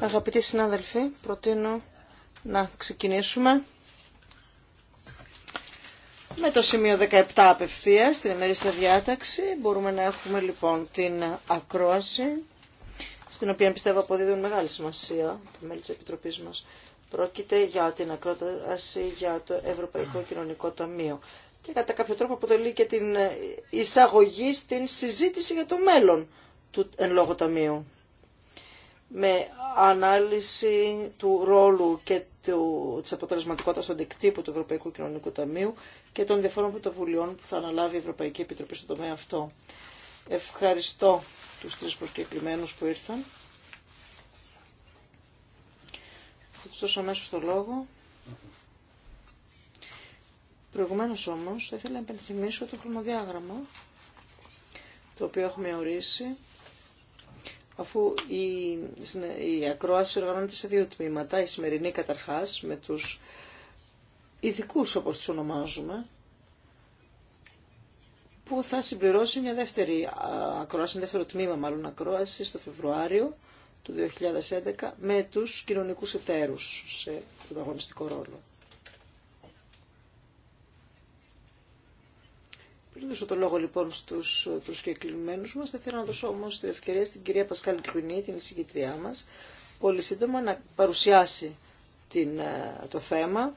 Αγαπητοί συνάδελφοι, προτείνω να ξεκινήσουμε με το σημείο 17 απευθεία στην ημερήσια διάταξη. Μπορούμε να έχουμε λοιπόν την ακρόαση, στην οποία πιστεύω αποδίδουν μεγάλη σημασία τα μέλη τη Επιτροπή μα. Πρόκειται για την ακρόαση για το Ευρωπαϊκό Κοινωνικό Ταμείο και κατά κάποιο τρόπο αποτελεί και την εισαγωγή στην συζήτηση για το μέλλον του εν λόγω ταμείου. Με ανάλυση του ρόλου και του, της αποτελεσματικότητας των αντικτύπου του Ευρωπαϊκού Κοινωνικού Ταμείου και των διαφόρων πρωτοβουλειών που θα αναλάβει η Ευρωπαϊκή Επιτροπή στον τομέα αυτό. Ευχαριστώ τους τρεις προσκεκλημένους που ήρθαν. Θα τους δώσω αμέσως το λόγο. Προηγουμένως όμως, θα ήθελα να υπενθυμίσω το χρονοδιάγραμμα το οποίο έχουμε ορίσει αφού η, η ακρόαση οργανώνεται σε δύο τμήματα, η σημερινή καταρχάς με τους ειδικού όπως τους ονομάζουμε, που θα συμπληρώσει μια δεύτερη ακρόαση, ένα δεύτερο τμήμα μάλλον ακρόαση στο Φεβρουάριο του 2011 με τους κοινωνικούς εταίρους σε πρωταγωνιστικό ρόλο. Πριν δώσω το λόγο λοιπόν στους προσκεκλημένους μα θα ήθελα να δώσω όμω την ευκαιρία στην κυρία Πασκάλη Κρουνή, την εισηγητριά μα, πολύ σύντομα να παρουσιάσει την, ε, το θέμα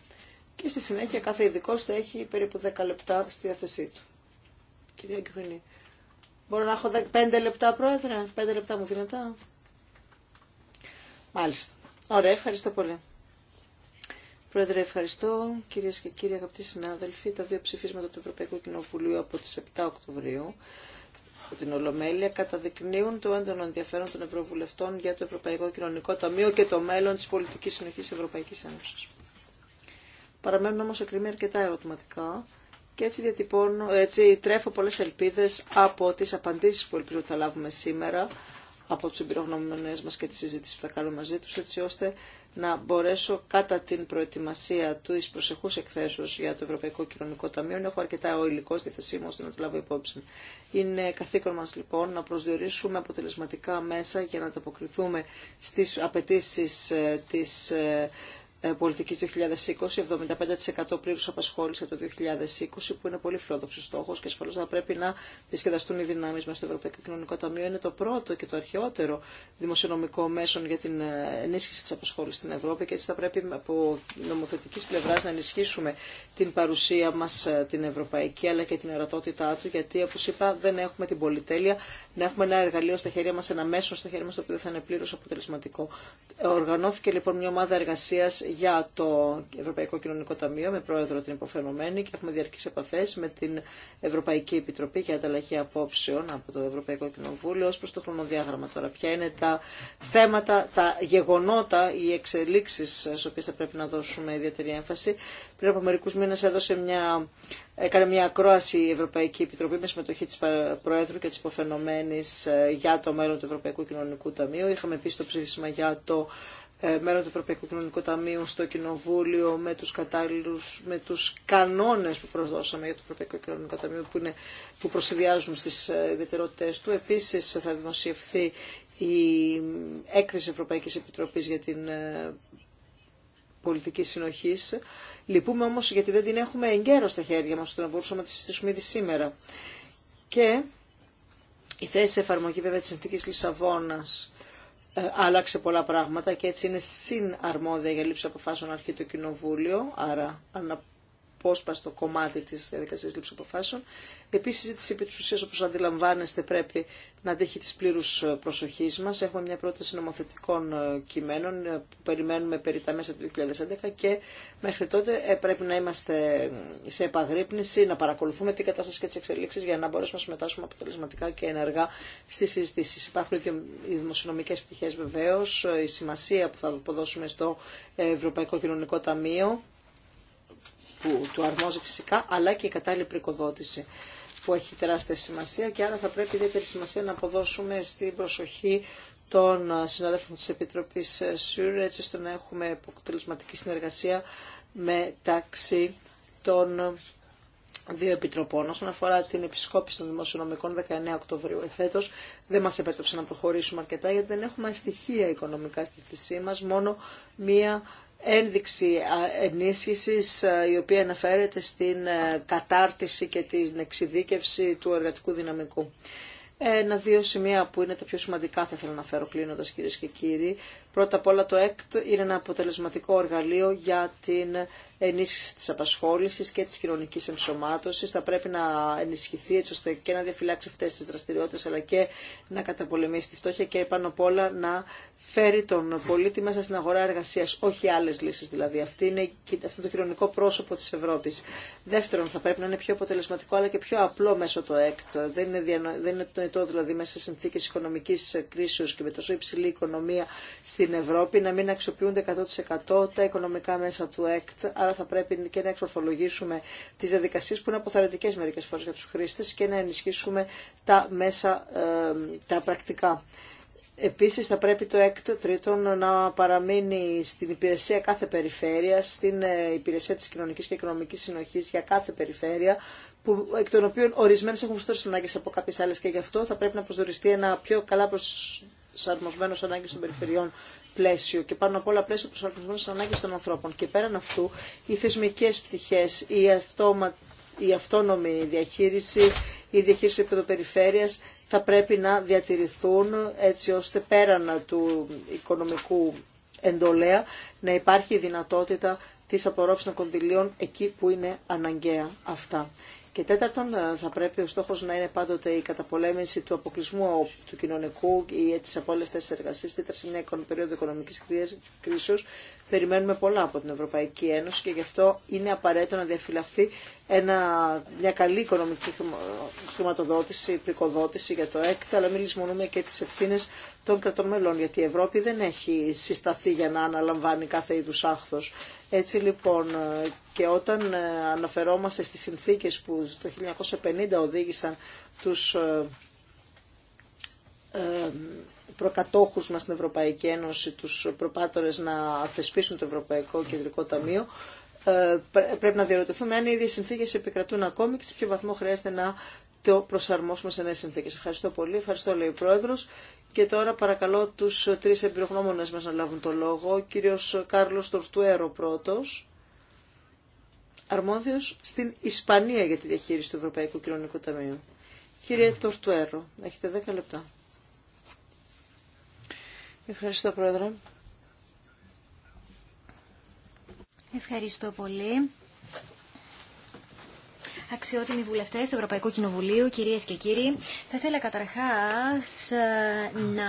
και στη συνέχεια κάθε ειδικό θα έχει περίπου 10 λεπτά στη διάθεσή του. Κυρία Κρουνή, μπορώ να έχω 5 λεπτά πρόεδρε, 5 λεπτά μου δυνατά. Μάλιστα. Ωραία, ευχαριστώ πολύ. Πρόεδρε, ευχαριστώ. Κυρίε και κύριοι, αγαπητοί συνάδελφοι, τα δύο ψηφίσματα του Ευρωπαϊκού Κοινοβουλίου από τι 7 Οκτωβρίου από την Ολομέλεια καταδεικνύουν το έντονο ενδιαφέρον των Ευρωβουλευτών για το Ευρωπαϊκό Κοινωνικό Ταμείο και το μέλλον τη πολιτική συνοχή Ευρωπαϊκή Ένωση. Παραμένουν όμω ακριβή αρκετά ερωτηματικά και έτσι, διατυπώνω, έτσι τρέφω πολλέ ελπίδε από τι απαντήσει που ελπίζω ότι θα λάβουμε σήμερα από του εμπειρογνώμονε μα και τη συζήτηση που θα κάνουμε μαζί του, έτσι ώστε να μπορέσω κατά την προετοιμασία του εις προσεχούς εκθέσεως για το Ευρωπαϊκό Κοινωνικό Ταμείο. Έχω αρκετά ο υλικό στη θέση μου ώστε να το λάβω υπόψη. Είναι καθήκον μας λοιπόν να προσδιορίσουμε αποτελεσματικά μέσα για να ανταποκριθούμε στις απαιτήσει ε, της ε, ε, πολιτικής 2020, 75% πλήρους απασχόληση από το 2020, που είναι πολύ φιλόδοξο στόχος και ασφαλώς θα πρέπει να δισκεδαστούν οι δυνάμεις μας στο Ευρωπαϊκό Κοινωνικό Ταμείο. Είναι το πρώτο και το αρχαιότερο δημοσιονομικό μέσο για την ε, ενίσχυση της απασχόλησης στην Ευρώπη και έτσι θα πρέπει από νομοθετικής πλευράς να ενισχύσουμε την παρουσία μας ε, την ευρωπαϊκή αλλά και την ερατότητά του, γιατί όπως είπα δεν έχουμε την πολυτέλεια να έχουμε ένα εργαλείο στα χέρια μας, ένα μέσο στα χέρια μας το οποίο θα είναι αποτελεσματικό. Οργανώθηκε λοιπόν μια ομάδα εργασίας για το Ευρωπαϊκό Κοινωνικό Ταμείο με πρόεδρο την υποφαινομένη και έχουμε διαρκεί επαφέ με την Ευρωπαϊκή Επιτροπή για ανταλλαγή απόψεων από το Ευρωπαϊκό Κοινοβούλιο ως προς το χρονοδιάγραμμα τώρα. Ποια είναι τα θέματα, τα γεγονότα, οι εξελίξεις στις οποίες θα πρέπει να δώσουμε ιδιαίτερη έμφαση. Πριν από μερικού μήνες έδωσε μια, έκανε μια ακρόαση η Ευρωπαϊκή Επιτροπή με συμμετοχή τη Προέδρου και τη υποφαινομένη ε, για το μέλλον του Ευρωπαϊκού Κοινωνικού Ταμείου. Είχαμε επίση το ψήφισμα για το ε, μέλλον του Ευρωπαϊκού Κοινωνικού Ταμείου στο Κοινοβούλιο με τους κατάλληλους, με τους κανόνες που προσδώσαμε για το Ευρωπαϊκό Κοινωνικό Ταμείο που, είναι, που προσυδειάζουν στις ε, ιδιαιτερότητες του. Επίσης θα δημοσιευθεί η έκθεση Ευρωπαϊκής Επιτροπής για την ε, πολιτική συνοχή. Λυπούμε όμως γιατί δεν την έχουμε εγκαίρω στα χέρια μας, ώστε να μπορούσαμε να τη συζητήσουμε ήδη σήμερα. Και η θέση εφαρμογή βέβαια της συνθήκης Λισαβόνας ε, άλλαξε πολλά πράγματα και έτσι είναι συναρμόδια για λήψη αποφάσεων αρχή το Κοινοβούλιο, άρα απόσπαστο κομμάτι τη διαδικασία λήψη αποφάσεων. Επίση, η συζήτηση επί τη ουσία, όπω αντιλαμβάνεστε, πρέπει να αντέχει τη πλήρου ε, προσοχή μα. Έχουμε μια πρόταση νομοθετικών ε, κειμένων ε, που περιμένουμε περί τα μέσα του 2011 και μέχρι τότε πρέπει να είμαστε σε επαγρύπνηση, να παρακολουθούμε την κατάσταση και τι εξελίξει για να μπορέσουμε να συμμετάσχουμε αποτελεσματικά και ενεργά στι συζητήσει. Υπάρχουν και οι δημοσιονομικέ πτυχέ βεβαίω, η σημασία που θα αποδώσουμε στο Ευρωπαϊκό Κοινωνικό Ταμείο που του αρμόζει φυσικά, αλλά και η κατάλληλη πρικοδότηση που έχει τεράστια σημασία και άρα θα πρέπει ιδιαίτερη σημασία να αποδώσουμε στην προσοχή των ε, συναδέλφων της Επιτροπής ε, ΣΥΡ, έτσι ώστε να έχουμε αποτελεσματική συνεργασία μεταξύ των ε, δύο επιτροπών. Όσον αφορά την επισκόπηση των δημοσιονομικών 19 Οκτωβρίου εφέτο, δεν μα επέτρεψε να προχωρήσουμε αρκετά γιατί δεν έχουμε στοιχεία οικονομικά στη θυσή μα, μόνο μία ένδειξη ενίσχυσης η οποία αναφέρεται στην κατάρτιση και την εξειδίκευση του εργατικού δυναμικού. Ένα-δύο σημεία που είναι τα πιο σημαντικά θα ήθελα να φέρω κλείνοντας κυρίε και κύριοι. Πρώτα απ' όλα το ΕΚΤ είναι ένα αποτελεσματικό εργαλείο για την ενίσχυση της απασχόλησης και της κοινωνικής ενσωμάτωσης. Θα πρέπει να ενισχυθεί έτσι ώστε και να διαφυλάξει αυτές τις δραστηριότητες αλλά και να καταπολεμήσει τη φτώχεια και πάνω απ' όλα να φέρει τον πολίτη μέσα στην αγορά εργασίας, όχι άλλες λύσεις δηλαδή. Αυτή είναι, αυτό το κοινωνικό πρόσωπο της Ευρώπης. Δεύτερον, θα πρέπει να είναι πιο αποτελεσματικό αλλά και πιο απλό μέσω το ΕΚΤ. Δεν είναι, Δεν το δηλαδή μέσα σε συνθήκες οικονομικής κρίσεως και με τόσο υψηλή οικονομία στην Ευρώπη, να μην αξιοποιούνται 100% τα οικονομικά μέσα του ΕΚΤ, άρα θα πρέπει και να εξορθολογήσουμε τις διαδικασίες που είναι αποθαρρυντικές μερικέ φορές για τους χρήστες και να ενισχύσουμε τα μέσα, ε, τα πρακτικά. Επίσης θα πρέπει το ΕΚΤ τρίτον να παραμείνει στην υπηρεσία κάθε περιφέρεια, στην ε, υπηρεσία της κοινωνική και οικονομικής συνοχής για κάθε περιφέρεια, που, εκ των οποίων ορισμένες έχουν φτώσει ανάγκε από κάποιε άλλες και γι' αυτό θα πρέπει να προσδοριστεί ένα πιο καλά προς προσαρμοσμένο ανάγκε των περιφερειών πλαίσιο και πάνω απ' όλα πλαίσιο προσαρμοσμένο στι ανάγκε των ανθρώπων. Και πέραν αυτού, οι θεσμικέ πτυχέ, η, αυτόμα... η αυτόνομη διαχείριση, η διαχείριση περιφέρεια θα πρέπει να διατηρηθούν έτσι ώστε πέραν του οικονομικού εντολέα να υπάρχει η δυνατότητα της απορρόφησης των κονδυλίων εκεί που είναι αναγκαία αυτά. Και τέταρτον, ε, θα πρέπει ο στόχος να είναι πάντοτε η καταπολέμηση του αποκλεισμού του κοινωνικού ή τη απόλυτη θέση εργασία. Τέταρτον, σε μια περίοδο οικονομική κρίσης. περιμένουμε πολλά από την Ευρωπαϊκή Ένωση και γι' αυτό είναι απαραίτητο να διαφυλαχθεί ένα, μια καλή οικονομική χρηματοδότηση, πρικοδότηση για το ΕΚΤ, αλλά μην λησμονούμε και τις ευθύνες των κρατών μελών, γιατί η Ευρώπη δεν έχει συσταθεί για να αναλαμβάνει κάθε είδους άχθος. Έτσι λοιπόν και όταν ε, αναφερόμαστε στις συνθήκες που το 1950 οδήγησαν τους ε, ε, προκατόχους μας στην Ευρωπαϊκή Ένωση, τους προπάτορες να θεσπίσουν το Ευρωπαϊκό Κεντρικό Ταμείο, ε, πρέπει να διαρωτηθούμε αν οι ίδιες συνθήκες επικρατούν ακόμη και σε ποιο βαθμό χρειάζεται να το προσαρμόσουμε σε νέες συνθήκες. Ευχαριστώ πολύ, ευχαριστώ λέει ο Πρόεδρος. Και τώρα παρακαλώ τους τρεις εμπειρογνώμονες μας να λάβουν το λόγο. Ο κύριος Κάρλος Τορτουέρο πρώτος, αρμόδιος στην Ισπανία για τη διαχείριση του Ευρωπαϊκού Κοινωνικού Ταμείου. Κύριε Τορτουέρο, έχετε δέκα λεπτά. Ευχαριστώ Πρόεδρε. Ευχαριστώ πολύ. Αξιότιμοι βουλευτέ του Ευρωπαϊκού Κοινοβουλίου, κυρίε και κύριοι, θα ήθελα καταρχά ε, να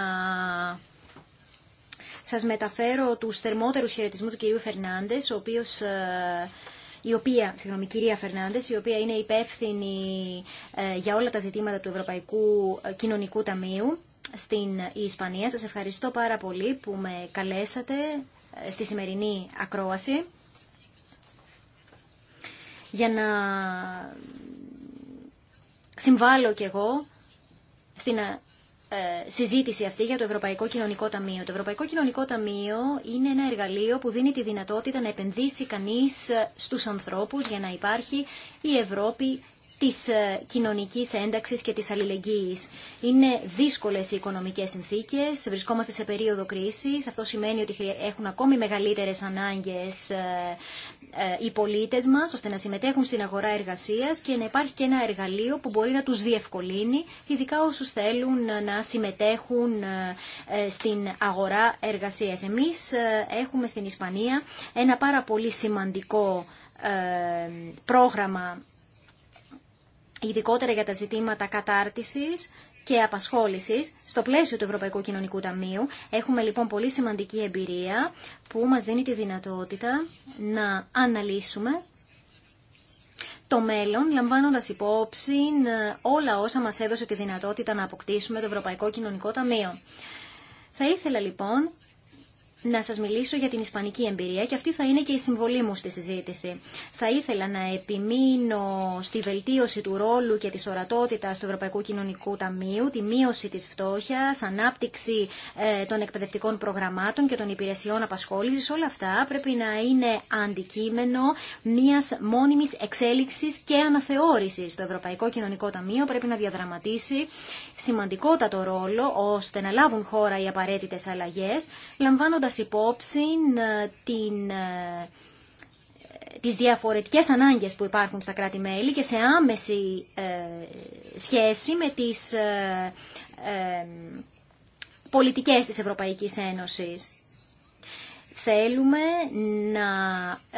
σας μεταφέρω τους θερμότερους χαιρετισμούς του κυρίου Φερνάντες, ο οποίος ε, η οποία, συγγνώμη, κυρία Φερνάντε, η οποία είναι υπεύθυνη ε, για όλα τα ζητήματα του Ευρωπαϊκού Κοινωνικού Ταμείου στην Ισπανία. Σας ευχαριστώ πάρα πολύ που με καλέσατε στη σημερινή ακρόαση για να συμβάλλω κι εγώ στην ε, συζήτηση αυτή για το Ευρωπαϊκό Κοινωνικό Ταμείο. Το Ευρωπαϊκό Κοινωνικό Ταμείο είναι ένα εργαλείο που δίνει τη δυνατότητα να επενδύσει κανείς ε, στους ανθρώπους για να υπάρχει η Ευρώπη της ε, κοινωνικής ένταξης και της αλληλεγγύης. Είναι δύσκολες οι οικονομικές συνθήκες, βρισκόμαστε σε περίοδο κρίσης, αυτό σημαίνει ότι έχουν ακόμη μεγαλύτερες ανάγκες ε, ε, οι πολίτες μας, ώστε να συμμετέχουν στην αγορά εργασίας και να υπάρχει και ένα εργαλείο που μπορεί να τους διευκολύνει, ειδικά όσους θέλουν να συμμετέχουν στην αγορά εργασίας. Εμείς έχουμε στην Ισπανία ένα πάρα πολύ σημαντικό πρόγραμμα ειδικότερα για τα ζητήματα κατάρτισης και απασχόλησης στο πλαίσιο του Ευρωπαϊκού Κοινωνικού Ταμείου. Έχουμε λοιπόν πολύ σημαντική εμπειρία που μας δίνει τη δυνατότητα να αναλύσουμε το μέλλον, λαμβάνοντα υπόψη ε, όλα όσα μα έδωσε τη δυνατότητα να αποκτήσουμε το Ευρωπαϊκό Κοινωνικό Ταμείο. Θα ήθελα λοιπόν να σας μιλήσω για την ισπανική εμπειρία και αυτή θα είναι και η συμβολή μου στη συζήτηση. Θα ήθελα να επιμείνω στη βελτίωση του ρόλου και της ορατότητας του Ευρωπαϊκού Κοινωνικού Ταμείου, τη μείωση της φτώχειας, ανάπτυξη ε, των εκπαιδευτικών προγραμμάτων και των υπηρεσιών απασχόλησης. Όλα αυτά πρέπει να είναι αντικείμενο μιας μόνιμης εξέλιξης και αναθεώρησης. Το Ευρωπαϊκό Κοινωνικό Ταμείο πρέπει να διαδραματίσει σημαντικότατο ρόλο ώστε να λάβουν χώρα οι απαραίτητες αλλαγές, λαμβάνοντας λαμβάνοντας υπόψη ε, την, ε, τις διαφορετικές ανάγκες που υπάρχουν στα κράτη-μέλη και σε άμεση ε, σχέση με τις πολιτικές της Ευρωπαϊκής Ένωσης θέλουμε να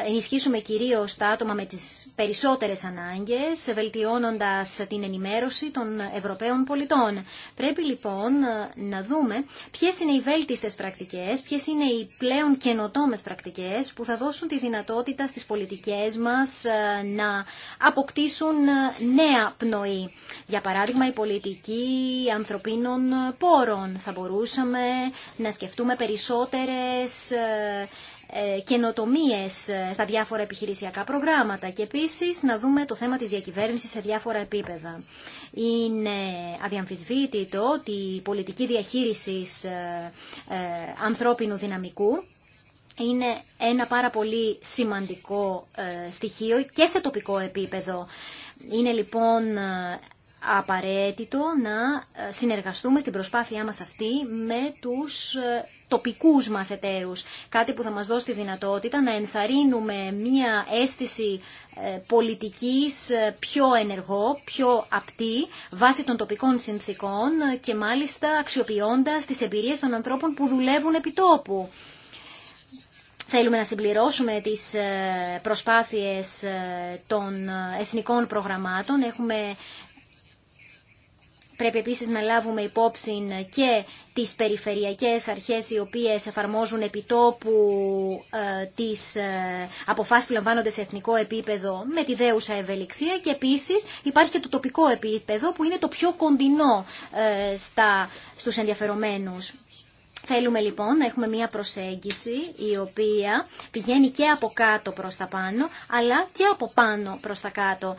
ενισχύσουμε κυρίως τα άτομα με τις περισσότερες ανάγκες, βελτιώνοντας την ενημέρωση των Ευρωπαίων πολιτών. Πρέπει λοιπόν να δούμε ποιες είναι οι βέλτιστες πρακτικές, ποιες είναι οι πλέον καινοτόμες πρακτικές που θα δώσουν τη δυνατότητα στις πολιτικές μας ε, να αποκτήσουν ε, νέα πνοή. Για παράδειγμα, η πολιτική ανθρωπίνων πόρων. Θα μπορούσαμε να σκεφτούμε περισσότερες ε, ε, καινοτομίε ε, στα διάφορα επιχειρησιακά προγράμματα και επίση να δούμε το θέμα τη διακυβέρνηση σε διάφορα επίπεδα. Είναι αδιαμφισβήτητο ότι η πολιτική διαχείρισης ε, ανθρώπινου δυναμικού είναι ένα πάρα πολύ σημαντικό στοιχείο και σε τοπικό επίπεδο. Είναι λοιπόν απαραίτητο να ε, συνεργαστούμε στην προσπάθειά μας αυτή με τους ε, τοπικούς μας εταίρους. Κάτι που θα μας δώσει τη δυνατότητα να ενθαρρύνουμε μία αίσθηση ε, πολιτικής πιο ενεργό, πιο απτή, βάσει των τοπικών συνθήκων και μάλιστα αξιοποιώντας τις εμπειρίες των ανθρώπων που δουλεύουν επί τόπου. Θέλουμε να συμπληρώσουμε τις προσπάθειες των εθνικών προγραμμάτων. Έχουμε Πρέπει επίσης να λάβουμε υπόψη και τις περιφερειακές αρχές οι οποίες εφαρμόζουν επιτόπου ε, τις ε, αποφάσεις που λαμβάνονται σε εθνικό επίπεδο με τη δέουσα ευελιξία και επίσης υπάρχει και το τοπικό επίπεδο που είναι το πιο κοντινό ε, στα, στους ενδιαφερομένους. Θέλουμε λοιπόν να έχουμε μια προσέγγιση η οποία πηγαίνει και από κάτω προς τα πάνω αλλά και από πάνω προς τα κάτω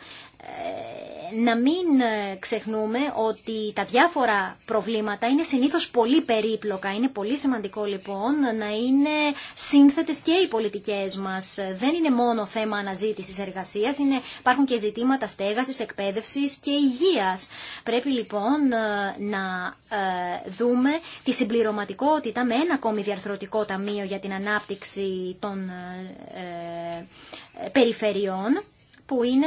να μην ε, ξεχνούμε ότι τα διάφορα προβλήματα είναι συνήθως πολύ περίπλοκα. Είναι πολύ σημαντικό λοιπόν να είναι σύνθετες και οι πολιτικές μας. Δεν είναι μόνο θέμα αναζήτησης εργασίας, είναι, υπάρχουν και ζητήματα στέγασης, εκπαίδευσης και υγείας. Πρέπει λοιπόν ε, να ε, δούμε τη συμπληρωματικότητα με ένα ακόμη διαρθρωτικό ταμείο για την ανάπτυξη των περιφερειών που είναι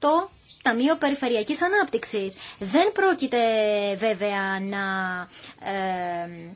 το Ταμείο Περιφερειακής Ανάπτυξης. Δεν πρόκειται βέβαια να... Ε,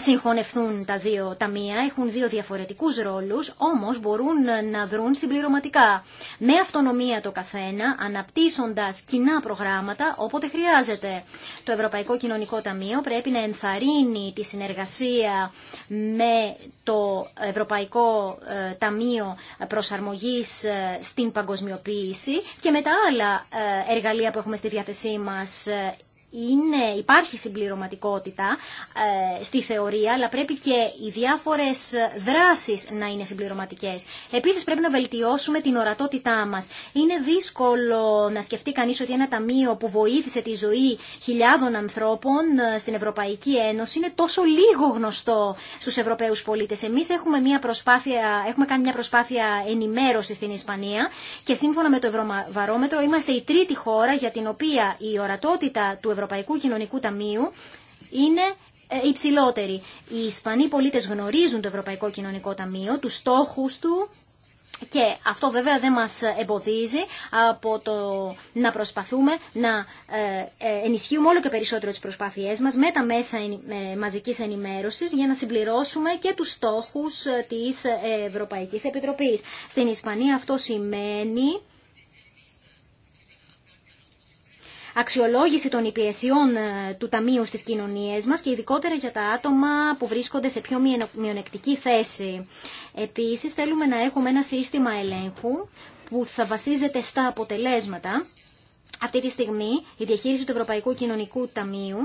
συγχωνευτούν τα δύο ταμεία, έχουν δύο διαφορετικούς ρόλους, όμως μπορούν να δρουν συμπληρωματικά. Με αυτονομία το καθένα, αναπτύσσοντας κοινά προγράμματα όποτε χρειάζεται. Το Ευρωπαϊκό Κοινωνικό Ταμείο πρέπει να ενθαρρύνει τη συνεργασία με το Ευρωπαϊκό ε, Ταμείο Προσαρμογής ε, στην Παγκοσμιοποίηση και με τα άλλα ε, εργαλεία που έχουμε στη διάθεσή μας, είναι, υπάρχει συμπληρωματικότητα ε, στη θεωρία, αλλά πρέπει και οι διάφορες δράσεις να είναι συμπληρωματικές. Επίσης πρέπει να βελτιώσουμε την ορατότητά μας. Είναι δύσκολο να σκεφτεί κανείς ότι ένα ταμείο που βοήθησε τη ζωή χιλιάδων ανθρώπων ε, στην Ευρωπαϊκή Ένωση είναι τόσο λίγο γνωστό στους Ευρωπαίους πολίτες. Εμείς έχουμε, μια προσπάθεια, έχουμε κάνει μια προσπάθεια ενημέρωση στην Ισπανία και σύμφωνα με το Ευρωβαρόμετρο είμαστε η τρίτη χώρα για την οποία η ορατότητα του Ευρωπαϊκού Κοινωνικού Ταμείου είναι ε, υψηλότεροι. Οι Ισπανοί πολίτες γνωρίζουν το Ευρωπαϊκό Κοινωνικό Ταμείο, τους στόχους του και αυτό βέβαια δεν μας εμποδίζει από το να προσπαθούμε να ε, ε, ενισχύουμε όλο και περισσότερο τις προσπάθειές μας με τα μέσα μαζικής ενημέρωσης για να συμπληρώσουμε και τους στόχους της Ευρωπαϊκής Επιτροπής. Στην Ισπανία αυτό σημαίνει αξιολόγηση των υπηρεσιών ε, του Ταμείου στις κοινωνίες μας και ειδικότερα για τα άτομα που βρίσκονται σε πιο μειονεκτική θέση. Επίσης θέλουμε να έχουμε ένα σύστημα ελέγχου που θα βασίζεται στα αποτελέσματα. Αυτή τη στιγμή η διαχείριση του Ευρωπαϊκού Κοινωνικού Ταμείου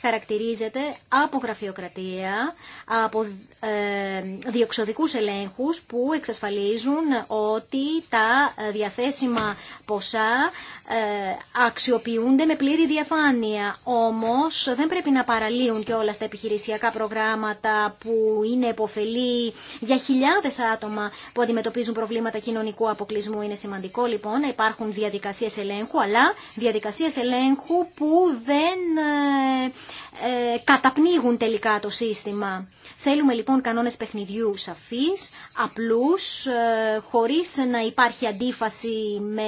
χαρακτηρίζεται από γραφειοκρατία, από ε, διοξοδικούς ελέγχους που εξασφαλίζουν ότι τα ε, διαθέσιμα ποσά ε, αξιοποιούνται με πλήρη διαφάνεια. Όμως δεν πρέπει να παραλύουν και όλα στα επιχειρησιακά προγράμματα που είναι επωφελή για χιλιάδες άτομα που αντιμετωπίζουν προβλήματα κοινωνικού αποκλεισμού. Είναι σημαντικό λοιπόν να υπάρχουν διαδικασίες ελέγχου, αλλά διαδικασίες ελέγχου που δεν ε, καταπνίγουν τελικά το σύστημα. Θέλουμε λοιπόν κανόνες παιχνιδιού σαφείς, απλούς, ε, χωρίς να υπάρχει αντίφαση με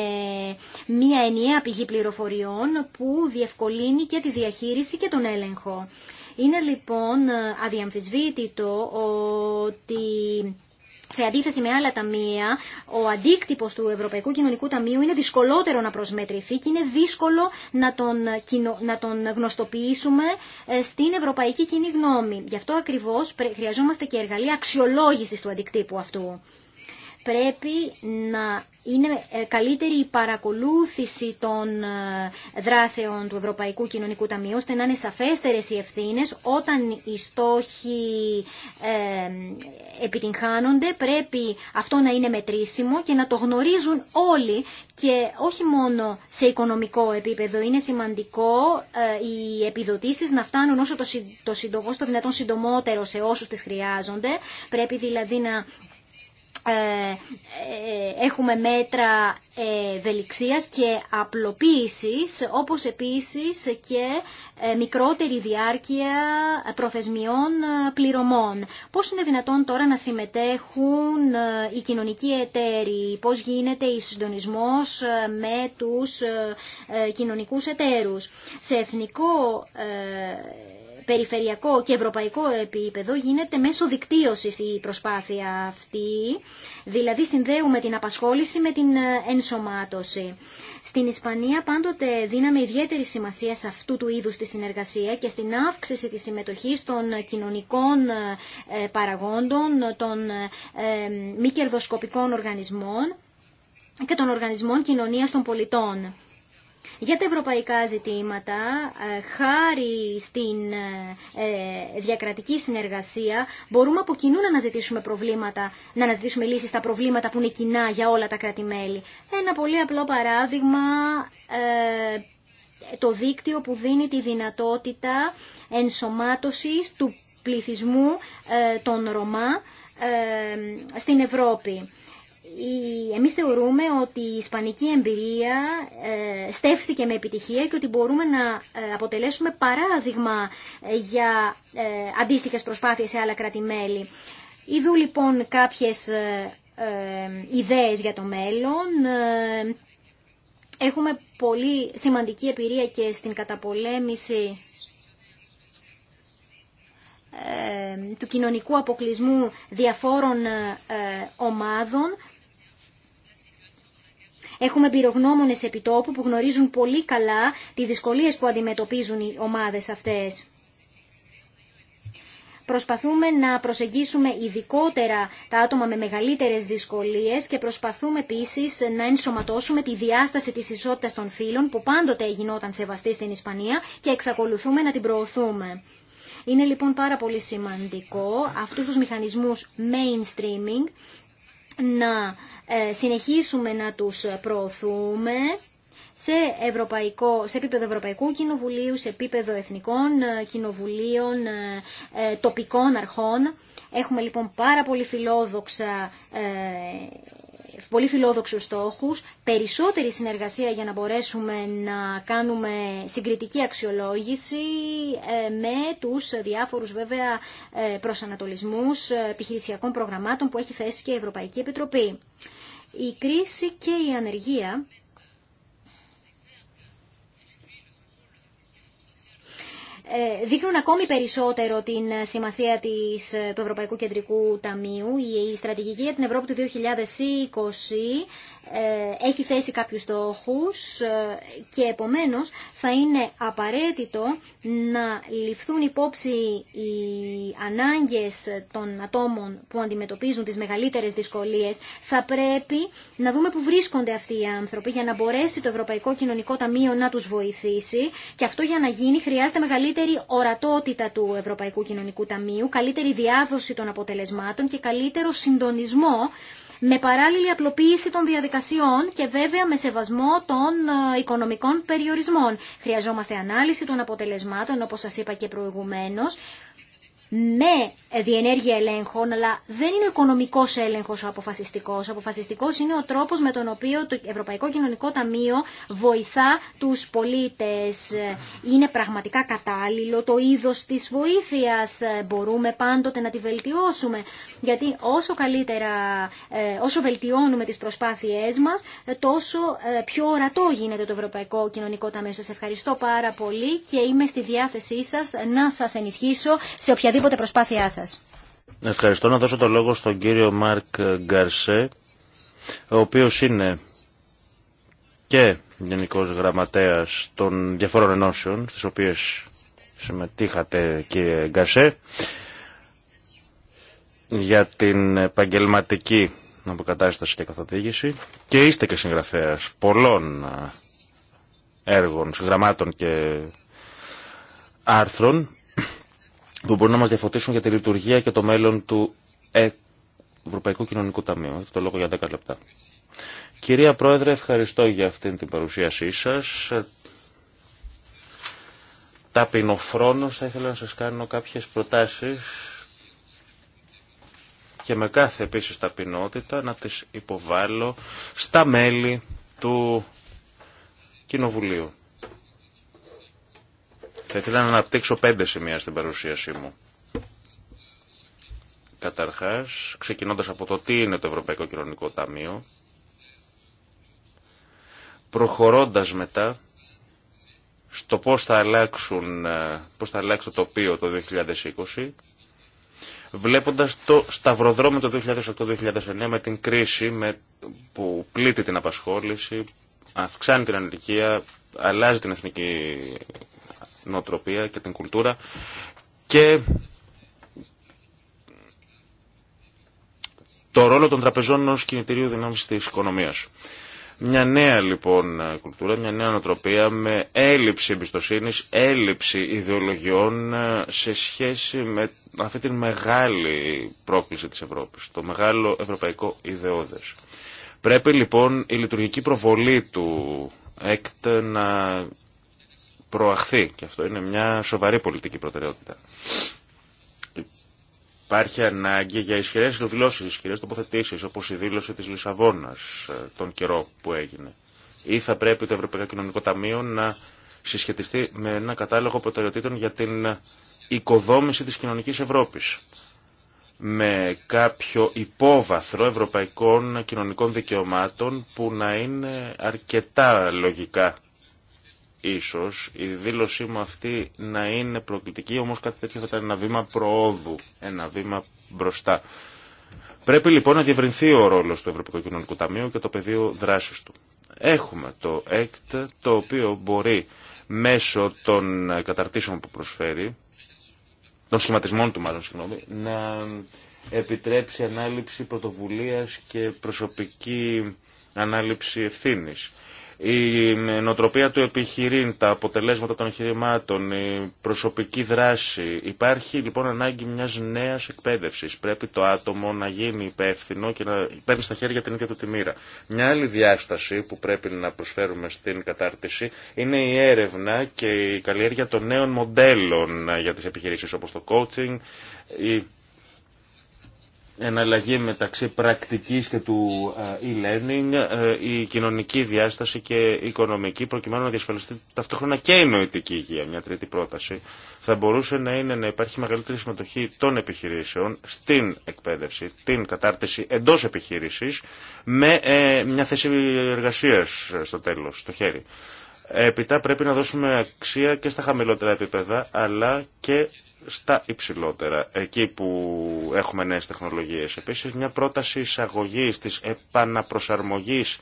μία ενιαία πηγή πληροφοριών που διευκολύνει και τη διαχείριση και τον έλεγχο. Είναι λοιπόν ε, αδιαμφισβήτητο ότι σε αντίθεση με άλλα ταμεία, ο αντίκτυπο του Ευρωπαϊκού Κοινωνικού Ταμείου είναι δυσκολότερο να προσμετρηθεί και είναι δύσκολο να τον, να τον γνωστοποιήσουμε ε, στην ευρωπαϊκή κοινή γνώμη. Γι' αυτό ακριβώ χρειαζόμαστε και εργαλεία αξιολόγηση του αντικτύπου αυτού πρέπει να είναι ε, καλύτερη η παρακολούθηση των ε, δράσεων του Ευρωπαϊκού Κοινωνικού Ταμείου, ώστε να είναι σαφέστερες οι ευθύνες. Όταν οι στόχοι ε, επιτυγχάνονται, πρέπει αυτό να είναι μετρήσιμο και να το γνωρίζουν όλοι και όχι μόνο σε οικονομικό επίπεδο. Είναι σημαντικό οι επιδοτήσεις να φτάνουν όσο το, το, το δυνατόν συντομότερο σε όσους τις χρειάζονται. Πρέπει δηλαδή να ε, ε, έχουμε μέτρα βελιξίας ε, και απλοποίησης, όπως επίσης και μικρότερη διάρκεια προθεσμιών πληρωμών. Πώς είναι δυνατόν τώρα να συμμετέχουν οι κοινωνικοί εταίροι, πώς γίνεται η συντονισμός με τους κοινωνικούς εταίρους. Σε εθνικό περιφερειακό και ευρωπαϊκό επίπεδο γίνεται μέσω δικτύωσης η προσπάθεια αυτή, δηλαδή συνδέουμε την απασχόληση με την ε, ενσωμάτωση. Στην Ισπανία πάντοτε δίναμε ιδιαίτερη σημασία σε αυτού του είδους τη συνεργασία και στην αύξηση της συμμετοχής των κοινωνικών ε, παραγόντων, των ε, μη κερδοσκοπικών οργανισμών και των οργανισμών κοινωνίας των πολιτών για τα ευρωπαϊκά ζητήματα, ε, χάρη στην ε, ε, διακρατική συνεργασία, μπορούμε από κοινού να αναζητήσουμε, προβλήματα, να αναζητήσουμε λύσεις στα προβλήματα που είναι κοινά για όλα τα κράτη-μέλη. Ένα πολύ απλό παράδειγμα το δίκτυο που δίνει τη δυνατότητα ενσωμάτωσης του πληθυσμού των Ρωμά στην Ευρώπη εμείς θεωρούμε ότι η ισπανική εμπειρία ε, στέφθηκε με επιτυχία και ότι μπορούμε να ε, αποτελέσουμε παράδειγμα ε, για αντίστοιχες προσπάθειες σε άλλα κράτη-μέλη. Είδου λοιπόν κάποιες ιδέες για το μέλλον. Έχουμε πολύ σημαντική εμπειρία και στην καταπολέμηση του κοινωνικού αποκλεισμού διαφόρων ομάδων Έχουμε εμπειρογνώμονε επιτόπου που γνωρίζουν πολύ καλά τι δυσκολίε που αντιμετωπίζουν οι ομάδε αυτέ. Προσπαθούμε να προσεγγίσουμε ειδικότερα τα άτομα με μεγαλύτερες δυσκολίες και προσπαθούμε επίσης να ενσωματώσουμε τη διάσταση της ισότητας των φύλων που πάντοτε γινόταν σεβαστή στην Ισπανία και εξακολουθούμε να την προωθούμε. Είναι λοιπόν πάρα πολύ σημαντικό αυτούς τους μηχανισμούς mainstreaming να ε, συνεχίσουμε να τους ε, προωθούμε σε, ευρωπαϊκό, σε επίπεδο Ευρωπαϊκού Κοινοβουλίου, σε επίπεδο Εθνικών ε, Κοινοβουλίων, τοπικών αρχών. Έχουμε λοιπόν πάρα πολύ φιλόδοξα πολύ φιλόδοξους στόχους, περισσότερη συνεργασία για να μπορέσουμε να κάνουμε συγκριτική αξιολόγηση ε, με τους διάφορους βέβαια ε, προσανατολισμούς ε, επιχειρησιακών προγραμμάτων που έχει θέσει και η Ευρωπαϊκή Επιτροπή. Η κρίση και η ανεργία Ε, δείχνουν ακόμη περισσότερο την ε, σημασία της, ε, του Ευρωπαϊκού Κεντρικού Ταμείου. Η στρατηγική για την Ευρώπη του 2020 ε, έχει θέσει κάποιους στόχους ε, και επομένως θα είναι απαραίτητο να ληφθούν υπόψη οι ανάγκες των ατόμων που αντιμετωπίζουν τις μεγαλύτερες δυσκολίες. Θα πρέπει να δούμε που βρίσκονται αυτοί οι άνθρωποι για να μπορέσει το Ευρωπαϊκό Κοινωνικό Ταμείο να τους βοηθήσει και αυτό για να γίνει χρειάζεται μεγαλύτερη ορατότητα του Ευρωπαϊκού Κοινωνικού Ταμείου, καλύτερη διάδοση των αποτελεσμάτων και καλύτερο συντονισμό με παράλληλη απλοποίηση των διαδικασιών και βέβαια με σεβασμό των ε, οικονομικών περιορισμών. Χρειαζόμαστε ανάλυση των αποτελεσμάτων, όπως σας είπα και προηγουμένως, με ε, διενέργεια ελέγχων, αλλά δεν είναι ο οικονομικό έλεγχο ο αποφασιστικό. Ο αποφασιστικό είναι ο τρόπο με τον οποίο το Ευρωπαϊκό Κοινωνικό Ταμείο βοηθά του πολίτε. Είναι πραγματικά κατάλληλο το είδο τη βοήθεια. Μπορούμε πάντοτε να τη βελτιώσουμε. Γιατί όσο καλύτερα, ε, όσο βελτιώνουμε τι προσπάθειέ μα, ε, τόσο πιο ορατό γίνεται το Ευρωπαϊκό Κοινωνικό Ταμείο. Σα ευχαριστώ πάρα πολύ και είμαι στη διάθεσή σα να σα ενισχύσω σε οποιαδήποτε προσπάθειά σα. Ευχαριστώ να δώσω το λόγο στον κύριο Μάρκ Γκαρσέ, ο οποίος είναι και γενικός γραμματέας των διαφόρων ενώσεων, στις οποίες συμμετείχατε και Γκαρσέ, για την επαγγελματική αποκατάσταση και καθοδήγηση και είστε και συγγραφέας πολλών έργων, συγγραμμάτων και άρθρων που μπορούν να μα διαφωτίσουν για τη λειτουργία και το μέλλον του Ευρωπαϊκού Κοινωνικού Ταμείου. Έχετε το λόγο για 10 λεπτά. Κυρία Πρόεδρε, ευχαριστώ για αυτήν την παρουσίασή σας. Ταπεινοφρόνος θα ήθελα να σα κάνω κάποιε προτάσει και με κάθε επίση ταπεινότητα να τι υποβάλω στα μέλη του Κοινοβουλίου. Θα ήθελα να αναπτύξω πέντε σημεία στην παρουσίασή μου. Καταρχάς, ξεκινώντας από το τι είναι το Ευρωπαϊκό Κοινωνικό Ταμείο, προχωρώντας μετά στο πώς θα, αλλάξουν, ε, πώς θα αλλάξει το τοπίο το 2020, βλέποντας το σταυροδρόμιο το 2008-2009 με την κρίση με, που πλήττει την απασχόληση, αυξάνει την ανηλικία, αλλάζει την εθνική και την κουλτούρα και το ρόλο των τραπεζών ως κινητηρίου δυνάμεις της οικονομίας. Μια νέα λοιπόν κουλτούρα, μια νέα νοοτροπία με έλλειψη εμπιστοσύνη, έλλειψη ιδεολογιών ε, σε σχέση με αυτή την μεγάλη πρόκληση της Ευρώπης, το μεγάλο ευρωπαϊκό ιδεώδες. Πρέπει λοιπόν η λειτουργική προβολή του ΕΚΤ να προαχθεί και αυτό είναι μια σοβαρή πολιτική προτεραιότητα. Υπάρχει ανάγκη για ισχυρές δηλώσεις, ισχυρές τοποθετήσεις, όπως η δήλωση της Λισαβόνας ε, τον καιρό που έγινε. Ή θα πρέπει το Ευρωπαϊκό Κοινωνικό Ταμείο να συσχετιστεί με ένα κατάλογο προτεραιοτήτων για την οικοδόμηση της κοινωνικής Ευρώπης με κάποιο υπόβαθρο ευρωπαϊκών κοινωνικών δικαιωμάτων που να είναι αρκετά λογικά Ίσως η δήλωσή μου αυτή να είναι προκλητική, όμως κάτι τέτοιο θα ήταν ένα βήμα προόδου, ένα βήμα μπροστά. Πρέπει λοιπόν να διευρυνθεί ο ρόλος του Ευρωπαϊκού Κοινωνικού Ταμείου και το πεδίο δράσης του. Έχουμε το ΕΚΤ, το οποίο μπορεί μέσω των καταρτήσεων που προσφέρει, των σχηματισμών του μάλλον, συγγνώμη, να επιτρέψει ανάληψη πρωτοβουλίας και προσωπική ανάληψη ευθύνης. Η νοοτροπία του επιχειρήν, τα αποτελέσματα των εγχειρημάτων, η προσωπική δράση. Υπάρχει λοιπόν ανάγκη μια νέα εκπαίδευση. Πρέπει το άτομο να γίνει υπεύθυνο και να παίρνει στα χέρια την ίδια του τη μοίρα. Μια άλλη διάσταση που πρέπει να προσφέρουμε στην κατάρτιση είναι η έρευνα και η καλλιέργεια των νέων μοντέλων για τι επιχειρήσει όπω το coaching, η εναλλαγή μεταξύ πρακτικής και του ε, e-learning, ε, η κοινωνική διάσταση και η οικονομική, προκειμένου να διασφαλιστεί ταυτόχρονα και η νοητική υγεία, μια τρίτη πρόταση, θα μπορούσε να είναι να υπάρχει μεγαλύτερη συμμετοχή των επιχειρήσεων στην εκπαίδευση, την κατάρτιση εντός επιχείρησης, με ε, μια θέση εργασίας στο τέλος, στο χέρι. Επιτά πρέπει να δώσουμε αξία και στα χαμηλότερα επίπεδα, αλλά και στα υψηλότερα, εκεί που έχουμε νέες τεχνολογίες. Επίσης, μια πρόταση εισαγωγής της επαναπροσαρμογής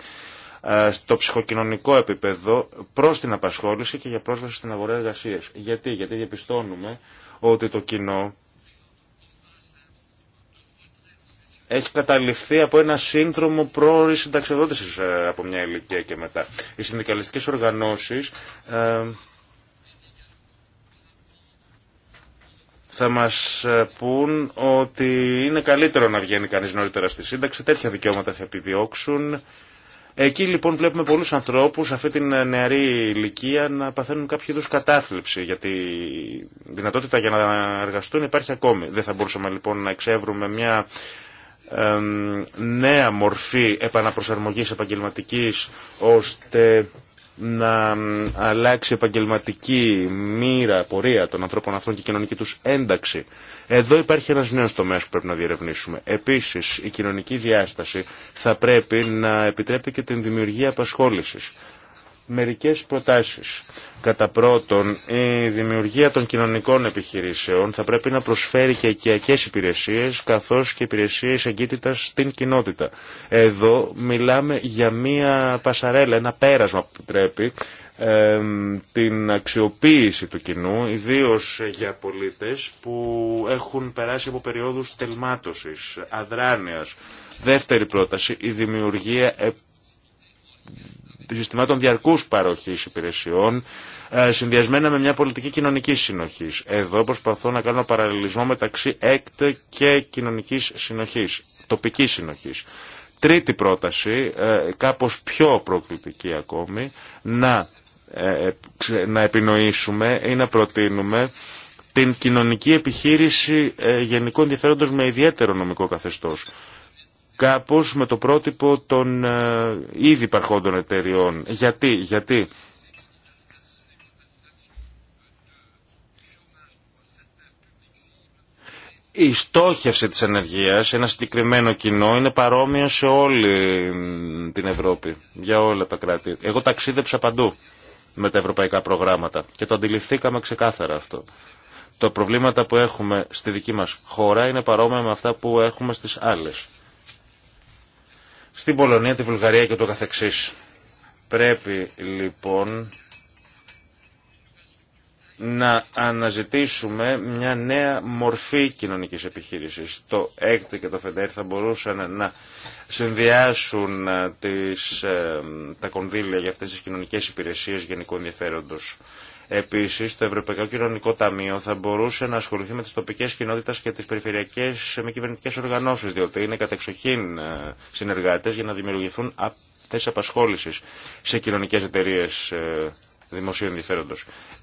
ε, στο ψυχοκοινωνικό επίπεδο προς την απασχόληση και για πρόσβαση στην αγορά εργασίας. Γιατί, γιατί διαπιστώνουμε ότι το κοινό έχει καταληφθεί από ένα σύνδρομο πρόορη συνταξιοδότηση ε, από μια ηλικία και μετά. Οι συνδικαλιστικές οργανώσεις ε, θα μας ε, πούν ότι είναι καλύτερο να βγαίνει κανείς νωρίτερα στη σύνταξη, τέτοια δικαιώματα θα επιδιώξουν. Εκεί λοιπόν βλέπουμε πολλούς ανθρώπους αυτή την ε, νεαρή ηλικία να παθαίνουν κάποιο είδους κατάθλιψη γιατί η δυνατότητα για να εργαστούν υπάρχει ακόμη. Δεν θα μπορούσαμε λοιπόν να εξεύρουμε μια νέα μορφή επαναπροσαρμογής επαγγελματικής ώστε να αλλάξει επαγγελματική μοίρα, πορεία των ανθρώπων αυτών και κοινωνική τους ένταξη. Εδώ υπάρχει ένας νέος τομέας που πρέπει να διερευνήσουμε. Επίσης, η κοινωνική διάσταση θα πρέπει να επιτρέπει και την δημιουργία απασχόλησης μερικές προτάσεις. Κατά πρώτον, η δημιουργία των κοινωνικών επιχειρήσεων θα πρέπει να προσφέρει και οικιακές υπηρεσίες, καθώς και υπηρεσίες εγκύτητας στην κοινότητα. Εδώ μιλάμε για μία πασαρέλα, ένα πέρασμα που πρέπει την αξιοποίηση του κοινού, ιδίως για πολίτες που έχουν περάσει από περιόδους τελμάτωσης, αδράνειας. Δεύτερη πρόταση, η δημιουργία συστημάτων διαρκούς παροχής υπηρεσιών, ε, συνδυασμένα με μια πολιτική κοινωνική συνοχής. Εδώ προσπαθώ να κάνω παραλληλισμό μεταξύ ΕΚΤ και κοινωνικής συνοχής, τοπικής συνοχής. Τρίτη πρόταση, ε, κάπως πιο προκλητική ακόμη, να, ε, να επινοήσουμε ή να προτείνουμε την κοινωνική επιχείρηση γενικού ενδιαφέροντος με ιδιαίτερο νομικό καθεστώς κάπως με το πρότυπο των ε, ήδη υπαρχόντων εταιριών. Γιατί, γιατί η στόχευση της ενεργείας, ένα συγκεκριμένο κοινό, είναι παρόμοιο σε όλη την Ευρώπη, για όλα τα κράτη. Εγώ ταξίδεψα παντού με τα ευρωπαϊκά προγράμματα και το αντιληφθήκαμε ξεκάθαρα αυτό. Τα προβλήματα που έχουμε στη δική μας χώρα είναι παρόμοια με αυτά που έχουμε στις άλλες στην Πολωνία, τη Βουλγαρία και το καθεξής. Πρέπει λοιπόν να αναζητήσουμε μια νέα μορφή κοινωνικής επιχείρησης. Το ΕΚΤ και το ΦΕΝΤΕΡ θα μπορούσαν να συνδυάσουν ε, τις, ε, τα κονδύλια για αυτές τις κοινωνικές υπηρεσίες γενικού ενδιαφέροντος. Επίση, το Ευρωπαϊκό Κοινωνικό Ταμείο θα μπορούσε να ασχοληθεί με τι τοπικέ κοινότητε και τι περιφερειακέ με κυβερνητικέ οργανώσει, διότι είναι κατεξοχήν ε, συνεργάτε για να δημιουργηθούν θέσει απασχόληση σε κοινωνικέ εταιρείε ε, δημοσίου ενδιαφέροντο.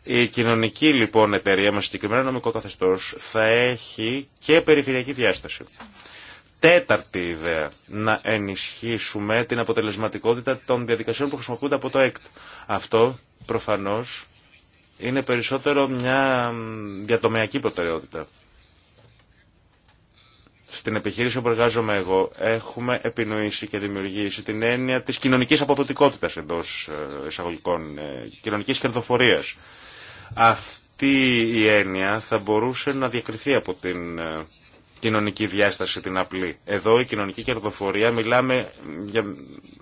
Η κοινωνική λοιπόν εταιρεία με συγκεκριμένο νομικό καθεστώ θα έχει και περιφερειακή διάσταση. Τέταρτη ιδέα, να ενισχύσουμε την αποτελεσματικότητα των διαδικασιών που χρησιμοποιούνται από το ΕΚΤ. Αυτό προφανώς είναι περισσότερο μια διατομιακή προτεραιότητα. Στην επιχείρηση όπου εργάζομαι εγώ έχουμε επινοήσει και δημιουργήσει την έννοια της κοινωνικής αποδοτικότητας εντός ε, εισαγωγικών, ε, κοινωνικής κερδοφορίας. Αυτή η έννοια θα μπορούσε να διακριθεί από την ε, κοινωνική διάσταση την απλή. Εδώ η κοινωνική κερδοφορία μιλάμε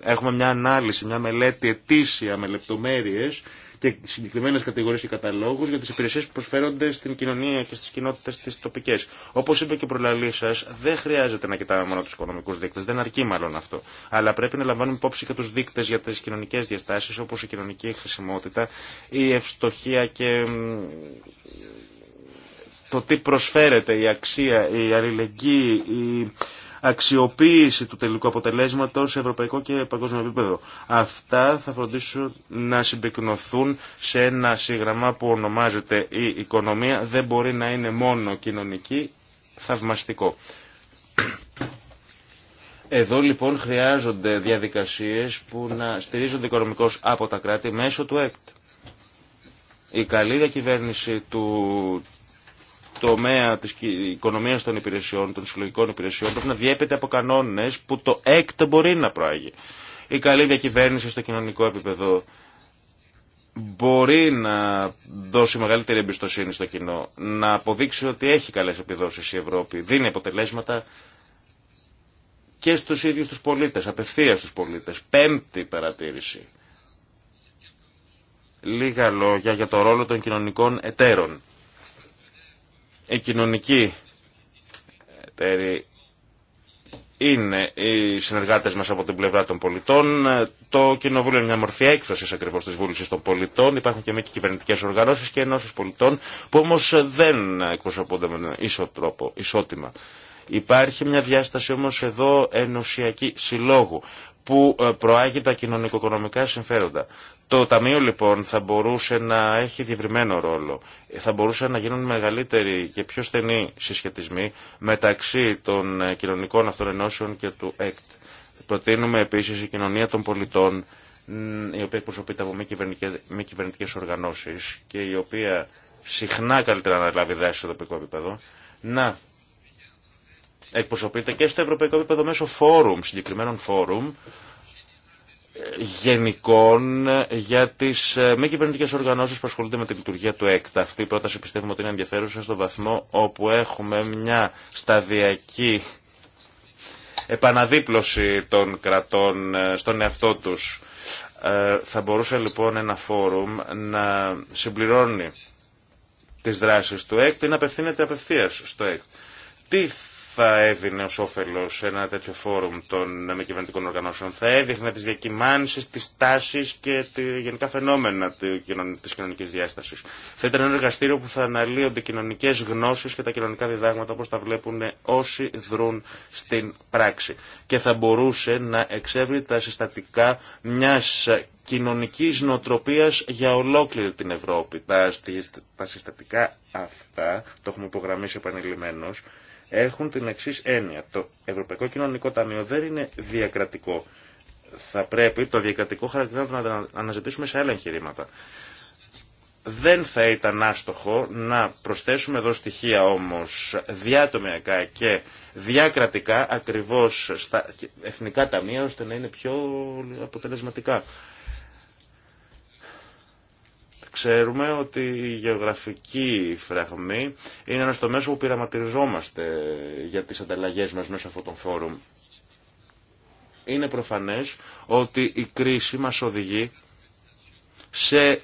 έχουμε μια ανάλυση, μια μελέτη ετήσια με λεπτομέρειες και συγκεκριμένε κατηγορίε και καταλόγου για τι υπηρεσίε που προσφέρονται στην κοινωνία και στι κοινότητε τι τοπικέ. Όπω είπε και προλαλή σα, δεν χρειάζεται να κοιτάμε μόνο του οικονομικού δείκτε, δεν αρκεί μάλλον αυτό. Αλλά πρέπει να λαμβάνουμε υπόψη και του δείκτε για τι κοινωνικέ διαστάσει, όπω η κοινωνική χρησιμότητα, η ευστοχία και το τι προσφέρεται, η αξία, η αλληλεγγύη, η αξιοποίηση του τελικού αποτελέσματος σε ευρωπαϊκό και παγκόσμιο επίπεδο. Αυτά θα φροντίσουν να συμπυκνωθούν σε ένα σύγγραμμα που ονομάζεται η οικονομία δεν μπορεί να είναι μόνο κοινωνική, θαυμαστικό. Εδώ λοιπόν χρειάζονται διαδικασίες που να στηρίζονται οικονομικώς από τα κράτη μέσω του ΕΚΤ. Η καλή διακυβέρνηση του το τομέα της οικονομίας των υπηρεσιών, των συλλογικών υπηρεσιών, πρέπει να διέπεται από κανόνες που το έκτο μπορεί να προάγει. Η καλή διακυβέρνηση στο κοινωνικό επίπεδο μπορεί να δώσει μεγαλύτερη εμπιστοσύνη στο κοινό, να αποδείξει ότι έχει καλές επιδόσεις η Ευρώπη, δίνει αποτελέσματα και στους ίδιους τους πολίτες, απευθείας στους πολίτες. Πέμπτη παρατήρηση. Λίγα λόγια για το ρόλο των κοινωνικών εταίρων. Η κοινωνική εταίροι είναι οι συνεργάτε μα από την πλευρά των πολιτών. Το Κοινοβούλιο είναι μια μορφή έκφραση ακριβώ τη βούληση των πολιτών. Υπάρχουν και μη κυβερνητικέ οργανώσει και ενώσει πολιτών που όμω δεν εκπροσωπούνται με ίσο τρόπο, ισότιμα. Υπάρχει μια διάσταση όμω εδώ ενωσιακή συλλόγου που ε, προάγει τα κοινωνικο-οικονομικά συμφέροντα. Το Ταμείο λοιπόν θα μπορούσε να έχει διευρυμένο ρόλο. Θα μπορούσαν να γίνουν μεγαλύτεροι και πιο στενοί συσχετισμοί μεταξύ των ε, κοινωνικών ενώσεων και του ΕΚΤ. Προτείνουμε επίσης η κοινωνία των πολιτών, η οποία εκπροσωπείται από μη κυβερνητικέ οργανώσεις και η οποία συχνά καλύτερα να λάβει δράση στο τοπικό επίπεδο, να εκπροσωπείται και στο ευρωπαϊκό επίπεδο μέσω φόρουμ, συγκεκριμένων φόρουμ, γενικών για τι ε, μη κυβερνητικέ οργανώσει που ασχολούνται με τη λειτουργία του ΕΚΤ. Αυτή η πρόταση πιστεύουμε ότι είναι ενδιαφέρουσα στο βαθμό όπου έχουμε μια σταδιακή επαναδίπλωση των κρατών ε, στον εαυτό τους. Ε, θα μπορούσε λοιπόν ένα φόρουμ να συμπληρώνει τις δράσεις του ΕΚΤ ή να απευθύνεται απευθείας στο ΕΚΤ. Τι θα έδινε ως σε ένα τέτοιο φόρουμ των μη κυβερνητικών οργανώσεων. Θα έδειχνε τις διακυμάνσεις, τις τάσεις και τη γενικά φαινόμενα της κοινωνικής διάστασης. Θα ήταν ένα εργαστήριο που θα αναλύονται κοινωνικές γνώσεις και τα κοινωνικά διδάγματα όπως τα βλέπουν όσοι δρούν στην πράξη. Και θα μπορούσε να εξεύρει τα συστατικά μιας κοινωνικής νοοτροπίας για ολόκληρη την Ευρώπη. Τα συστατικά αυτά, το έχουμε υπογραμμίσει επανειλημμένως, έχουν την εξή έννοια. Το Ευρωπαϊκό Κοινωνικό Ταμείο δεν είναι διακρατικό. Θα πρέπει το διακρατικό χαρακτήρα να το αναζητήσουμε σε άλλα εγχειρήματα. Δεν θα ήταν άστοχο να προσθέσουμε εδώ στοιχεία όμως διατομιακά και διακρατικά ακριβώς στα εθνικά ταμεία ώστε να είναι πιο αποτελεσματικά. Ξέρουμε ότι η γεωγραφική φραγμή είναι στο μέσο που πειραματιζόμαστε για τις ανταλλαγές μας μέσα από τον φόρουμ. Είναι προφανές ότι η κρίση μας οδηγεί σε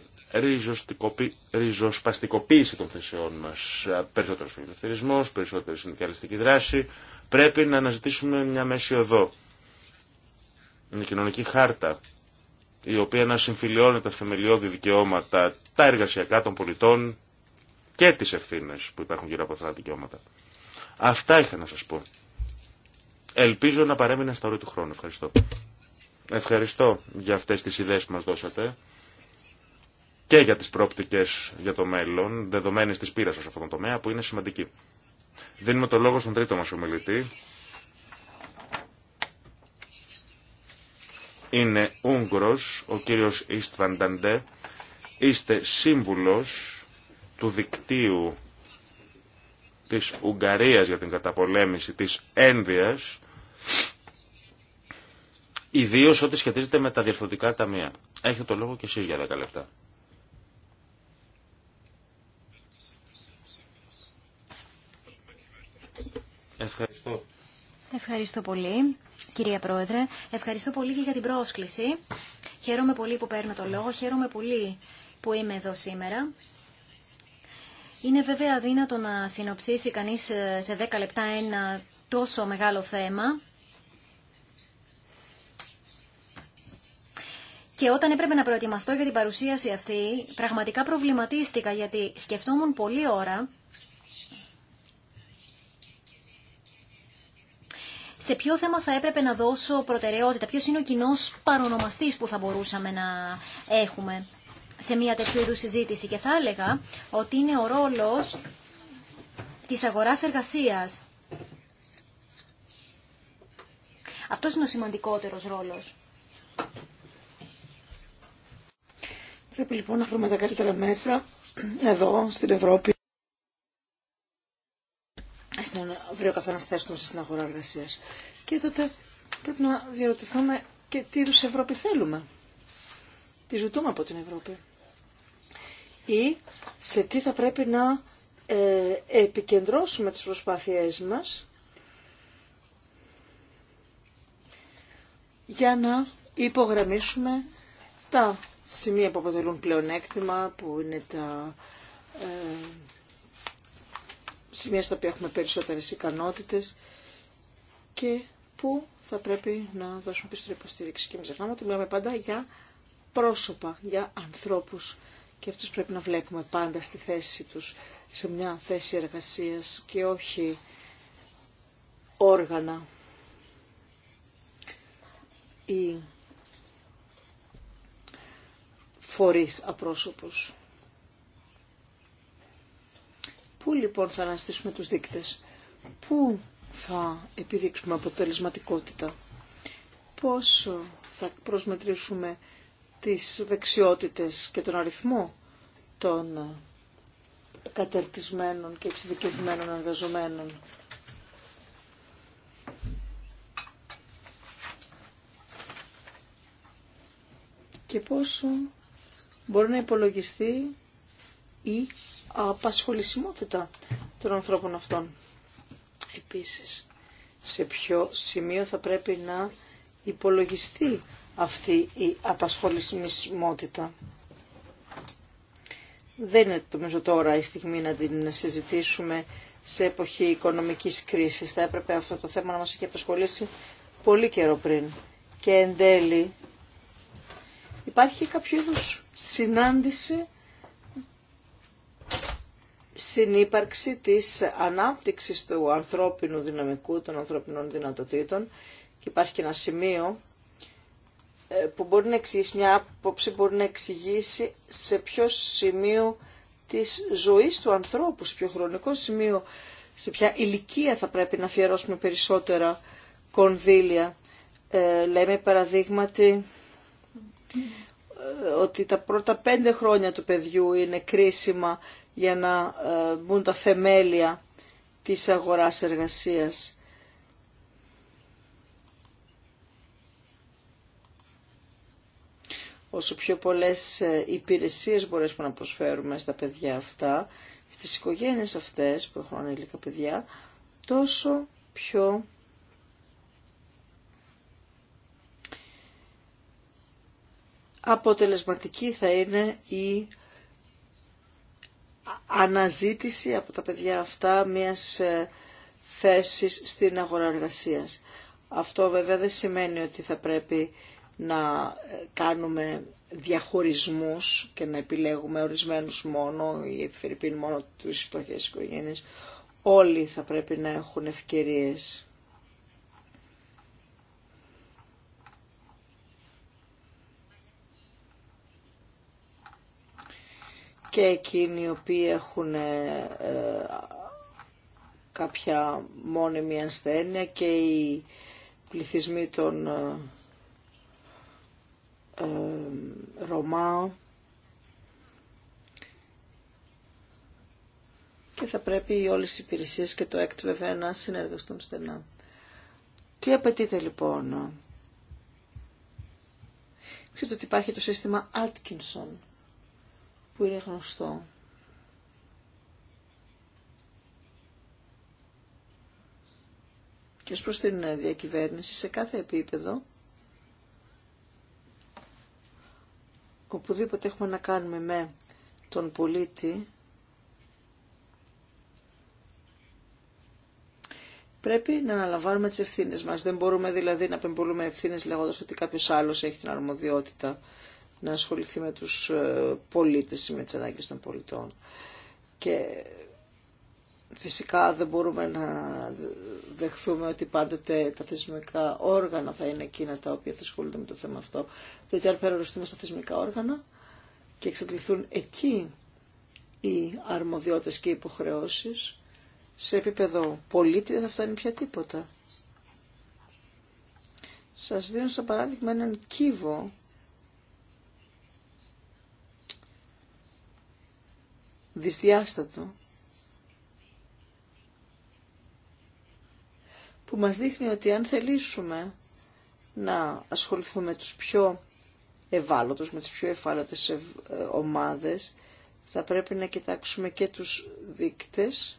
ριζοσπαστικοποίηση των θεσεών μας. Περισσότερος φιλελευθερισμός, περισσότερη συνδικαλιστική δράση. Πρέπει να αναζητήσουμε μια μέση οδό. Μια κοινωνική χάρτα η οποία να συμφιλιώνει τα θεμελιώδη δικαιώματα, τα εργασιακά των πολιτών και τις ευθύνες που υπάρχουν γύρω από αυτά τα δικαιώματα. Αυτά είχα να σας πω. Ελπίζω να παρέμεινα στα όρια του χρόνου. Ευχαριστώ. Ευχαριστώ για αυτές τις ιδέες που μας δώσατε και για τις πρόπτικες για το μέλλον, δεδομένες της πείρας σας σε αυτόν τον τομέα, που είναι σημαντική. Δίνουμε το λόγο στον τρίτο μας ομιλητή, είναι Ούγγρος, ο κύριος Ιστφανταντέ. Είστε σύμβουλος του δικτύου της Ουγγαρίας για την καταπολέμηση της ένδυας, ιδίως ό,τι σχετίζεται με τα διευθυντικά ταμεία. Έχετε το λόγο και εσείς για 10 λεπτά. Ευχαριστώ. Ευχαριστώ πολύ κυρία Πρόεδρε. Ευχαριστώ πολύ και για την πρόσκληση. Χαίρομαι πολύ που παίρνω το λόγο. Χαίρομαι πολύ που είμαι εδώ σήμερα. Είναι βέβαια αδύνατο να συνοψίσει κανείς ε, σε 10 λεπτά ένα τόσο μεγάλο θέμα. Και όταν έπρεπε να προετοιμαστώ για την παρουσίαση αυτή, πραγματικά προβληματίστηκα γιατί σκεφτόμουν πολλή ώρα σε ποιο θέμα θα έπρεπε να δώσω προτεραιότητα, ποιος είναι ο κοινό παρονομαστής που θα μπορούσαμε να έχουμε σε μια τέτοιου είδου συζήτηση. Και θα έλεγα ότι είναι ο ρόλος της αγοράς εργασίας. Αυτός είναι ο σημαντικότερος ρόλος. Πρέπει λοιπόν να βρούμε τα καλύτερα μέσα εδώ στην Ευρώπη να βρει ο καθένα θέση του στην αγορά εργασία. Και τότε πρέπει να διαρωτηθούμε και τι είδου Ευρώπη θέλουμε. Τι ζητούμε από την Ευρώπη. Ή σε τι θα πρέπει να ε, επικεντρώσουμε τις προσπάθειές μας για να υπογραμμίσουμε τα σημεία που αποτελούν πλεονέκτημα, που είναι τα ε, σημεία στα οποία έχουμε περισσότερες ικανότητες και που θα πρέπει να δώσουμε περισσότερη υποστήριξη. Και μην ξεχνάμε ότι μιλάμε πάντα για πρόσωπα, για ανθρώπους και αυτούς πρέπει να βλέπουμε πάντα στη θέση τους, σε μια θέση εργασίας και όχι όργανα ή φορείς απρόσωπους. Πού λοιπόν θα αναστήσουμε τους δείκτες, πού θα επιδείξουμε αποτελεσματικότητα, πόσο θα προσμετρήσουμε τις δεξιότητες και τον αριθμό των κατερτισμένων και εξειδικευμένων εργαζομένων. Και πόσο μπορεί να υπολογιστεί η απασχολησιμότητα των ανθρώπων αυτών. Επίσης, σε ποιο σημείο θα πρέπει να υπολογιστεί αυτή η απασχολησιμότητα. Δεν είναι νομίζω τώρα η στιγμή να την συζητήσουμε σε εποχή οικονομικής κρίσης. Θα έπρεπε αυτό το θέμα να μας έχει απασχολήσει πολύ καιρό πριν. Και εν τέλει υπάρχει κάποιο είδους συνάντηση συνύπαρξη της ανάπτυξης του ανθρώπινου δυναμικού, των ανθρώπινων δυνατοτήτων και υπάρχει και ένα σημείο ε, που μπορεί να εξηγήσει, μια άποψη μπορεί να εξηγήσει σε ποιο σημείο της ζωής του ανθρώπου, σε ποιο χρονικό σημείο, σε ποια ηλικία θα πρέπει να αφιερώσουμε περισσότερα κονδύλια. Ε, λέμε παραδείγματι ε, ότι τα πρώτα πέντε χρόνια του παιδιού είναι κρίσιμα για να ε, μπουν τα θεμέλια της αγοράς εργασίας. Όσο πιο πολλές ε, υπηρεσίες μπορέσουμε να προσφέρουμε στα παιδιά αυτά, στις οικογένειες αυτές που έχουν ανήλικα παιδιά, τόσο πιο αποτελεσματική θα είναι η αναζήτηση από τα παιδιά αυτά μιας ε, θέσης στην αγορά Αυτό βέβαια δεν σημαίνει ότι θα πρέπει να ε, κάνουμε διαχωρισμούς και να επιλέγουμε ορισμένους μόνο ή επιφερειπίν μόνο τους φτωχές οικογένειες. Όλοι θα πρέπει να έχουν ευκαιρίες. και εκείνοι οι οποίοι έχουν ε, ε, κάποια μόνιμη ασθένεια και οι πληθυσμοί των ε, Ρωμά και θα πρέπει όλες οι υπηρεσίες και το ΕΚΤ βέβαια να συνεργαστούν στενά. Τι απαιτείται λοιπόν. Ξέρετε ότι υπάρχει το σύστημα Atkinson που είναι γνωστό. Και ως προς την ε, διακυβέρνηση σε κάθε επίπεδο, οπουδήποτε έχουμε να κάνουμε με τον πολίτη, πρέπει να αναλαμβάνουμε τις ευθύνες μας. Δεν μπορούμε δηλαδή να πεμπολούμε ευθύνες λέγοντας ότι κάποιος άλλος έχει την αρμοδιότητα να ασχοληθεί με τους ε, πολίτες ή με τις ανάγκες των πολιτών. Και φυσικά δεν μπορούμε να δεχθούμε ότι πάντοτε τα θεσμικά όργανα θα είναι εκείνα τα οποία θα ασχολούνται με το θέμα αυτό. Διότι αν περιοριστούμε στα θεσμικά όργανα και εξαντληθούν εκεί οι αρμοδιότητες και οι υποχρεώσεις, σε επίπεδο πολίτη δεν θα φτάνει πια τίποτα. Σας δίνω σαν παράδειγμα έναν κύβο δυσδιάστατο που μας δείχνει ότι αν θελήσουμε να ασχοληθούμε τους πιο ευάλωτους, με τις πιο ευάλωτες ε, ομάδες, θα πρέπει να κοιτάξουμε και τους δείκτες,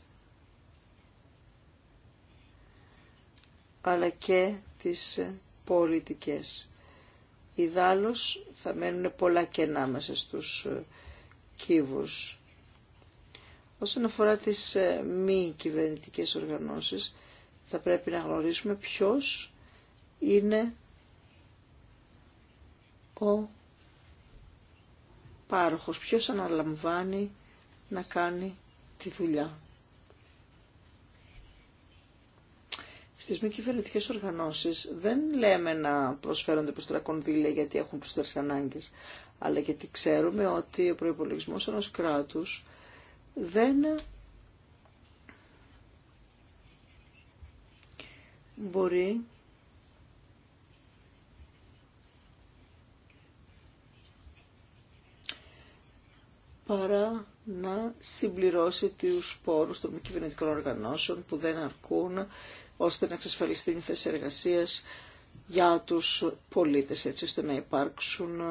αλλά και τις πολιτικές. Ιδάλλως θα μένουν πολλά κενά μέσα στους ε, κύβους. Όσον αφορά τις ε, μη κυβερνητικές οργανώσεις, θα πρέπει να γνωρίσουμε ποιος είναι ο πάροχος, ποιος αναλαμβάνει να κάνει τη δουλειά. Στις μη κυβερνητικές οργανώσεις δεν λέμε να προσφέρονται προς τρακονδύλια γιατί έχουν προσθέσεις ανάγκες, αλλά γιατί ξέρουμε ότι ο προϋπολογισμός ενός κράτους δεν μπορεί παρά να συμπληρώσει τους πόρου των μη κυβερνητικών οργανώσεων που δεν αρκούν ώστε να εξασφαλιστεί η θέση εργασία για τους πολίτες, έτσι ώστε να υπάρξουν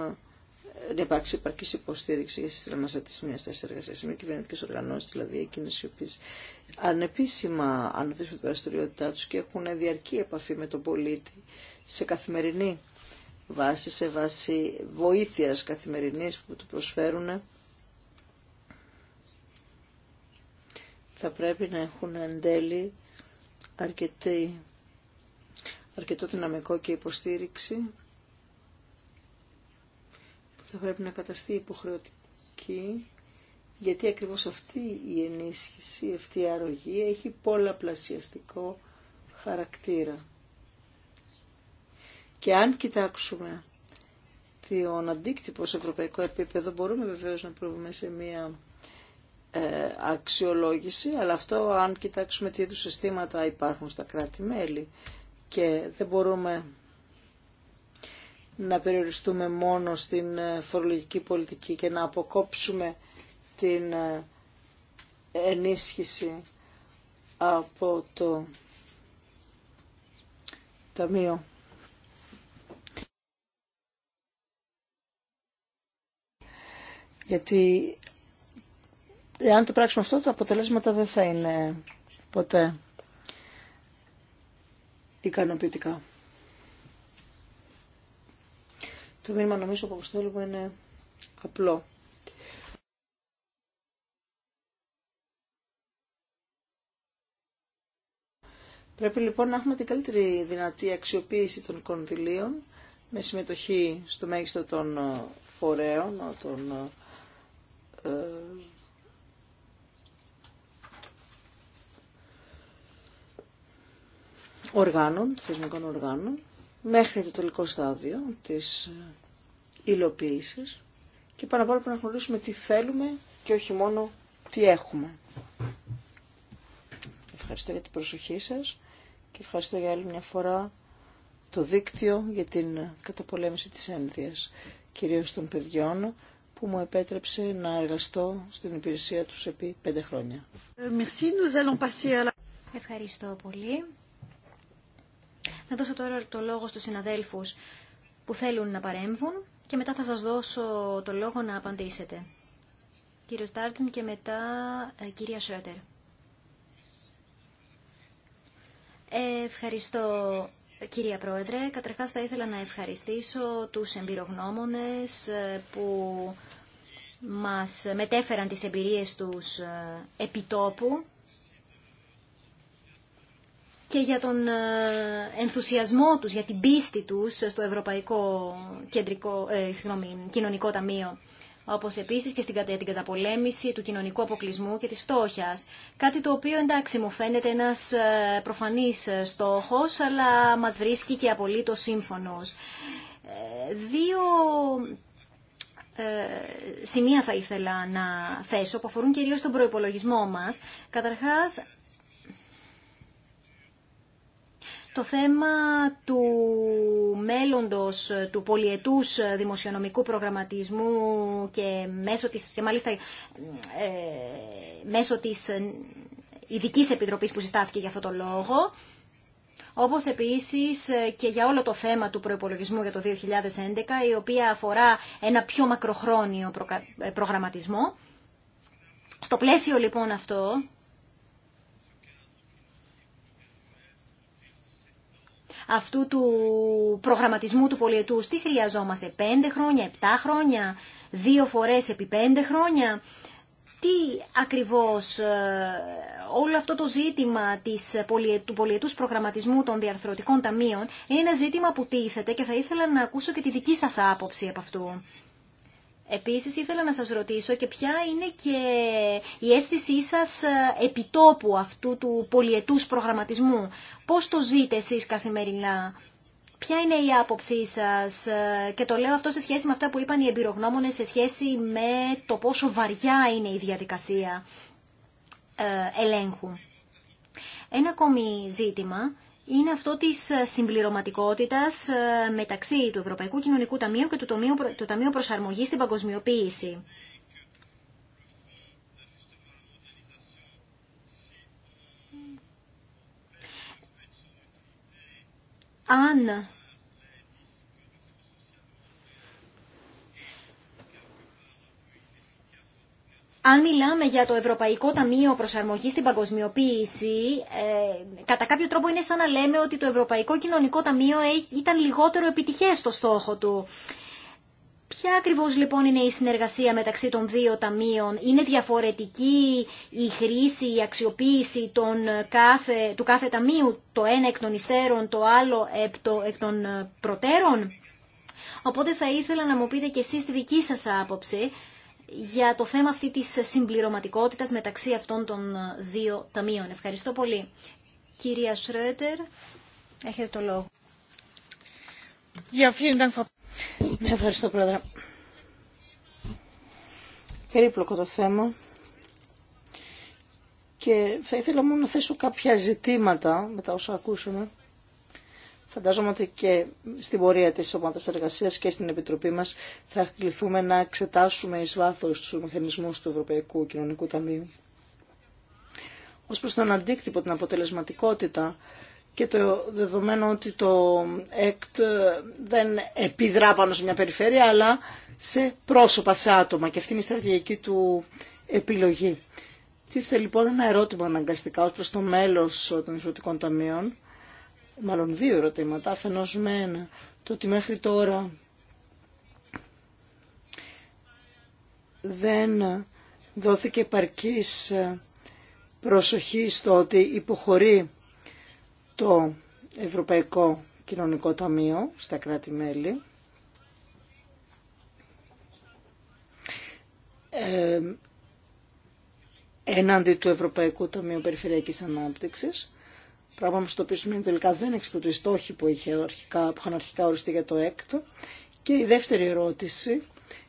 να υπάρξει υπαρκή υποστήριξη για συστήματα τη μια τέσσερα εργασία. Οι κυβερνητικέ οργανώσει, δηλαδή εκείνε οι οποίε ανεπίσημα αναπτύσσουν τη δραστηριότητά του και έχουν διαρκή επαφή με τον πολίτη σε καθημερινή βάση, σε βάση βοήθεια καθημερινή που του προσφέρουν, θα πρέπει να έχουν εν τέλει αρκετό δυναμικό και υποστήριξη θα πρέπει να καταστεί υποχρεωτική γιατί ακριβώς αυτή η ενίσχυση, αυτή η αρρωγή έχει πολλαπλασιαστικό χαρακτήρα. Και αν κοιτάξουμε τον αντίκτυπο σε ευρωπαϊκό επίπεδο μπορούμε βεβαίως να προβούμε σε μία ε, αξιολόγηση, αλλά αυτό αν κοιτάξουμε τι είδους συστήματα υπάρχουν στα κράτη-μέλη και δεν μπορούμε να περιοριστούμε μόνο στην ε, φορολογική πολιτική και να αποκόψουμε την ε, ενίσχυση από το Ταμείο. Γιατί αν το πράξουμε αυτό, τα αποτελέσματα δεν θα είναι ποτέ ικανοποιητικά. Το μήνυμα νομίζω που αποστέλουμε είναι απλό. Πρέπει λοιπόν να έχουμε την καλύτερη δυνατή αξιοποίηση των κονδυλίων με συμμετοχή στο μέγιστο των ε, φορέων, των ε, ε, οργάνων, των θεσμικών οργάνων μέχρι το τελικό στάδιο της ε, υλοποίησης και πάνω απ' όλα να γνωρίσουμε τι θέλουμε και όχι μόνο τι έχουμε. Ευχαριστώ για την προσοχή σας και ευχαριστώ για άλλη μια φορά το δίκτυο για την ε, καταπολέμηση της ένδυας, κυρίως των παιδιών, που μου επέτρεψε να εργαστώ στην υπηρεσία τους επί πέντε χρόνια. Ευχαριστώ πολύ. Να δώσω τώρα το λόγο στους συναδέλφους που θέλουν να παρέμβουν και μετά θα σας δώσω το λόγο να απαντήσετε. Κύριο Στάρτον και μετά ε, κυρία Σρέτερ. Ευχαριστώ κυρία Πρόεδρε. Καταρχάς θα ήθελα να ευχαριστήσω τους εμπειρογνώμονες ε, που μας μετέφεραν τις εμπειρίες τους ε, επιτόπου και για τον ε, ενθουσιασμό τους, για την πίστη τους στο Ευρωπαϊκό Κεντρικό, ε, Κοινωνικό Ταμείο όπως επίσης και στην, την καταπολέμηση του κοινωνικού αποκλεισμού και της φτώχειας. Κάτι το οποίο εντάξει μου φαίνεται ένας ε, προφανής στόχος, αλλά μας βρίσκει και απολύτω σύμφωνος. Δύο σημεία θα ήθελα να θέσω, που αφορούν κυρίως τον προϋπολογισμό μας. Καταρχάς, το θέμα του μέλλοντος του πολιετούς δημοσιονομικού προγραμματισμού και μέσω της, και μάλιστα, ε, μέσω της ειδική επιτροπής που συστάθηκε για αυτό το λόγο, όπως επίσης και για όλο το θέμα του προϋπολογισμού για το 2011, η οποία αφορά ένα πιο μακροχρόνιο προγραμματισμό. Στο πλαίσιο λοιπόν αυτό, αυτού του προγραμματισμού του πολιετού. Τι χρειαζόμαστε, πέντε χρόνια, επτά χρόνια, δύο φορές επί πέντε χρόνια. Τι ακριβώς ε, όλο αυτό το ζήτημα της, του πολιετούς προγραμματισμού των διαρθρωτικών ταμείων είναι ένα ζήτημα που τίθεται και θα ήθελα να ακούσω και τη δική σας άποψη από αυτού. Επίσης ήθελα να σας ρωτήσω και ποια είναι και η αίσθησή σας ε, επιτόπου αυτού του πολυετούς προγραμματισμού. Πώς το ζείτε εσείς καθημερινά. Ποια είναι η άποψή σας ε, και το λέω αυτό σε σχέση με αυτά που είπαν οι εμπειρογνώμονες σε σχέση με το πόσο βαριά είναι η διαδικασία ε, ελέγχου. Ένα ακόμη ζήτημα είναι αυτό της ε, συμπληρωματικότητας ε, μεταξύ του Ευρωπαϊκού Κοινωνικού Ταμείου και του Ταμείου, του Ταμείου Προσαρμογής στην Παγκοσμιοποίηση. Αν Αν μιλάμε για το Ευρωπαϊκό Ταμείο Προσαρμογής στην Παγκοσμιοποίηση, ε, κατά κάποιο τρόπο είναι σαν να λέμε ότι το Ευρωπαϊκό Κοινωνικό Ταμείο ήταν λιγότερο επιτυχές στο στόχο του. Ποια ακριβώς λοιπόν είναι η συνεργασία μεταξύ των δύο ταμείων. Είναι διαφορετική η χρήση, η αξιοποίηση των κάθε, του κάθε ταμείου, το ένα εκ των υστέρων, το άλλο εκ των προτέρων. Οπότε θα ήθελα να μου πείτε και εσείς τη δική σας άποψη για το θέμα αυτή της συμπληρωματικότητας μεταξύ αυτών των δύο ταμείων. Ευχαριστώ πολύ. Κυρία Σρέτερ, έχετε το λόγο. Ευχαριστώ, Πρόεδρε. Περίπλοκο το θέμα. Και θα ήθελα μόνο να θέσω κάποια ζητήματα μετά όσα ακούσαμε. Φαντάζομαι ότι και στην πορεία της ομάδας εργασίας και στην Επιτροπή μας θα κληθούμε να εξετάσουμε εις βάθος τους μηχανισμούς του Ευρωπαϊκού Κοινωνικού Ταμείου. Ως προς τον αντίκτυπο, την αποτελεσματικότητα και το δεδομένο ότι το ΕΚΤ δεν επιδρά πάνω σε μια περιφέρεια αλλά σε πρόσωπα, σε άτομα και αυτή είναι η στρατηγική του επιλογή. Τι λοιπόν ένα ερώτημα αναγκαστικά ως προς το μέλος των Ισοτικών Ταμείων μάλλον δύο ερωτήματα, αφενός με το ότι μέχρι τώρα δεν δόθηκε επαρκής προσοχή στο ότι υποχωρεί το Ευρωπαϊκό Κοινωνικό Ταμείο στα κράτη-μέλη. Ε, έναντι του Ευρωπαϊκού Ταμείου Περιφερειακής Ανάπτυξης Πράγμα όμως το οποίο σημαίνει τελικά δεν εξυπηρετούν οι στόχοι που, είχε αρχικά, που είχαν αρχικά οριστεί για το έκτο. Και η δεύτερη ερώτηση,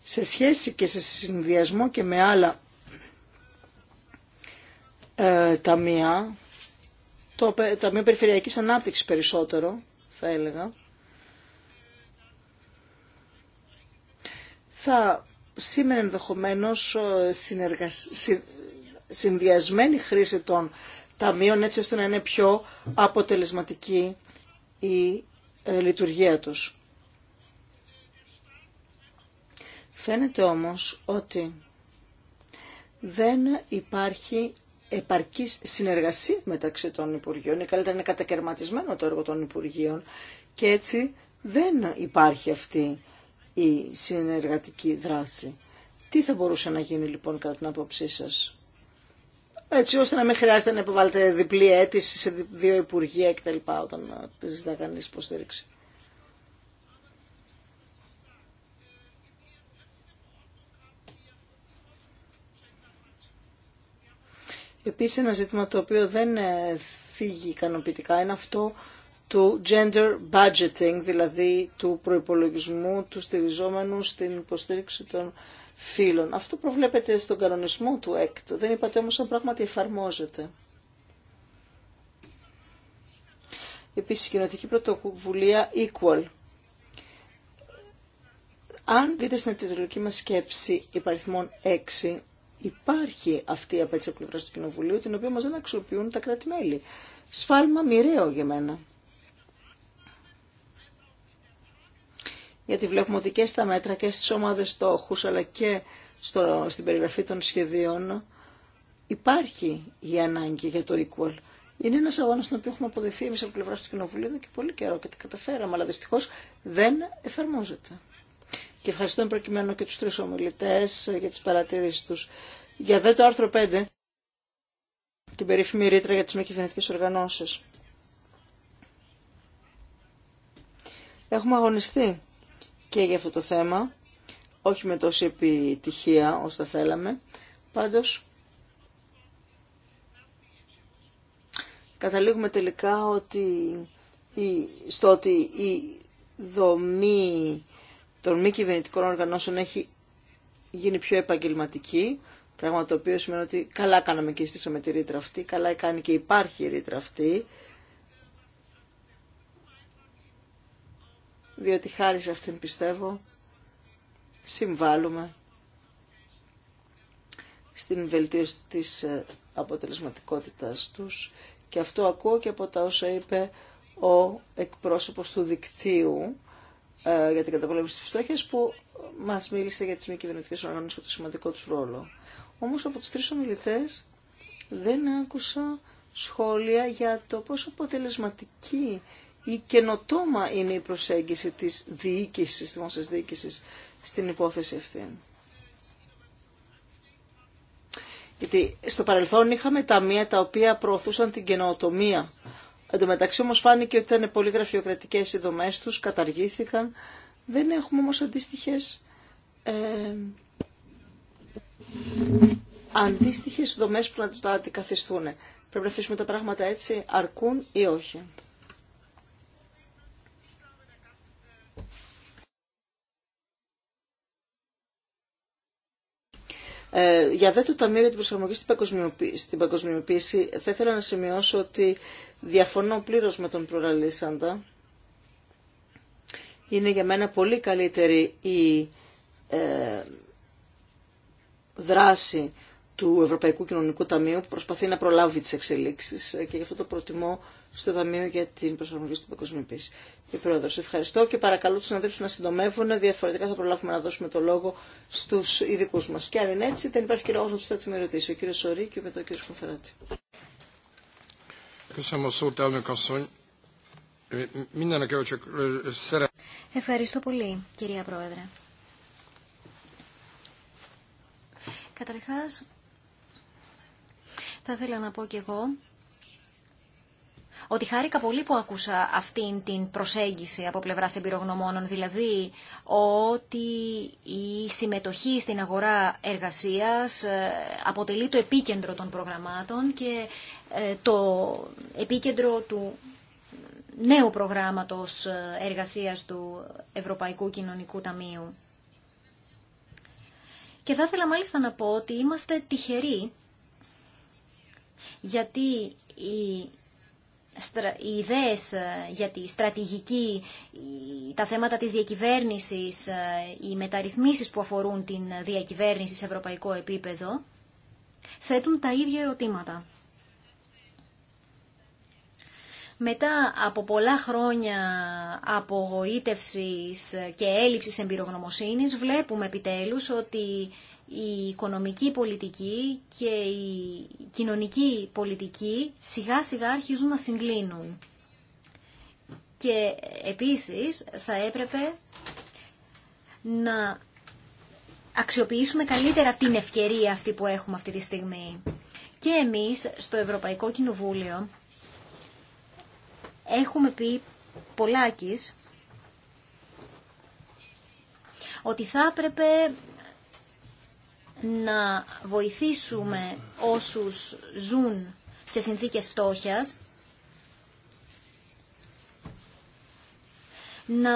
σε σχέση και σε συνδυασμό και με άλλα ε, ταμεία, το Ταμείο Περιφερειακής Ανάπτυξης περισσότερο, θα έλεγα, θα σήμερα ενδεχομένως ε, συνεργασ... συνδυασμένη χρήση των ταμείων έτσι ώστε να είναι πιο αποτελεσματική η ε, λειτουργία τους. Φαίνεται όμως ότι δεν υπάρχει επαρκής συνεργασία μεταξύ των Υπουργείων. Καλύτερα είναι κατακαιρματισμένο το έργο των Υπουργείων και έτσι δεν υπάρχει αυτή η συνεργατική δράση. Τι θα μπορούσε να γίνει λοιπόν κατά την άποψή σας έτσι ώστε να μην χρειάζεται να υποβάλλετε διπλή αίτηση σε δύο υπουργεία κτλ. όταν ε, ζητά κανείς υποστήριξη. Επίσης ένα ζήτημα το οποίο δεν ε, φύγει ικανοποιητικά είναι αυτό του gender budgeting, δηλαδή του προπολογισμού του στηριζόμενου στην υποστήριξη των φίλων. Αυτό προβλέπεται στον κανονισμό του ΕΚΤ. Δεν είπατε όμως αν πράγματι εφαρμόζεται. Επίσης, η κοινοτική πρωτοβουλία Equal. Αν δείτε στην αιτιολογική μας σκέψη υπαριθμών 6, υπάρχει αυτή η απέτηση από πλευρά του Κοινοβουλίου, την οποία μας δεν αξιοποιούν τα κράτη-μέλη. Σφάλμα μοιραίο για μένα. γιατί βλέπουμε ότι και στα μέτρα και στις ομάδες στόχου, αλλά και στο, στην περιγραφή των σχεδίων, υπάρχει η ανάγκη για το equal. Είναι ένας αγώνας στον οποίο έχουμε αποδεθεί εμεί από πλευρά του Κοινοβουλίου εδώ και πολύ καιρό και τα καταφέραμε, αλλά δυστυχώ δεν εφαρμόζεται. Και ευχαριστώ προκειμένου και τους τρεις ομιλητέ για τις παρατηρήσεις τους. Για δε το άρθρο 5, την περίφημη ρήτρα για τις μη κυβερνητικές οργανώσει. Έχουμε αγωνιστεί και για αυτό το θέμα, όχι με τόση επιτυχία όσο θα θέλαμε. Πάντως, καταλήγουμε τελικά ότι η, στο ότι η δομή των μη κυβερνητικών οργανώσεων έχει γίνει πιο επαγγελματική, πράγμα το οποίο σημαίνει ότι καλά κάναμε και στήσαμε τη ρήτρα αυτή, καλά κάνει και υπάρχει η ρήτρα αυτή, διότι χάρη σε αυτήν πιστεύω συμβάλλουμε στην βελτίωση της ε, αποτελεσματικότητας τους και αυτό ακούω και από τα όσα είπε ο εκπρόσωπος του δικτύου ε, για την καταπολέμηση της φτώχειας που μας μίλησε για τις μη κυβερνητικές οργανώσεις και το σημαντικό τους ρόλο. Όμως από τους τρεις ομιλητές δεν άκουσα σχόλια για το πόσο αποτελεσματική η καινοτόμα είναι η προσέγγιση της διοίκησης, της δημόσιας διοίκησης στην υπόθεση αυτή. Γιατί στο παρελθόν είχαμε ταμεία τα οποία προωθούσαν την καινοτομία. Εν τω μεταξύ όμως φάνηκε ότι ήταν πολύ γραφειοκρατικές οι δομές τους, καταργήθηκαν. Δεν έχουμε όμως αντίστοιχες, ε, αντίστοιχες δομές που να τα αντικαθιστούν. Πρέπει να αφήσουμε τα πράγματα έτσι, αρκούν ή όχι. Ε, για δε το Ταμείο για την Προσαρμογή στην παγκοσμιοποίηση, στην θα ήθελα να σημειώσω ότι διαφωνώ πλήρως με τον προλαλήσαντα. Είναι για μένα πολύ καλύτερη η ε, δράση του Ευρωπαϊκού Κοινωνικού Ταμείου που προσπαθεί να προλάβει τις εξελίξεις ε, και γι' αυτό το προτιμώ στο Ταμείο για την προσαρμογή στην πίση. Κύριε Πρόεδρος, ευχαριστώ και παρακαλώ τους συναδέλφους να συντομεύουν, διαφορετικά θα προλάβουμε να δώσουμε το λόγο στους ειδικούς μας. Και αν είναι έτσι, δεν υπάρχει λόγος να τους θέτουμε ερωτήσει. Ο κύριος Σωρή και μετά ο κύριος Κομφεράτη. Ευχαριστώ πολύ, κυρία Πρόεδρε. Καταρχάς, θα ήθελα να πω κι εγώ ότι χάρηκα πολύ που άκουσα αυτήν την προσέγγιση από πλευράς εμπειρογνωμόνων, δηλαδή ότι η συμμετοχή στην αγορά εργασίας ε, αποτελεί το επίκεντρο των προγραμμάτων και ε, το επίκεντρο του νέου προγράμματος ε, εργασίας του Ευρωπαϊκού Κοινωνικού Ταμείου. Και θα ήθελα μάλιστα να πω ότι είμαστε τυχεροί γιατί οι οι ιδέες ε, για τη στρατηγική, τα θέματα της διακυβέρνησης, ε, οι μεταρρυθμίσεις που αφορούν την διακυβέρνηση σε ευρωπαϊκό επίπεδο, θέτουν τα ίδια ερωτήματα. Μετά από πολλά χρόνια απογοήτευσης και έλλειψης εμπειρογνωμοσύνης, βλέπουμε επιτέλους ότι η οικονομική πολιτική και η κοινωνική πολιτική σιγά σιγά αρχίζουν να συγκλίνουν. Και επίσης θα έπρεπε να αξιοποιήσουμε καλύτερα την ευκαιρία αυτή που έχουμε αυτή τη στιγμή. Και εμείς στο Ευρωπαϊκό Κοινοβούλιο έχουμε πει πολλάκις ότι θα έπρεπε να βοηθήσουμε όσους ζουν σε συνθήκες φτώχειας, να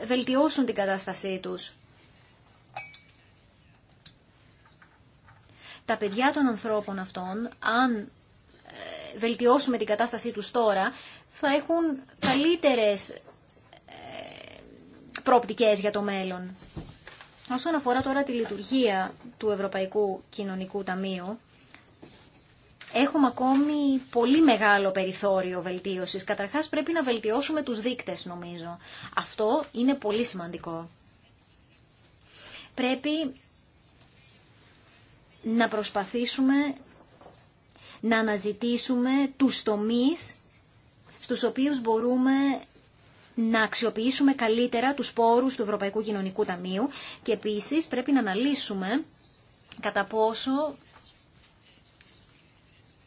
ε, βελτιώσουν την κατάστασή τους. Τα παιδιά των ανθρώπων αυτών, αν ε, βελτιώσουμε την κατάστασή τους τώρα, θα έχουν καλύτερες ε, προοπτικές για το μέλλον. Όσον αφορά τώρα τη λειτουργία του Ευρωπαϊκού Κοινωνικού Ταμείου, έχουμε ακόμη πολύ μεγάλο περιθώριο βελτίωσης. Καταρχάς πρέπει να βελτιώσουμε τους δείκτες νομίζω. Αυτό είναι πολύ σημαντικό. Πρέπει να προσπαθήσουμε να αναζητήσουμε τους τομείς στους οποίους μπορούμε να αξιοποιήσουμε καλύτερα τους πόρους του Ευρωπαϊκού Κοινωνικού Ταμείου και επίσης πρέπει να αναλύσουμε κατά πόσο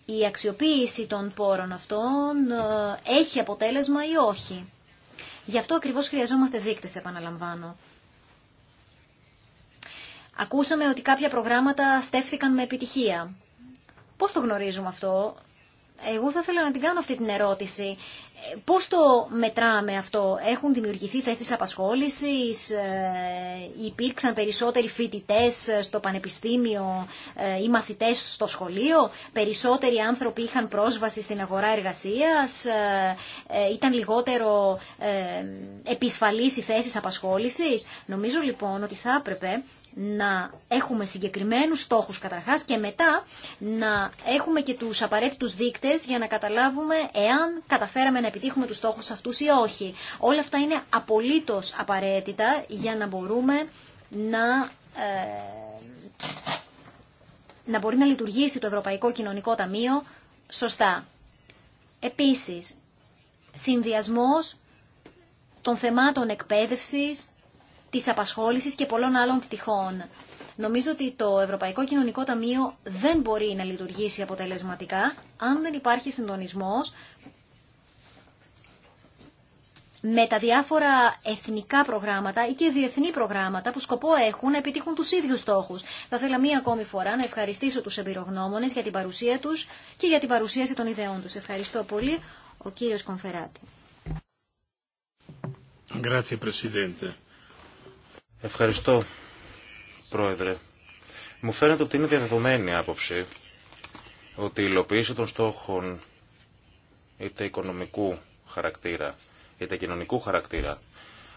η αξιοποίηση των πόρων αυτών ε, έχει αποτέλεσμα ή όχι. Γι' αυτό ακριβώς χρειαζόμαστε δείκτες, επαναλαμβάνω. Ακούσαμε ότι κάποια προγράμματα στέφθηκαν με επιτυχία. Πώς το γνωρίζουμε αυτό, εγώ θα ήθελα να την κάνω αυτή την ερώτηση. Ε, πώς το μετράμε αυτό, έχουν δημιουργηθεί θέσεις απασχόλησης, ε, υπήρξαν περισσότεροι φοιτητές ε, στο πανεπιστήμιο ή μαθητές στο σχολείο, περισσότεροι άνθρωποι είχαν πρόσβαση στην αγορά εργασίας, ήταν λιγότερο επισφαλής οι θέσεις απασχόλησης. Νομίζω λοιπόν ότι θα έπρεπε να έχουμε συγκεκριμένους στόχους καταρχάς και μετά να έχουμε και τους απαραίτητους δείκτες για να καταλάβουμε εάν καταφέραμε να επιτύχουμε τους στόχους αυτούς ή όχι. Όλα αυτά είναι απολύτως απαραίτητα για να μπορούμε να... Ε, να μπορεί να λειτουργήσει το Ευρωπαϊκό Κοινωνικό Ταμείο σωστά. Επίσης, συνδυασμός των θεμάτων εκπαίδευσης Τη απασχόλησης και πολλών άλλων πτυχών. Νομίζω ότι το Ευρωπαϊκό Κοινωνικό Ταμείο δεν μπορεί να λειτουργήσει αποτελεσματικά αν δεν υπάρχει συντονισμός με τα διάφορα εθνικά προγράμματα ή και διεθνή προγράμματα που σκοπό έχουν να επιτύχουν τους ίδιους στόχους. Θα ήθελα μία ακόμη φορά να ευχαριστήσω τους εμπειρογνώμονες για την παρουσία τους και για την παρουσίαση των ιδεών τους. Ευχαριστώ πολύ. Ο κύριος Κομφεράτη. Ευχαριστώ, Πρόεδρε. Μου φαίνεται ότι είναι διαδεδομένη άποψη ότι η υλοποίηση των στόχων είτε οικονομικού χαρακτήρα είτε κοινωνικού χαρακτήρα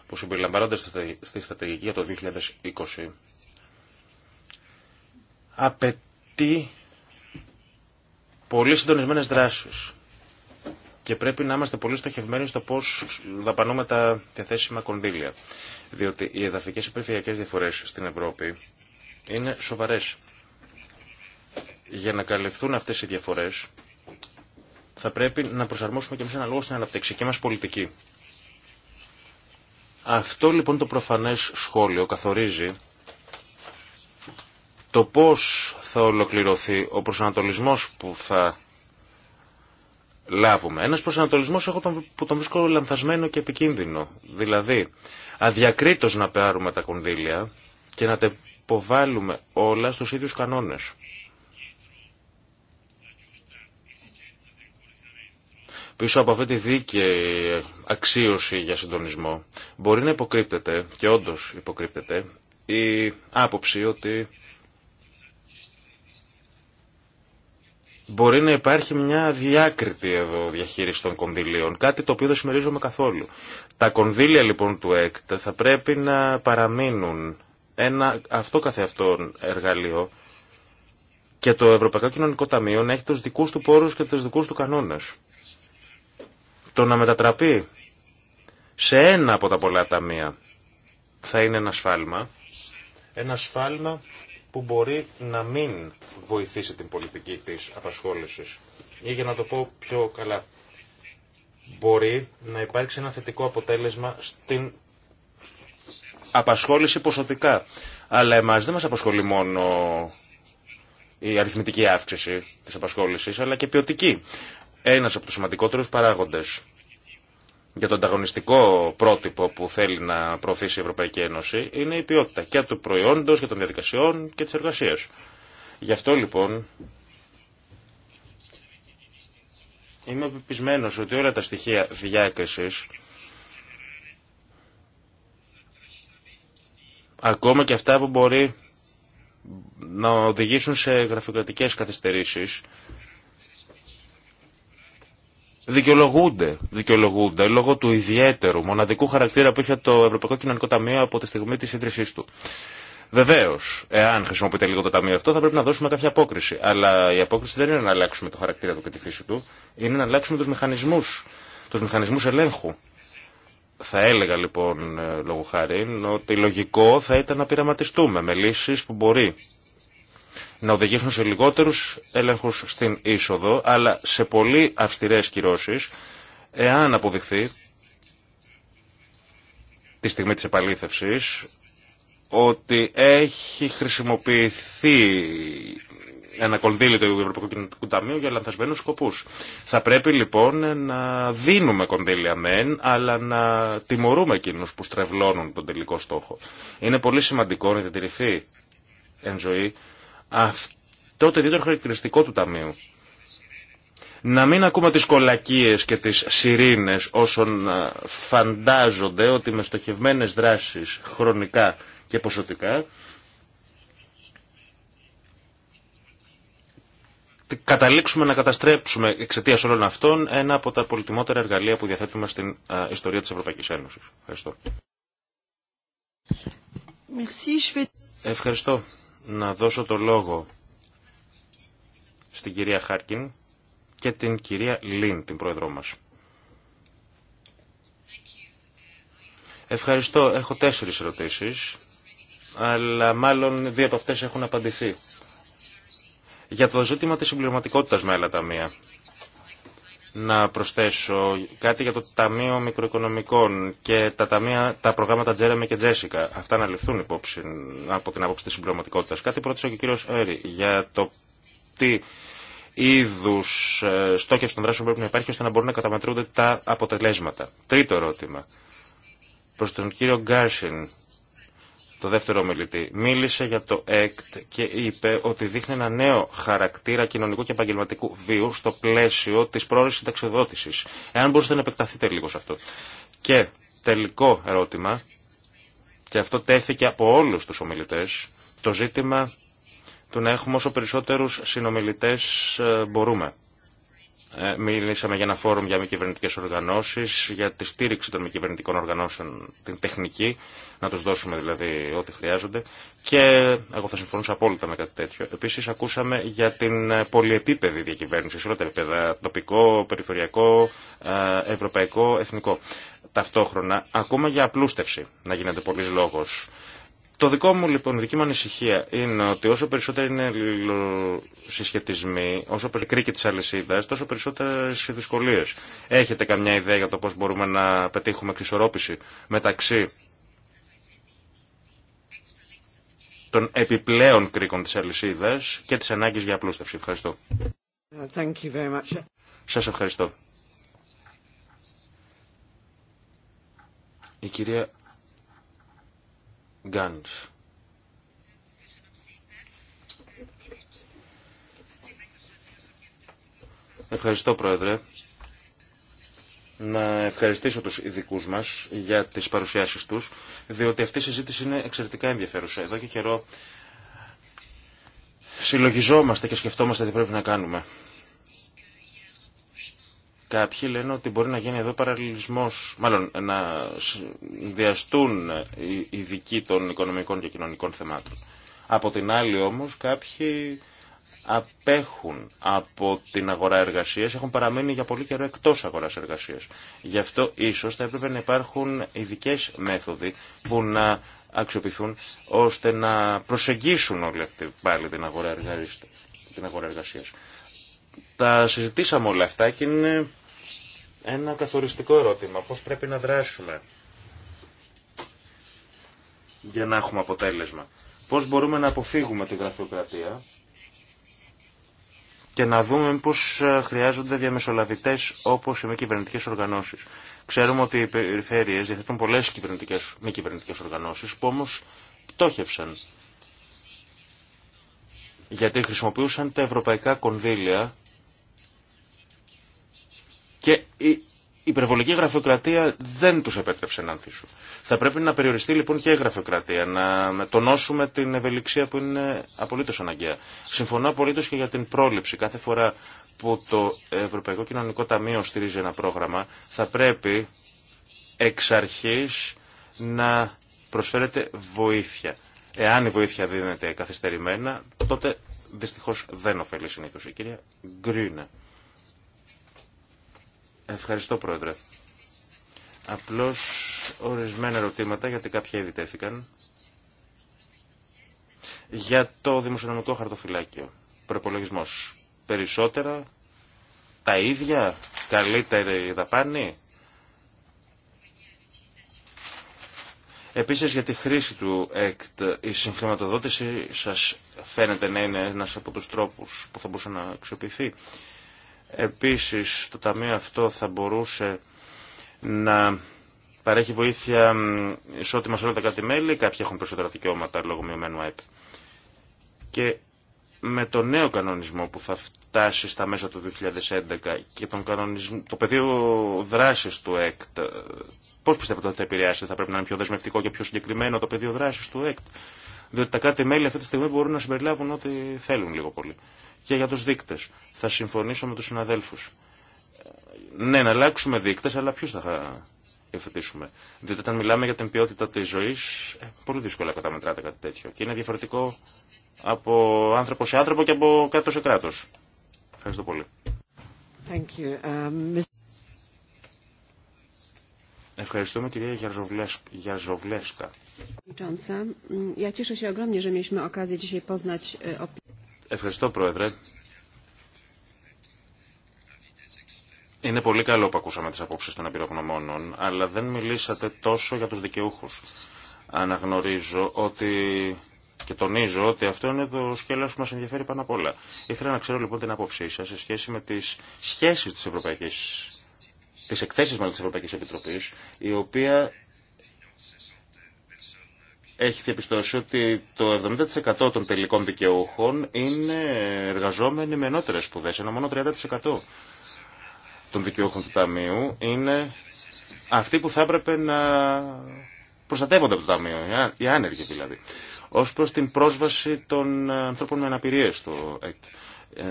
που συμπεριλαμβάνονται στη στρατηγική για το 2020 απαιτεί πολύ συντονισμένες δράσεις και πρέπει να είμαστε πολύ στοχευμένοι στο πώ δαπανούμε τα διαθέσιμα κονδύλια. Διότι οι εδαφικέ και περιφερειακέ διαφορέ στην Ευρώπη είναι σοβαρέ. Για να καλυφθούν αυτέ οι διαφορέ, θα πρέπει να προσαρμόσουμε και εμεί λόγο στην αναπτυξική μα πολιτική. Αυτό λοιπόν το προφανές σχόλιο καθορίζει το πώς θα ολοκληρωθεί ο προσανατολισμός που θα λάβουμε. Ένας προσανατολισμός έχω τον, που τον βρίσκω λανθασμένο και επικίνδυνο. Δηλαδή, αδιακρίτως να πάρουμε τα κονδύλια και να τα υποβάλουμε όλα στους ίδιους κανόνες. Πίσω από αυτή τη δίκαιη αξίωση για συντονισμό μπορεί να υποκρύπτεται, και όντως υποκρύπτεται, η άποψη ότι Μπορεί να υπάρχει μια διάκριτη εδώ διαχείριση των κονδυλίων, κάτι το οποίο δεν συμμερίζομαι καθόλου. Τα κονδύλια λοιπόν του ΕΚΤ θα πρέπει να παραμείνουν ένα αυτό καθεαυτό εργαλείο και το Ευρωπαϊκό Κοινωνικό Ταμείο να έχει τους δικούς του πόρους και τους δικούς του κανόνες. Το να μετατραπεί σε ένα από τα πολλά ταμεία θα είναι ένα Ένα σφάλμα που μπορεί να μην βοηθήσει την πολιτική της απασχόλησης. Ή για να το πω πιο καλά, μπορεί να υπάρξει ένα θετικό αποτέλεσμα στην απασχόληση ποσοτικά. Αλλά εμάς δεν μας απασχολεί μόνο η αριθμητική αύξηση της απασχόλησης, αλλά και ποιοτική. Ένας από τους σημαντικότερους παράγοντες για τον ανταγωνιστικό πρότυπο που θέλει να προωθήσει η Ευρωπαϊκή Ένωση είναι η ποιότητα και του προϊόντος και των διαδικασιών και της εργασίας. Γι' αυτό λοιπόν είμαι πεπισμένος ότι όλα τα στοιχεία διάκρισης ακόμα και αυτά που μπορεί να οδηγήσουν σε γραφειοκρατικές καθυστερήσεις δικαιολογούνται, δικαιολογούνται λόγω του ιδιαίτερου μοναδικού χαρακτήρα που είχε το Ευρωπαϊκό Κοινωνικό Ταμείο από τη στιγμή τη ίδρυσή του. Βεβαίω, εάν χρησιμοποιείται λίγο το ταμείο αυτό, θα πρέπει να δώσουμε κάποια απόκριση. Αλλά η απόκριση δεν είναι να αλλάξουμε το χαρακτήρα του και τη φύση του, είναι να αλλάξουμε του μηχανισμού, του μηχανισμού ελέγχου. Θα έλεγα λοιπόν, ε, λόγω χάρη, ότι λογικό θα ήταν να πειραματιστούμε με λύσει που μπορεί να οδηγήσουν σε λιγότερους έλεγχους στην είσοδο, αλλά σε πολύ αυστηρές κυρώσεις, εάν αποδειχθεί τη στιγμή της επαλήθευσης, ότι έχει χρησιμοποιηθεί ένα κονδύλι του Ευρωπαϊκού Κοινωνικού Ταμείου για λανθασμένους σκοπούς. Θα πρέπει λοιπόν να δίνουμε κονδύλια μεν, αλλά να τιμωρούμε εκείνους που στρεβλώνουν τον τελικό στόχο. Είναι πολύ σημαντικό να διατηρηθεί εν ζωή αυτό το ιδιαίτερο χαρακτηριστικό του Ταμείου. Να μην ακούμε τις κολακίες και τις σιρήνες όσων φαντάζονται ότι με στοχευμένες δράσεις χρονικά και ποσοτικά καταλήξουμε να καταστρέψουμε εξαιτία όλων αυτών ένα από τα πολυτιμότερα εργαλεία που διαθέτουμε στην ιστορία της Ευρωπαϊκής Ένωσης. Ευχαριστώ. Ευχαριστώ να δώσω το λόγο στην κυρία Χάρκιν και την κυρία Λίν, την πρόεδρό μας. Ευχαριστώ. Έχω τέσσερις ερωτήσεις, αλλά μάλλον δύο από αυτές έχουν απαντηθεί. Για το ζήτημα της συμπληρωματικότητας με άλλα ταμεία να προσθέσω κάτι για το Ταμείο Μικροοικονομικών και τα, ταμεία, τα προγράμματα Τζέρεμι και Τζέσικα. Αυτά να ληφθούν υπόψη από την άποψη της συμπληρωματικότητα. Κάτι πρότεισε και ο κύριος Έρη για το τι είδου ε, στόχευση των δράσεων πρέπει να υπάρχει ώστε να μπορούν να καταμετρούνται τα αποτελέσματα. Τρίτο ερώτημα. Προς τον κύριο Γκάρσιν το δεύτερο ομιλητή μίλησε για το ΕΚΤ και είπε ότι δείχνει ένα νέο χαρακτήρα κοινωνικού και επαγγελματικού βίου στο πλαίσιο της πρόορης συνταξιδότησης. Εάν μπορούσατε να επεκταθείτε λίγο σε αυτό. Και τελικό ερώτημα, και αυτό τέθηκε από όλους τους ομιλητέ, το ζήτημα του να έχουμε όσο περισσότερους συνομιλητέ ε, μπορούμε. Ε, Μίλησαμε για ένα φόρουμ για μη κυβερνητικέ οργανώσει, για τη στήριξη των μη κυβερνητικών οργανώσεων, την τεχνική, να του δώσουμε δηλαδή ό,τι χρειάζονται. Και εγώ θα συμφωνούσα απόλυτα με κάτι τέτοιο. Επίση, ακούσαμε για την ε, πολυεπίπεδη διακυβέρνηση σε όλα τα επίπεδα, τοπικό, περιφερειακό, ε, ευρωπαϊκό, εθνικό. Ταυτόχρονα, ακόμα για απλούστευση να γίνεται πολλή λόγο. Το δικό μου λοιπόν, δική μου ανησυχία είναι ότι όσο περισσότερο είναι συσχετισμοί, όσο περικρίκη τη αλυσίδα, τόσο περισσότερε δυσκολίε. Έχετε καμιά ιδέα για το πώ μπορούμε να πετύχουμε εξισορρόπηση μεταξύ των επιπλέον κρίκων της αλυσίδα και της ανάγκης για απλούστευση. Ευχαριστώ. Σα Σας ευχαριστώ. Η κυρία Ευχαριστώ Πρόεδρε. Να ευχαριστήσω τους ειδικού μας για τις παρουσιάσεις τους, διότι αυτή η συζήτηση είναι εξαιρετικά ενδιαφέρουσα. Εδώ και καιρό συλλογιζόμαστε και σκεφτόμαστε τι πρέπει να κάνουμε. Κάποιοι λένε ότι μπορεί να γίνει εδώ παραλληλισμός, μάλλον να διαστούν οι ειδικοί των οικονομικών και κοινωνικών θεμάτων. Από την άλλη όμως κάποιοι απέχουν από την αγορά εργασίας, έχουν παραμείνει για πολύ καιρό εκτός αγοράς εργασίας. Γι' αυτό ίσως θα έπρεπε να υπάρχουν ειδικέ μέθοδοι που να αξιοποιηθούν ώστε να προσεγγίσουν όλοι αυτοί πάλι την αγορά εργασίας. Την αγορά εργασίας. Τα συζητήσαμε όλα αυτά και είναι ένα καθοριστικό ερώτημα. Πώς πρέπει να δράσουμε για να έχουμε αποτέλεσμα. Πώς μπορούμε να αποφύγουμε τη γραφειοκρατία και να δούμε πώς χρειάζονται διαμεσολαβητές όπως οι μη κυβερνητικέ οργανώσεις. Ξέρουμε ότι οι περιφέρειες διαθέτουν πολλές κυβερνητικές, μη κυβερνητικέ οργανώσεις που όμως πτώχευσαν γιατί χρησιμοποιούσαν τα ευρωπαϊκά κονδύλια και η υπερβολική γραφειοκρατία δεν τους επέτρεψε να ανθίσουν. Θα πρέπει να περιοριστεί λοιπόν και η γραφειοκρατία, να τονώσουμε την ευελιξία που είναι απολύτως αναγκαία. Συμφωνώ απολύτως και για την πρόληψη. Κάθε φορά που το Ευρωπαϊκό Κοινωνικό Ταμείο στηρίζει ένα πρόγραμμα, θα πρέπει εξ αρχής να προσφέρεται βοήθεια. Εάν η βοήθεια δίνεται καθυστερημένα, τότε δυστυχώς δεν ωφελεί συνήθως η κυρία Γκρίνε. Ευχαριστώ, Πρόεδρε. Απλώς ορισμένα ερωτήματα, γιατί κάποια ήδη τέθηκαν. Για το δημοσιονομικό χαρτοφυλάκιο. Προπολογισμό. Περισσότερα, τα ίδια, καλύτερη δαπάνη. Επίσης για τη χρήση του ΕΚΤ, η συγχρηματοδότηση σας φαίνεται να είναι ένας από τους τρόπους που θα μπορούσε να αξιοποιηθεί. Επίσης, το Ταμείο αυτό θα μπορούσε να παρέχει βοήθεια ισότιμα σε όλα τα κράτη-μέλη, κάποιοι έχουν περισσότερα δικαιώματα λόγω μειωμένου ΑΕΠ. Και με το νέο κανονισμό που θα φτάσει στα μέσα του 2011 και τον το πεδίο δράσης του ΕΚΤ, ε, πώς πιστεύετε ότι θα επηρεάσει, θα πρέπει να είναι πιο δεσμευτικό και πιο συγκεκριμένο το πεδίο δράσης του ΕΚΤ. Διότι τα κράτη-μέλη αυτή τη στιγμή μπορούν να συμπεριλάβουν ό,τι θέλουν λίγο πολύ. Και για τους δείκτες. Θα συμφωνήσω με τους συναδέλφους. Ναι, να αλλάξουμε δείκτες, αλλά ποιους θα υιοθετήσουμε. Διότι όταν μιλάμε για την ποιότητα της ζωής, ε, πολύ δύσκολα καταμετράτε κάτι τέτοιο. Και είναι διαφορετικό από άνθρωπο σε άνθρωπο και από κάτω σε κράτο. Ευχαριστώ πολύ. Thank you. Um, Ευχαριστούμε κυρία Γιαζοβλέσκα. Ευχαριστώ, Πρόεδρε. Είναι πολύ καλό που ακούσαμε τις απόψεις των εμπειρογνωμόνων, αλλά δεν μιλήσατε τόσο για τους δικαιούχους. Αναγνωρίζω ότι και τονίζω ότι αυτό είναι το σκέλος που μας ενδιαφέρει πάνω απ' όλα. Ήθελα να ξέρω λοιπόν την άποψή σας σε σχέση με τις σχέσεις της Ευρωπαϊκής τις εκθέσεις μάλλον της Ευρωπαϊκής Επιτροπής, η οποία έχει διαπιστώσει ότι το 70% των τελικών δικαιούχων είναι εργαζόμενοι με ενώτερε σπουδέ, ενώ μόνο 30% των δικαιούχων του Ταμείου είναι αυτοί που θα έπρεπε να προστατεύονται από το Ταμείο, οι άνεργοι δηλαδή, ω προ την πρόσβαση των ε, ανθρώπων με αναπηρίε στο ΕΚΤ. Ε,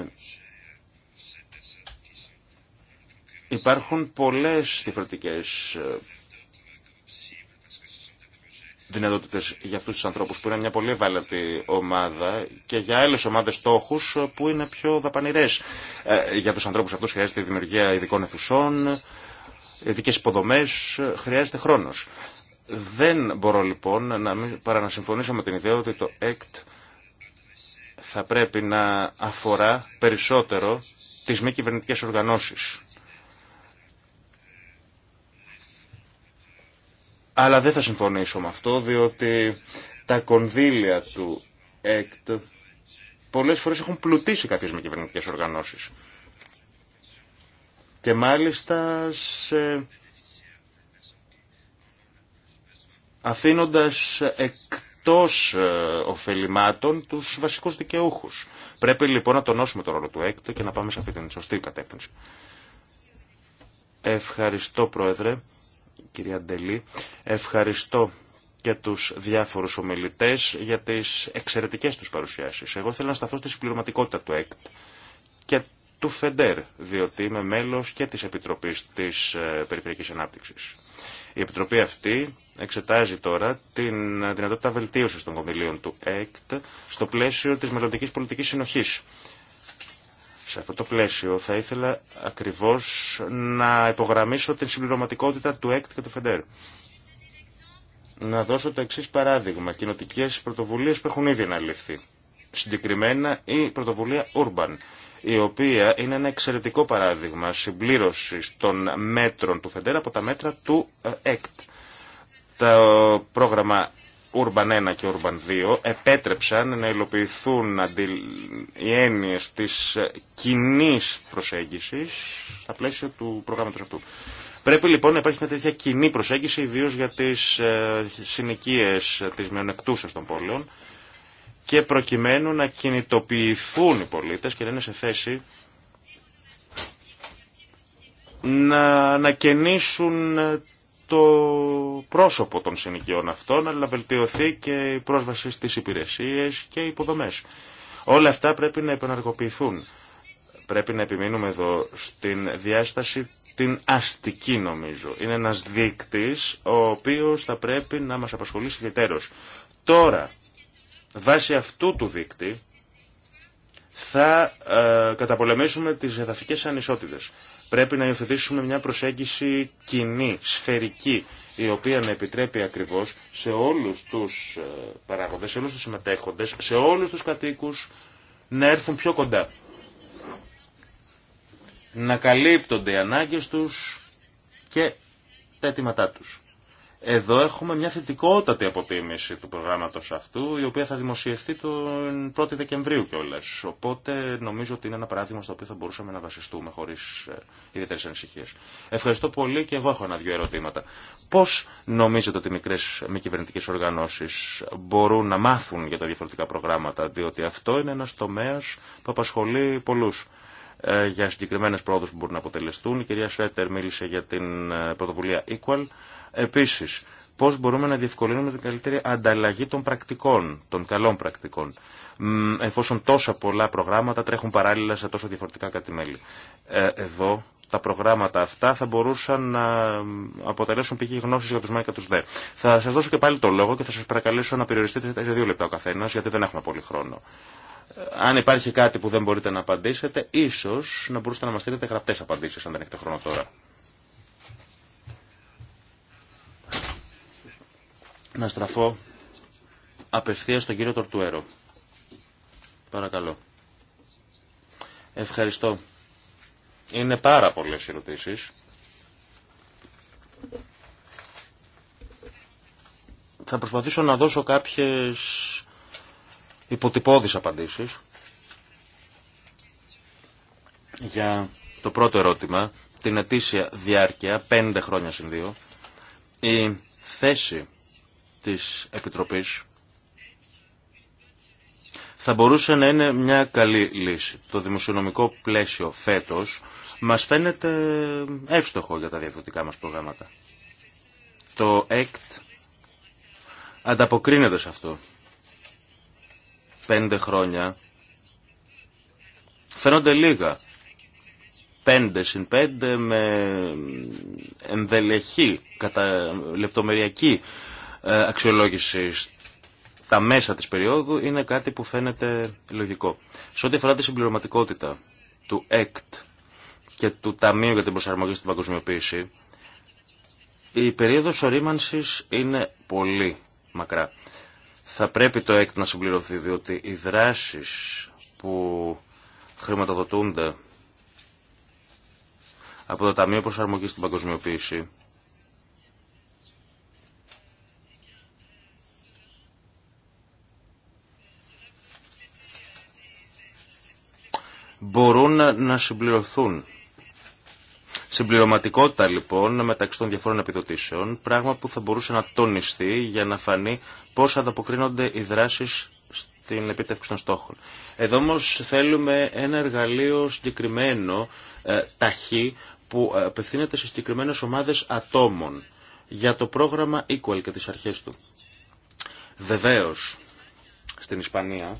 υπάρχουν πολλές διαφορετικές ε, δυνατότητε για αυτού του ανθρώπου που είναι μια πολύ ευάλωτη ομάδα και για άλλε ομάδε στόχου που είναι πιο δαπανηρέ. Ε, για του ανθρώπου αυτού χρειάζεται η δημιουργία ειδικών αιθουσών, ειδικέ υποδομέ, χρειάζεται χρόνο. Δεν μπορώ λοιπόν να μην, παρά να συμφωνήσω με την ιδέα ότι το ΕΚΤ θα πρέπει να αφορά περισσότερο τις μη κυβερνητικές οργανώσεις Αλλά δεν θα συμφωνήσω με αυτό, διότι τα κονδύλια του ΕΚΤ πολλές φορές έχουν πλουτίσει κάποιες με κυβερνητικές οργανώσεις. Και μάλιστα σε... αφήνοντας εκτός ε, ωφελημάτων τους βασικούς δικαιούχους. Πρέπει λοιπόν να τονώσουμε το ρόλο του ΕΚΤ και να πάμε σε αυτή την σωστή κατεύθυνση. Ευχαριστώ Πρόεδρε κυρία Ντελή. Ευχαριστώ και τους διάφορους ομιλητές για τις εξαιρετικές τους παρουσιάσεις. Εγώ θέλω να σταθώ στη συμπληρωματικότητα του ΕΚΤ και του ΦΕΝΤΕΡ, διότι είμαι μέλος και της Επιτροπής της ε, Περιφερειακής Ανάπτυξης. Η Επιτροπή αυτή εξετάζει τώρα την δυνατότητα βελτίωση των κομιλίων του ΕΚΤ στο πλαίσιο της μελλοντικής πολιτικής συνοχής σε αυτό το πλαίσιο θα ήθελα ακριβώς να υπογραμμίσω την συμπληρωματικότητα του ΕΚΤ και του ΦΕΝΤΕΡ. Να δώσω το εξή παράδειγμα. Κοινοτικέ πρωτοβουλίε που έχουν ήδη αναλυφθεί. Συγκεκριμένα η πρωτοβουλία Urban, η οποία είναι ένα εξαιρετικό παράδειγμα συμπλήρωση των μέτρων του ΦΕΝΤΕΡ από τα μέτρα του ε, ΕΚΤ. Το πρόγραμμα Urban 1 και Urban 2 επέτρεψαν να υλοποιηθούν οι έννοιες της ε, κοινή προσέγγισης στα πλαίσια του προγράμματος αυτού. Πρέπει λοιπόν να υπάρχει μια τέτοια κοινή προσέγγιση, ιδίω για τις ε, συνοικίες της μειονεκτούσας των πόλεων και προκειμένου να κινητοποιηθούν οι πολίτες και να είναι σε θέση να ανακαινήσουν ε, το πρόσωπο των συνοικιών αυτών, αλλά βελτιωθεί και η πρόσβαση στις υπηρεσίες και οι υποδομές. Όλα αυτά πρέπει να επαναργοποιηθούν. Πρέπει να επιμείνουμε εδώ στην διάσταση την αστική νομίζω. Είναι ένας δείκτης ο οποίος θα πρέπει να μας απασχολήσει ιδιαίτερος. Τώρα, βάσει αυτού του δείκτη, θα ε, καταπολεμήσουμε τις εδαφικές ανισότητες. Πρέπει να υιοθετήσουμε μια προσέγγιση κοινή, σφαιρική, η οποία να επιτρέπει ακριβώς σε όλους τους ε, παράγοντες, σε όλους τους συμμετέχοντες, σε όλους τους κατοίκους να έρθουν πιο κοντά. Να καλύπτονται οι ανάγκες τους και τα αιτήματά τους. Εδώ έχουμε μια θετικότατη αποτίμηση του προγράμματος αυτού, η οποία θα δημοσιευτεί τον 1η Δεκεμβρίου κιόλα. Οπότε νομίζω ότι είναι ένα παράδειγμα στο οποίο θα μπορούσαμε να βασιστούμε χωρίς ε, ιδιαίτερε ανησυχίε. Ευχαριστώ πολύ και εγώ έχω ένα-δυο ερωτήματα. Πώ νομίζετε ότι μικρέ μη κυβερνητικέ οργανώσεις μπορούν να μάθουν για τα διαφορετικά προγράμματα, διότι αυτό είναι ένα τομέα που απασχολεί πολλούς ε, για συγκεκριμένε πρόοδου που μπορούν να αποτελεστούν. Η κυρία Σέτερ μίλησε για την ε, πρωτοβουλία Equal. Επίση, πώ μπορούμε να διευκολύνουμε την καλύτερη ανταλλαγή των πρακτικών, των καλών πρακτικών, εφόσον τόσα πολλά προγράμματα τρέχουν παράλληλα σε τόσο διαφορετικά κατημέλη. Ε, εδώ τα προγράμματα αυτά θα μπορούσαν να αποτελέσουν πηγή γνώση για του ΜΑΕ και του ΔΕ. Θα σα δώσω και πάλι το λόγο και θα σα παρακαλέσω να περιοριστείτε σε δύο λεπτά ο καθένα, γιατί δεν έχουμε πολύ χρόνο. Ε, αν υπάρχει κάτι που δεν μπορείτε να απαντήσετε, ίσω να μπορούσατε να μα στείλετε γραπτέ απαντήσει, αν δεν έχετε χρόνο τώρα. να στραφώ απευθείας στον κύριο Τορτουέρο. Παρακαλώ. Ευχαριστώ. Είναι πάρα πολλές ερωτήσεις. Θα προσπαθήσω να δώσω κάποιες υποτυπώδεις απαντήσεις. Για το πρώτο ερώτημα, την ετήσια διάρκεια, πέντε χρόνια συν δύο, η θέση της Επιτροπής θα μπορούσε να είναι μια καλή λύση. Το δημοσιονομικό πλαίσιο φέτος μας φαίνεται εύστοχο για τα διαφορετικά μας προγράμματα. Το ΕΚΤ ανταποκρίνεται σε αυτό. Πέντε χρόνια φαίνονται λίγα. Πέντε συν πέντε με ενδελεχή, κατά λεπτομεριακή ε, αξιολόγηση στα μέσα της περίοδου είναι κάτι που φαίνεται λογικό. Σε ό,τι αφορά τη συμπληρωματικότητα του ΕΚΤ και του Ταμείου για την Προσαρμογή στην Παγκοσμιοποίηση, η περίοδος ορίμανσης είναι πολύ μακρά. Θα πρέπει το ΕΚΤ να συμπληρωθεί, διότι οι δράσεις που χρηματοδοτούνται από το Ταμείο Προσαρμογής στην Παγκοσμιοποίηση μπορούν να συμπληρωθούν. Συμπληρωματικότητα λοιπόν μεταξύ των διαφόρων επιδοτήσεων, πράγμα που θα μπορούσε να τονιστεί για να φανεί πώς ανταποκρίνονται οι δράσεις στην επίτευξη των στόχων. Εδώ όμω θέλουμε ένα εργαλείο συγκεκριμένο, ε, ταχύ, που απευθύνεται σε συγκεκριμένες ομάδες ατόμων για το πρόγραμμα Equal και τις αρχές του. Βεβαίως, στην Ισπανία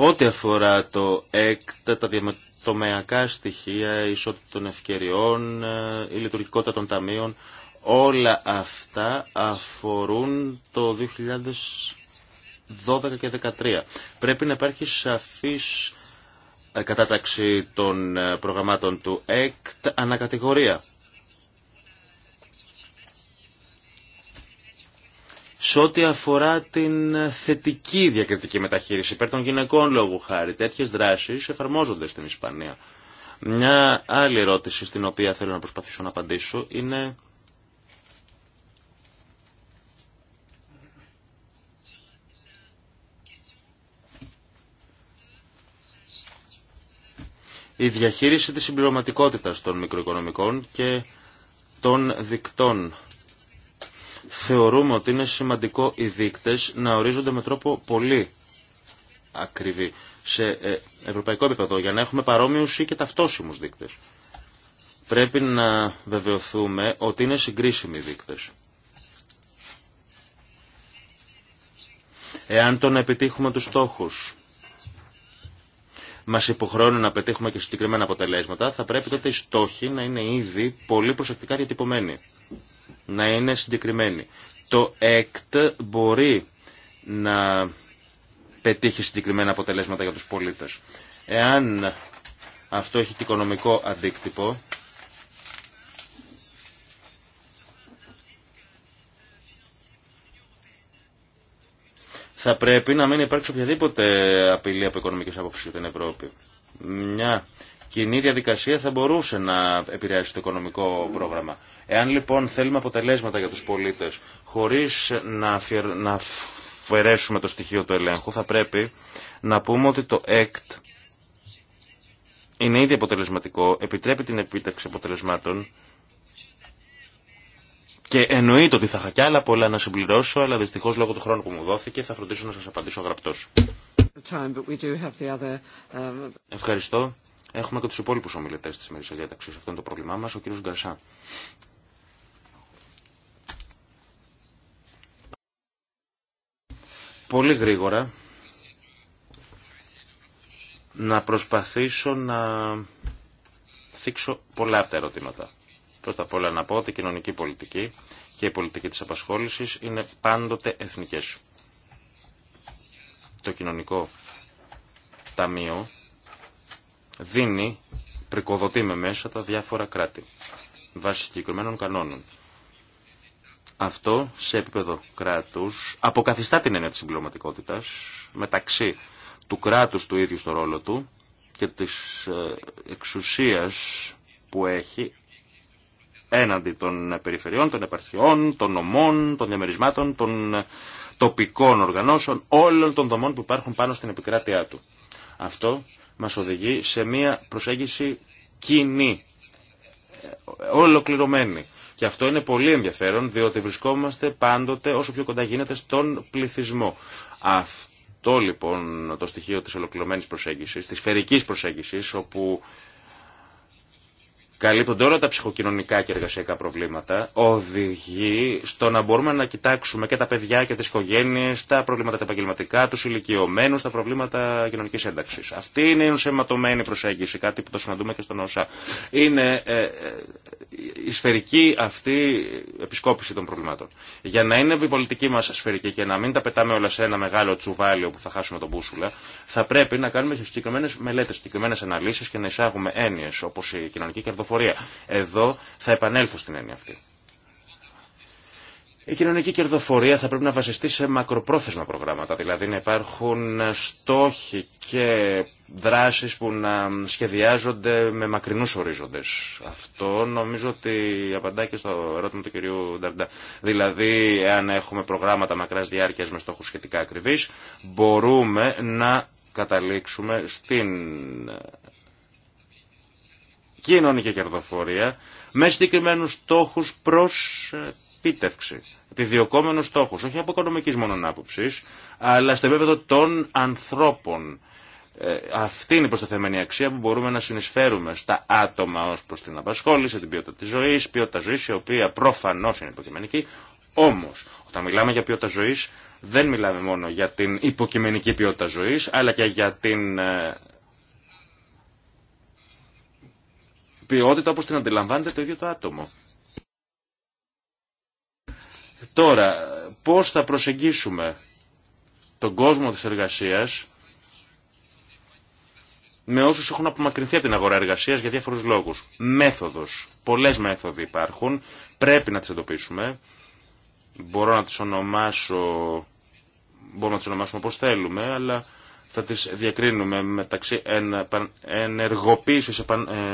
Ό,τι αφορά το ΕΚΤ, τα διαμετωμεακά στοιχεία, η ισότητα των ευκαιριών, ε, η λειτουργικότητα των ταμείων, όλα αυτά αφορούν το 2012 και 2013. Πρέπει να υπάρχει σαφής ε, κατάταξη των ε, προγραμμάτων του ΕΚΤ ανακατηγορία σε ό,τι αφορά την θετική διακριτική μεταχείριση υπέρ των γυναικών λόγου χάρη. τέτοιε δράσει εφαρμόζονται στην Ισπανία. Μια άλλη ερώτηση στην οποία θέλω να προσπαθήσω να απαντήσω είναι η διαχείριση της συμπληρωματικότητας των μικροοικονομικών και των δικτών θεωρούμε ότι είναι σημαντικό οι δείκτες να ορίζονται με τρόπο πολύ ακριβή σε ε, ευρωπαϊκό επίπεδο για να έχουμε παρόμοιους ή και ταυτόσιμους δείκτες. Πρέπει να βεβαιωθούμε ότι είναι συγκρίσιμοι οι δείκτες. Εάν το να επιτύχουμε τους στόχους μας υποχρώνει να πετύχουμε και συγκεκριμένα αποτελέσματα, θα πρέπει τότε οι στόχοι να είναι ήδη πολύ προσεκτικά διατυπωμένοι να είναι συγκεκριμένη. Το ΕΚΤ μπορεί να πετύχει συγκεκριμένα αποτελέσματα για τους πολίτες. Εάν αυτό έχει και οικονομικό αντίκτυπο, θα πρέπει να μην υπάρξει οποιαδήποτε απειλή από οικονομικές άποψεις για την Ευρώπη. Μια κοινή διαδικασία θα μπορούσε να επηρεάσει το οικονομικό πρόγραμμα. Εάν λοιπόν θέλουμε αποτελέσματα για τους πολίτες, χωρίς να, φερέσουμε αφαιρέσουμε το στοιχείο του ελέγχου, θα πρέπει να πούμε ότι το ΕΚΤ είναι ήδη αποτελεσματικό, επιτρέπει την επίτευξη αποτελεσμάτων και εννοείται ότι θα είχα κι άλλα πολλά να συμπληρώσω, αλλά δυστυχώς λόγω του χρόνου που μου δόθηκε θα φροντίσω να σας απαντήσω γραπτός. Um, Ευχαριστώ. Έχουμε και του υπόλοιπου ομιλητέ τη μερική διαταξή Αυτό είναι το πρόβλημά μας. Ο κύριος Γκαρσά. Πολύ γρήγορα να προσπαθήσω να θίξω πολλά από τα ερωτήματα. Πρώτα απ' όλα να πω ότι η κοινωνική πολιτική και η πολιτική της απασχόλησης είναι πάντοτε εθνικές. Το κοινωνικό ταμείο δίνει, πρικοδοτεί με μέσα τα διάφορα κράτη, βάσει συγκεκριμένων κανόνων. Αυτό σε επίπεδο κράτους αποκαθιστά την έννοια της συμπληρωματικότητας μεταξύ του κράτους του ίδιου στο ρόλο του και της ε, εξουσίας που έχει έναντι των περιφερειών, των επαρχιών, των νομών, των διαμερισμάτων, των ε, τοπικών οργανώσεων, όλων των δομών που υπάρχουν πάνω στην επικράτειά του. Αυτό μας οδηγεί σε μια προσέγγιση κοινή, ολοκληρωμένη. Και αυτό είναι πολύ ενδιαφέρον, διότι βρισκόμαστε πάντοτε όσο πιο κοντά γίνεται στον πληθυσμό. Αυτό λοιπόν το στοιχείο της ολοκληρωμένης προσέγγισης, της σφαιρικής προσέγγισης, όπου καλύπτονται όλα τα ψυχοκοινωνικά και εργασιακά προβλήματα, οδηγεί στο να μπορούμε να κοιτάξουμε και τα παιδιά και τι οικογένειε, τα προβλήματα τα επαγγελματικά, του ηλικιωμένου, τα προβλήματα κοινωνική ένταξη. Αυτή είναι η ενσωματωμένη προσέγγιση, κάτι που το συναντούμε και στον ΩΣΑ. Είναι ε, ε η σφαιρική αυτή επισκόπηση των προβλημάτων. Για να είναι η πολιτική μα σφαιρική και να μην τα πετάμε όλα σε ένα μεγάλο τσουβάλιο που θα χάσουμε τον μπούσουλα, θα πρέπει να κάνουμε συγκεκριμένε μελέτε, συγκεκριμένε αναλύσει και να εισάγουμε έννοιε όπω η κοινωνική κερδοφορία εδώ θα επανέλθω στην έννοια αυτή. Η κοινωνική κερδοφορία θα πρέπει να βασιστεί σε μακροπρόθεσμα προγράμματα, δηλαδή να υπάρχουν στόχοι και δράσεις που να σχεδιάζονται με μακρινούς ορίζοντες. Αυτό νομίζω ότι απαντά και στο ερώτημα του κυρίου Νταρντά. Δηλαδή, αν έχουμε προγράμματα μακράς διάρκειας με στόχους σχετικά ακριβείς, μπορούμε να καταλήξουμε στην κοινωνική κερδοφορία με συγκεκριμένους στόχους προς πίτευξη. Επιδιωκόμενους στόχους, όχι από οικονομικής μόνον άποψη, αλλά στο επίπεδο των ανθρώπων. Ε, αυτή είναι η προσταθεμένη αξία που μπορούμε να συνεισφέρουμε στα άτομα ως προς την απασχόληση, την ποιότητα τη ζωής, ποιότητα ζωής η οποία προφανώς είναι υποκειμενική, όμως όταν μιλάμε για ποιότητα ζωής δεν μιλάμε μόνο για την υποκειμενική ποιότητα ζωής αλλά και για την ε, ποιότητα όπως την αντιλαμβάνεται το ίδιο το άτομο. Τώρα, πώς θα προσεγγίσουμε τον κόσμο της εργασίας με όσους έχουν απομακρυνθεί από την αγορά εργασίας για διάφορους λόγους. Μέθοδος. Πολλές μέθοδοι υπάρχουν. Πρέπει να τις εντοπίσουμε. Μπορώ να τις ονομάσω, μπορώ να τις ονομάσουμε όπως θέλουμε, αλλά θα τις διακρίνουμε μεταξύ ενεργοποίησης, ε,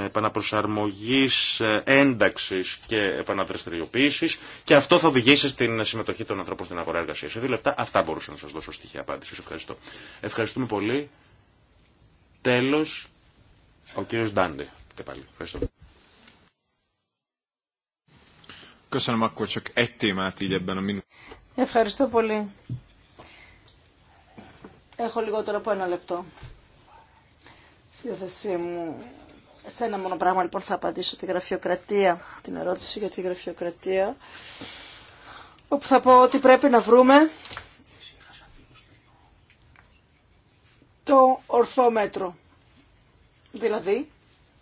επαναπροσαρμογής, ε, ένταξης και επαναδραστηριοποίησης και αυτό θα οδηγήσει στην συμμετοχή των ανθρώπων στην αγορά εργασίας. Σε δύο λεπτά αυτά μπορούσα να σας δώσω στοιχεία απάντησης. Ευχαριστώ. Ευχαριστούμε πολύ. Τέλος, ο κύριος Ντάντε. Και πάλι. Ευχαριστώ. Ευχαριστώ πολύ. Έχω λιγότερο από ένα λεπτό στη μου. Σε ένα μόνο πράγμα λοιπόν θα απαντήσω τη γραφειοκρατία, την ερώτηση για τη γραφειοκρατία, όπου θα πω ότι πρέπει να βρούμε το ορθό μέτρο, δηλαδή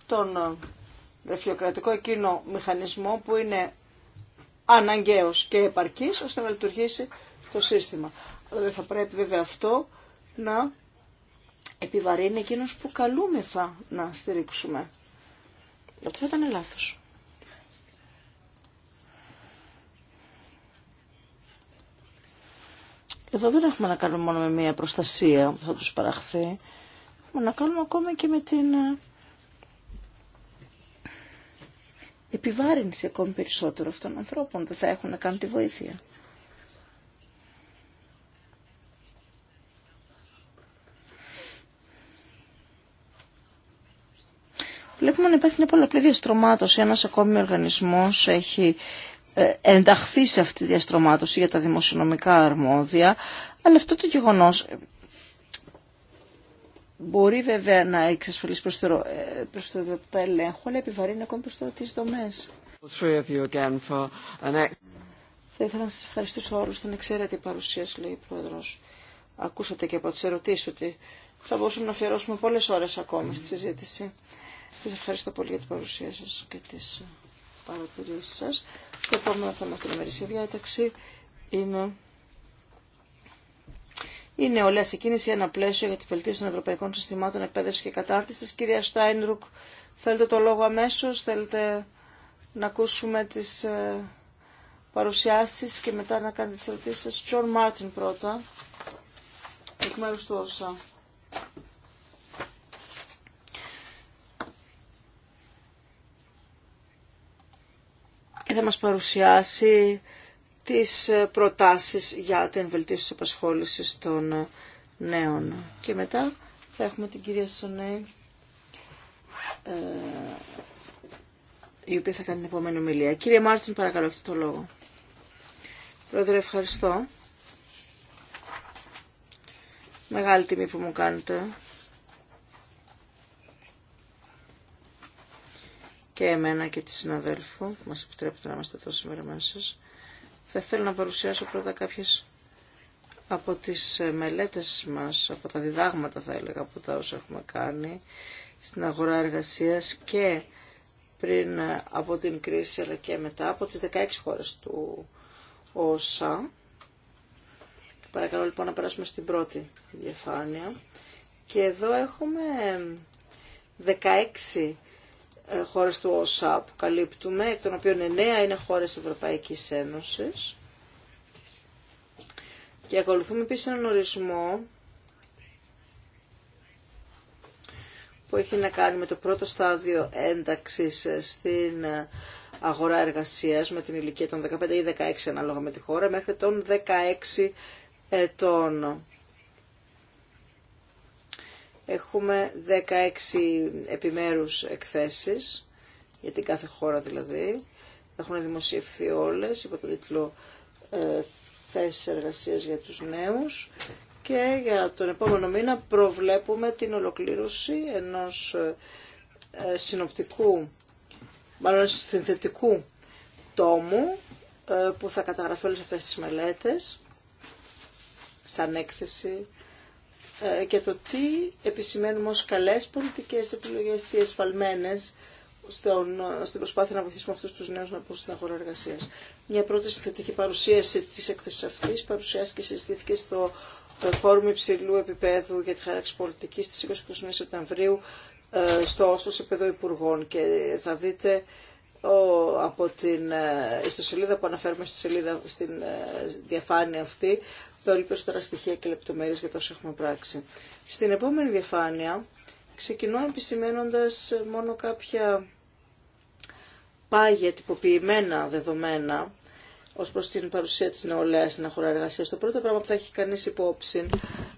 τον γραφειοκρατικό εκείνο μηχανισμό που είναι αναγκαίος και επαρκής ώστε να λειτουργήσει το σύστημα. Αλλά δεν θα πρέπει βέβαια αυτό να επιβαρύνει εκείνους που καλούμεθα να στηρίξουμε. Αυτό θα ήταν λάθος. Εδώ δεν έχουμε να κάνουμε μόνο με μία προστασία που θα τους παραχθεί. Έχουμε να κάνουμε ακόμα και με την ε, επιβάρυνση ακόμη περισσότερο αυτών των ανθρώπων. Δεν θα έχουν να κάνουν τη βοήθεια. βλέπουμε να υπάρχει μια πολλαπλή διαστρωμάτωση. ένα ακόμη οργανισμό έχει ε, ενταχθεί σε αυτή τη διαστρωμάτωση για τα δημοσιονομικά αρμόδια, αλλά αυτό το γεγονός ε, μπορεί βέβαια να εξασφαλίσει το ε, ελέγχου, αλλά επιβαρύνει ακόμη προς τι δομέ. Θα ήθελα να σα ευχαριστήσω όλους, την εξαίρετη παρουσίαση, λέει ο πρόεδρο. Ακούσατε και από τι ερωτήσει ότι θα μπορούσαμε να αφιερώσουμε πολλές ώρες ακόμη στη συζήτηση. Σας ευχαριστώ πολύ για την παρουσία σας και τις ε, παρατηρήσεις σας. Το επόμενο θέμα στην ημερήσια διάταξη είναι... Η νεολαία σε κίνηση ένα πλαίσιο για τη βελτίωση των ευρωπαϊκών συστημάτων εκπαίδευση και κατάρτιση. Κυρία Στάινρουκ, θέλετε το λόγο αμέσω, θέλετε να ακούσουμε τι ε, παρουσιάσει και μετά να κάνετε τι ερωτήσει σα. Τζον Μάρτιν πρώτα, εκ μέρου του ΩΣΑ. θα μας παρουσιάσει τις προτάσεις για την βελτίωση της απασχόλησης των νέων. Και μετά θα έχουμε την κυρία Σονέ, ε, η οποία θα κάνει την επόμενη ομιλία. Κύριε Μάρτιν, παρακαλώ, έχετε το λόγο. Πρόεδρε, ευχαριστώ. Μεγάλη τιμή που μου κάνετε και εμένα και τη συναδέλφου που μας επιτρέπετε να είμαστε εδώ σήμερα μέσα Θα ήθελα να παρουσιάσω πρώτα κάποιες από τις μελέτες μας, από τα διδάγματα θα έλεγα, από τα όσα έχουμε κάνει στην αγορά εργασίας και πριν από την κρίση αλλά και μετά από τις 16 χώρες του ΩΣΑ. Παρακαλώ λοιπόν να περάσουμε στην πρώτη διαφάνεια. Και εδώ έχουμε 16 ε, χώρες του ΩΣΑ που καλύπτουμε, εκ των οποίων 9 είναι χώρες Ευρωπαϊκής Ένωσης. Και ακολουθούμε επίσης έναν ορισμό που έχει να κάνει με το πρώτο στάδιο ένταξης στην αγορά εργασίας με την ηλικία των 15 ή 16 ανάλογα με τη χώρα μέχρι των 16 ετών. Έχουμε 16 επιμέρους εκθέσεις, για την κάθε χώρα δηλαδή. Έχουν δημοσιευθεί όλες υπό το τίτλο ε, «Θέσεις εργασίας για τους νέους». Και για τον επόμενο μήνα προβλέπουμε την ολοκλήρωση ενός ε, ε, συνοπτικού, μάλλον συνθετικού τόμου ε, που θα καταγραφεί όλες αυτές τις μελέτες σαν έκθεση ε, και το τι επισημαίνουμε ως καλές πολιτικές επιλογές ή εσφαλμένες στον, στην προσπάθεια να βοηθήσουμε αυτούς τους νέους να μπουν στην αγορά εργασία. Μια πρώτη συνθετική παρουσίαση της έκθεσης αυτής παρουσιάστηκε και συζητήθηκε στο φόρουμ υψηλού επίπεδου για τη χάραξη πολιτικής στις 20 Σεπτεμβρίου ε, στο Όστος επίπεδο Υπουργών και θα δείτε από την ε, ιστοσελίδα που αναφέρουμε στη σελίδα, στην διαφάνεια αυτή δώσει περισσότερα στοιχεία και λεπτομέρειες για το όσο έχουμε πράξει. Στην επόμενη διαφάνεια ξεκινώ επισημένοντας μόνο κάποια πάγια τυποποιημένα δεδομένα ως προς την παρουσία της νεολαίας στην αγορά εργασίας. Το πρώτο πράγμα που θα έχει κανείς υπόψη,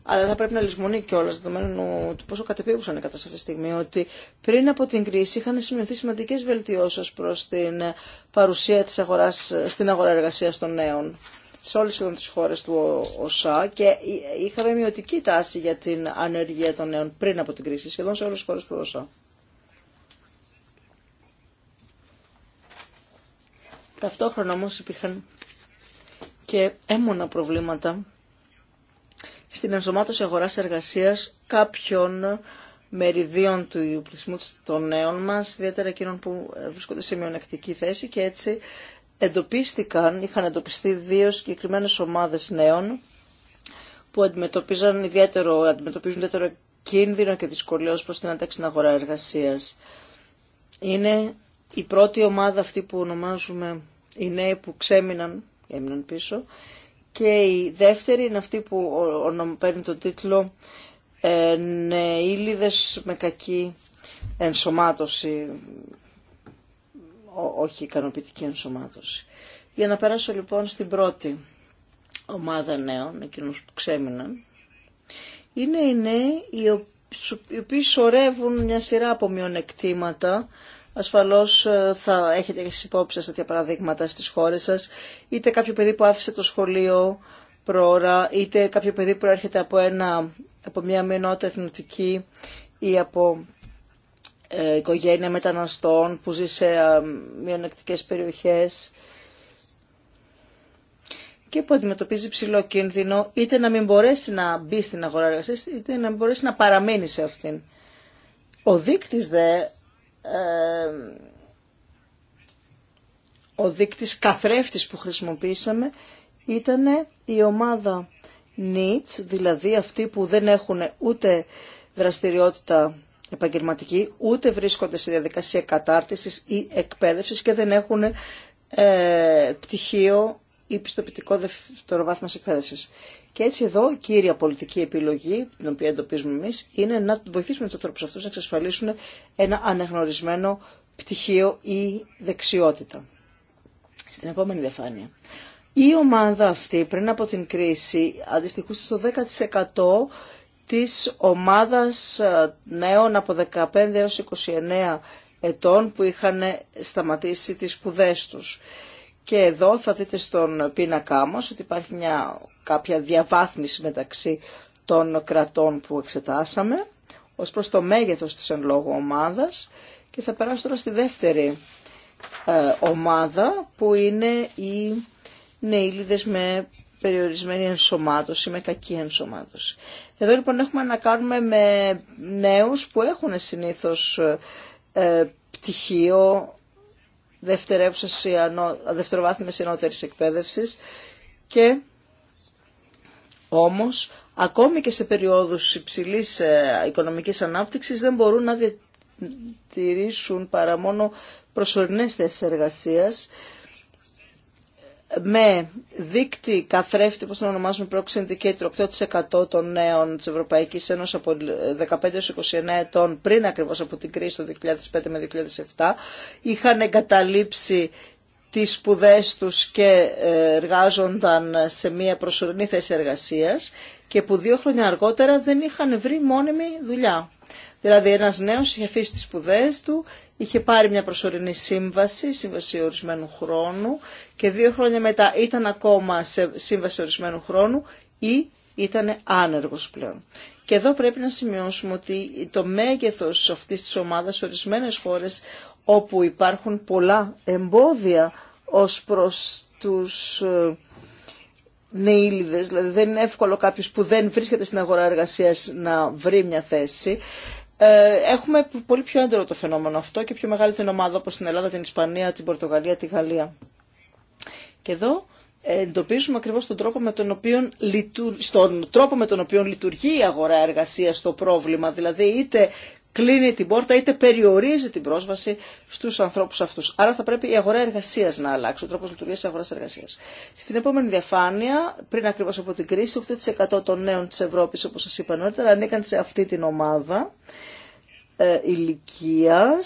αλλά θα πρέπει να λησμονεί κιόλα δεδομένου του πόσο κατεπίγουσαν κατά σε αυτή τη στιγμή, ότι πριν από την κρίση είχαν σημειωθεί σημαντικές βελτιώσεις προς την παρουσία της αγοράς, στην αγορά εργασία των νέων σε όλες τις χώρες του ΟΣΑ και είχαμε μειωτική τάση για την ανεργία των νέων πριν από την κρίση, σχεδόν σε όλες τις χώρες του ΟΣΑ. Ταυτόχρονα όμως υπήρχαν και έμονα προβλήματα στην ενσωμάτωση αγοράς εργασίας κάποιων μεριδίων του πληθυσμού των νέων μας, ιδιαίτερα εκείνων που ε, βρίσκονται σε μειονεκτική θέση και έτσι εντοπίστηκαν, είχαν εντοπιστεί δύο συγκεκριμένες ομάδες νέων που αντιμετωπίζαν ιδιαίτερο, αντιμετωπίζουν ιδιαίτερο κίνδυνο και δυσκολίες προς την ανταξίνα αγορά εργασίας. Είναι η πρώτη ομάδα αυτή που ονομάζουμε οι νέοι που ξέμειναν, έμειναν πίσω, και η δεύτερη είναι αυτή που παίρνει τον τίτλο ε, με κακή ενσωμάτωση», όχι ικανοποιητική ενσωμάτωση. Για να περάσω λοιπόν στην πρώτη ομάδα νέων, εκείνους που ξέμειναν, είναι οι νέοι οι οποίοι σορέυουν μια σειρά από μειονεκτήματα. Ασφαλώς ε, θα έχετε υπόψη σας τέτοια παραδείγματα στις χώρες σας. Είτε κάποιο παιδί που άφησε το σχολείο προώρα, είτε κάποιο παιδί που έρχεται από, ένα, από μια μειονότητα εθνοτική ή από ε, οικογένεια μεταναστών που ζει σε ε, μειονεκτικές περιοχές και που αντιμετωπίζει ψηλό κίνδυνο είτε να μην μπορέσει να μπει στην αγορά εργασίας είτε να μην μπορέσει να παραμείνει σε αυτήν. Ο δείκτης δε, ε, ο δείκτης καθρέφτης που χρησιμοποίησαμε ήταν η ομάδα NEETS, δηλαδή αυτοί που δεν έχουν ούτε δραστηριότητα επαγγελματικοί, ούτε βρίσκονται σε διαδικασία κατάρτισης ή εκπαίδευσης και δεν έχουν ε, πτυχίο ή πιστοποιητικό δευτεροβάθμιας εκπαίδευσης. Και έτσι εδώ η κύρια πολιτική επιλογή, την οποία εντοπίζουμε εμείς, είναι να βοηθήσουμε τους ανθρώπους αυτούς να εξασφαλίσουν ένα αναγνωρισμένο πτυχίο ή δεξιότητα. Στην επόμενη διαφάνεια. Η ομάδα αυτή πριν από την κρίση αντιστοιχούσε στο 10% της ομάδας ε, νέων από 15 έως 29 ετών που είχαν σταματήσει τις σπουδέ τους. Και εδώ θα δείτε στον πίνακά μας ότι υπάρχει μια, κάποια διαβάθμιση μεταξύ των κρατών που εξετάσαμε ως προς το μέγεθος της εν λόγω ομάδας και θα περάσω τώρα στη δεύτερη ε, ομάδα που είναι οι νεήλιδες με περιορισμένη ενσωμάτωση, με κακή ενσωμάτωση. Εδώ λοιπόν έχουμε να κάνουμε με νέους που έχουν συνήθως ε, πτυχίο δευτεροβάθμιας ενώτερης εκπαίδευσης και όμως ακόμη και σε περιόδους υψηλής ε, οικονομικής ανάπτυξης δεν μπορούν να διατηρήσουν παρά μόνο προσωρινές θέσεις εργασίας με δίκτυ καθρέφτη, όπως τον ονομάζουμε πρόξενη Indicator, 8% των νέων της Ευρωπαϊκής Ένωσης από 15-29 ετών πριν ακριβώς από την κρίση το 2005 με 2007, είχαν εγκαταλείψει τις σπουδέ τους και ε, εργάζονταν σε μια προσωρινή θέση εργασίας και που δύο χρόνια αργότερα δεν είχαν βρει μόνιμη δουλειά. Δηλαδή ένας νέος είχε αφήσει τις σπουδέ του, είχε πάρει μια προσωρινή σύμβαση, σύμβαση ορισμένου χρόνου και δύο χρόνια μετά ήταν ακόμα σε σύμβαση ορισμένου χρόνου ή ήταν άνεργος πλέον. Και εδώ πρέπει να σημειώσουμε ότι το μέγεθος αυτής της ομάδας σε ορισμένες χώρες όπου υπάρχουν πολλά εμπόδια ως προς τους ε, νεήλιδες, δηλαδή δεν είναι εύκολο κάποιος που δεν βρίσκεται στην αγορά εργασίας να βρει μια θέση, ε, έχουμε πολύ πιο έντονο το φαινόμενο αυτό και πιο μεγάλη την ομάδα όπως στην Ελλάδα, την Ισπανία, την Πορτογαλία, τη Γαλλία. Και εδώ ε, εντοπίζουμε ακριβώ τον τρόπο με τον οποίο, στον τρόπο με τον οποίο λειτουργεί η αγορά εργασία στο πρόβλημα. Δηλαδή είτε κλείνει την πόρτα είτε περιορίζει την πρόσβαση στου ανθρώπου αυτού. Άρα θα πρέπει η αγορά εργασία να αλλάξει, ο τρόπο λειτουργία τη αγορά εργασία. Στην επόμενη διαφάνεια, πριν ακριβώ από την κρίση, 8% των νέων τη Ευρώπη, όπω σα είπα νωρίτερα, ανήκαν σε αυτή την ομάδα ε, ηλικία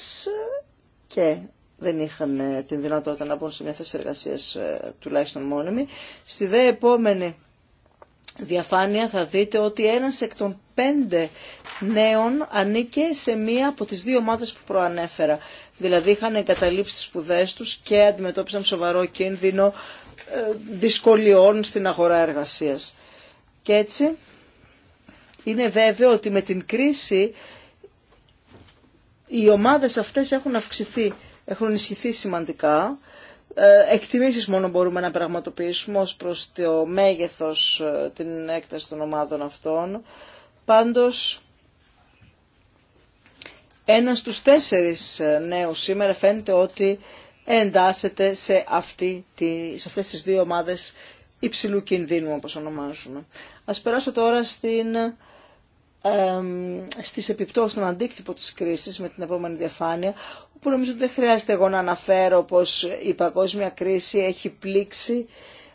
και δεν είχαν ε, την δυνατότητα να μπουν σε μια θέση εργασία ε, τουλάχιστον μόνιμη. Στη δε επόμενη διαφάνεια θα δείτε ότι ένας εκ των πέντε νέων ανήκε σε μία από τις δύο ομάδες που προανέφερα. Δηλαδή είχαν εγκαταλείψει τις σπουδέ τους και αντιμετώπισαν σοβαρό κίνδυνο ε, δυσκολιών στην αγορά εργασίας. Και έτσι είναι βέβαιο ότι με την κρίση οι ομάδες αυτές έχουν αυξηθεί έχουν ενισχυθεί σημαντικά. Ε, εκτιμήσεις μόνο μπορούμε να πραγματοποιήσουμε ως προς το μέγεθος ε, την έκταση των ομάδων αυτών. Πάντως, ένας στους τέσσερις ε, νέους σήμερα φαίνεται ότι εντάσσεται σε, αυτή τη, αυτές τις δύο ομάδες υψηλού κινδύνου όπως ονομάζουμε. Ας περάσω τώρα στην ε, στις επιπτώσεις των αντίκτυπο της κρίσης με την επόμενη διαφάνεια όπου νομίζω ότι δεν χρειάζεται εγώ να αναφέρω πως η παγκόσμια κρίση έχει πλήξει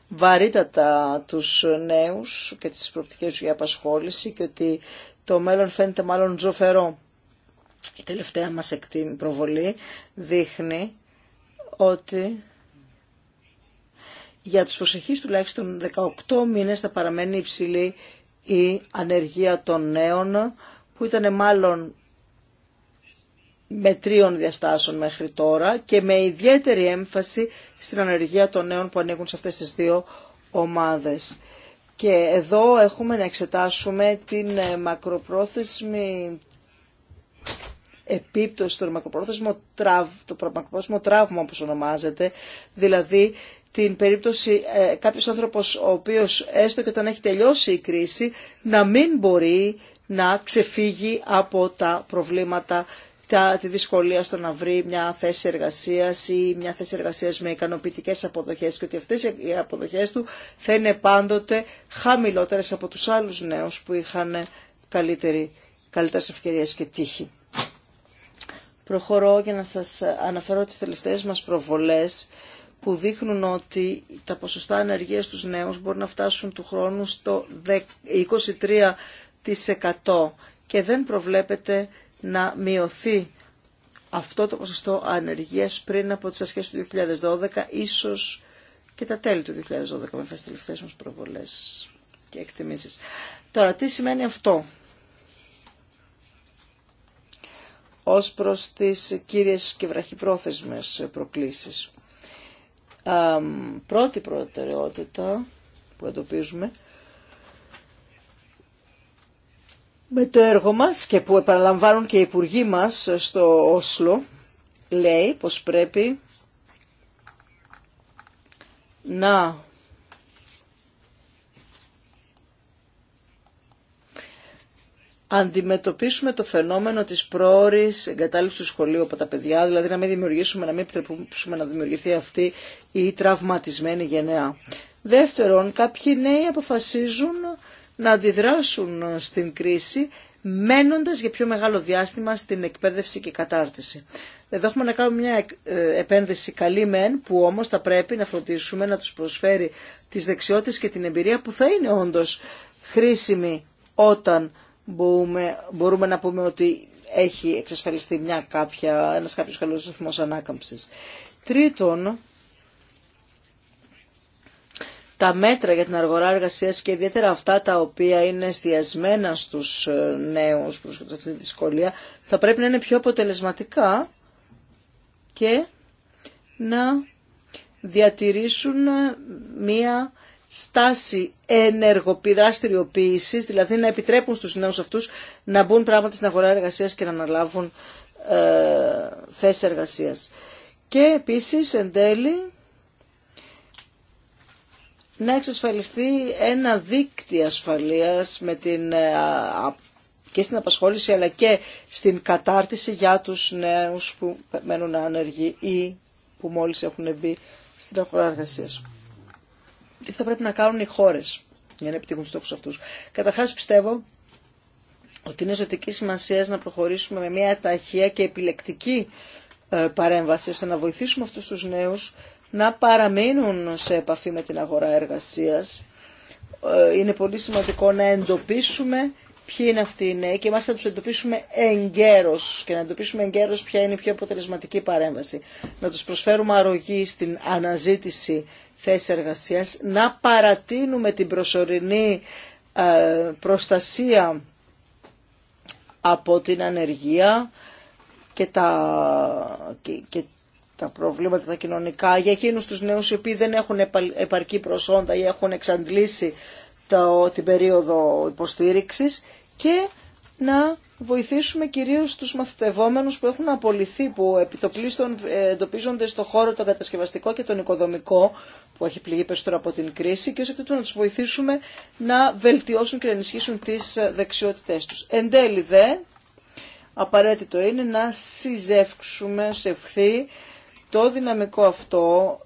βαρύτατα τους νέους και τις προοπτικές τους για απασχόληση και ότι το μέλλον φαίνεται μάλλον ζωφερό. Η τελευταία μας εκτίμη προβολή δείχνει ότι για τους προσεχείς τουλάχιστον 18 μήνες θα παραμένει υψηλή η ανεργία των νέων που ήταν μάλλον με τρίων διαστάσεων μέχρι τώρα και με ιδιαίτερη έμφαση στην ανεργία των νέων που ανήκουν σε αυτές τις δύο ομάδες. Και εδώ έχουμε να εξετάσουμε την ε, μακροπρόθεσμη επίπτωση, το μακροπρόθεσμο, το μακροπρόθεσμο τραύμα όπως ονομάζεται, δηλαδή την περίπτωση ε, κάποιος άνθρωπος ο οποίος έστω και όταν έχει τελειώσει η κρίση να μην μπορεί να ξεφύγει από τα προβλήματα τα, τη δυσκολία στο να βρει μια θέση εργασίας ή μια θέση εργασίας με ικανοποιητικές αποδοχές και ότι αυτές οι αποδοχές του θα είναι πάντοτε χαμηλότερες από τους άλλους νέους που είχαν καλύτερη, καλύτερες ευκαιρίες και τύχη. Προχωρώ για να σας αναφέρω τις τελευταίες μας προβολές που δείχνουν ότι τα ποσοστά ανεργίας στους νέους μπορεί να φτάσουν του χρόνου στο 23% και δεν προβλέπεται να μειωθεί αυτό το ποσοστό ανεργίας πριν από τις αρχές του 2012, ίσως και τα τέλη του 2012 με αυτές τελευταίες μας προβολές και εκτιμήσεις. Τώρα, τι σημαίνει αυτό ως προς τις κύριες και βραχυπρόθεσμες προκλήσεις πρώτη προτεραιότητα που εντοπίζουμε με το έργο μας και που επαναλαμβάνουν και οι υπουργοί μας στο Όσλο λέει πως πρέπει να αντιμετωπίσουμε το φαινόμενο της πρόορης εγκατάλειψης του σχολείου από τα παιδιά, δηλαδή να μην δημιουργήσουμε, να μην επιτρέψουμε να δημιουργηθεί αυτή η τραυματισμένη γενεά. Δεύτερον, κάποιοι νέοι αποφασίζουν να αντιδράσουν στην κρίση μένοντας για πιο μεγάλο διάστημα στην εκπαίδευση και κατάρτιση. Εδώ έχουμε να κάνουμε μια ε, επένδυση καλή μεν, που όμως θα πρέπει να φροντίσουμε να τους προσφέρει τις δεξιότητες και την εμπειρία που θα είναι όντως χρήσιμη όταν μπορούμε, να πούμε ότι έχει εξασφαλιστεί μια κάποια, ένας κάποιος καλός ρυθμός ανάκαμψης. Τρίτον, τα μέτρα για την αργορά εργασία και ιδιαίτερα αυτά τα οποία είναι εστιασμένα στους ε, νέους προς αυτή τη δυσκολία θα πρέπει να είναι πιο αποτελεσματικά και να διατηρήσουν ε, μία στάση ενεργοπιδραστηριοποίηση, δηλαδή να επιτρέπουν στους νέους αυτούς να μπουν πράγματι στην αγορά εργασίας και να αναλάβουν ε, θέσεις Και επίσης εν τέλει να εξασφαλιστεί ένα δίκτυο ασφαλείας με την, ε, και στην απασχόληση αλλά και στην κατάρτιση για τους νέους που μένουν άνεργοι ή που μόλις έχουν μπει στην αγορά εργασίας τι θα πρέπει να κάνουν οι χώρε για να επιτύχουν τους στόχους αυτούς. Καταρχάς πιστεύω ότι είναι ζωτική σημασία να προχωρήσουμε με μια ταχεία και επιλεκτική ε, παρέμβαση ώστε να βοηθήσουμε αυτού του νέου να παραμείνουν σε επαφή με την αγορά εργασίας. Ε, είναι πολύ σημαντικό να εντοπίσουμε ποιοι είναι αυτοί οι νέοι και μάλιστα να του εντοπίσουμε εγκαίρω και να εντοπίσουμε εγκαίρω ποια είναι η πιο αποτελεσματική παρέμβαση. Να του προσφέρουμε αρρωγή στην αναζήτηση θέσεις να παρατείνουμε την προσωρινή ε, προστασία από την ανεργία και τα, και, και τα προβλήματα τα κοινωνικά για εκείνους τους νέους οι οποίοι δεν έχουν επαρκή προσόντα ή έχουν εξαντλήσει το, την περίοδο υποστήριξης και να βοηθήσουμε κυρίως τους μαθητευόμενους που έχουν απολυθεί, που επιτοπλίστων ε, εντοπίζονται στον χώρο τον κατασκευαστικό και τον οικοδομικό, που έχει πληγεί περισσότερο από την κρίση, και ως εκ να τους βοηθήσουμε να βελτιώσουν και να ενισχύσουν τις ε, δεξιότητές τους. Εν τέλει δε, απαραίτητο είναι να συζεύξουμε σε ευχθή το δυναμικό αυτό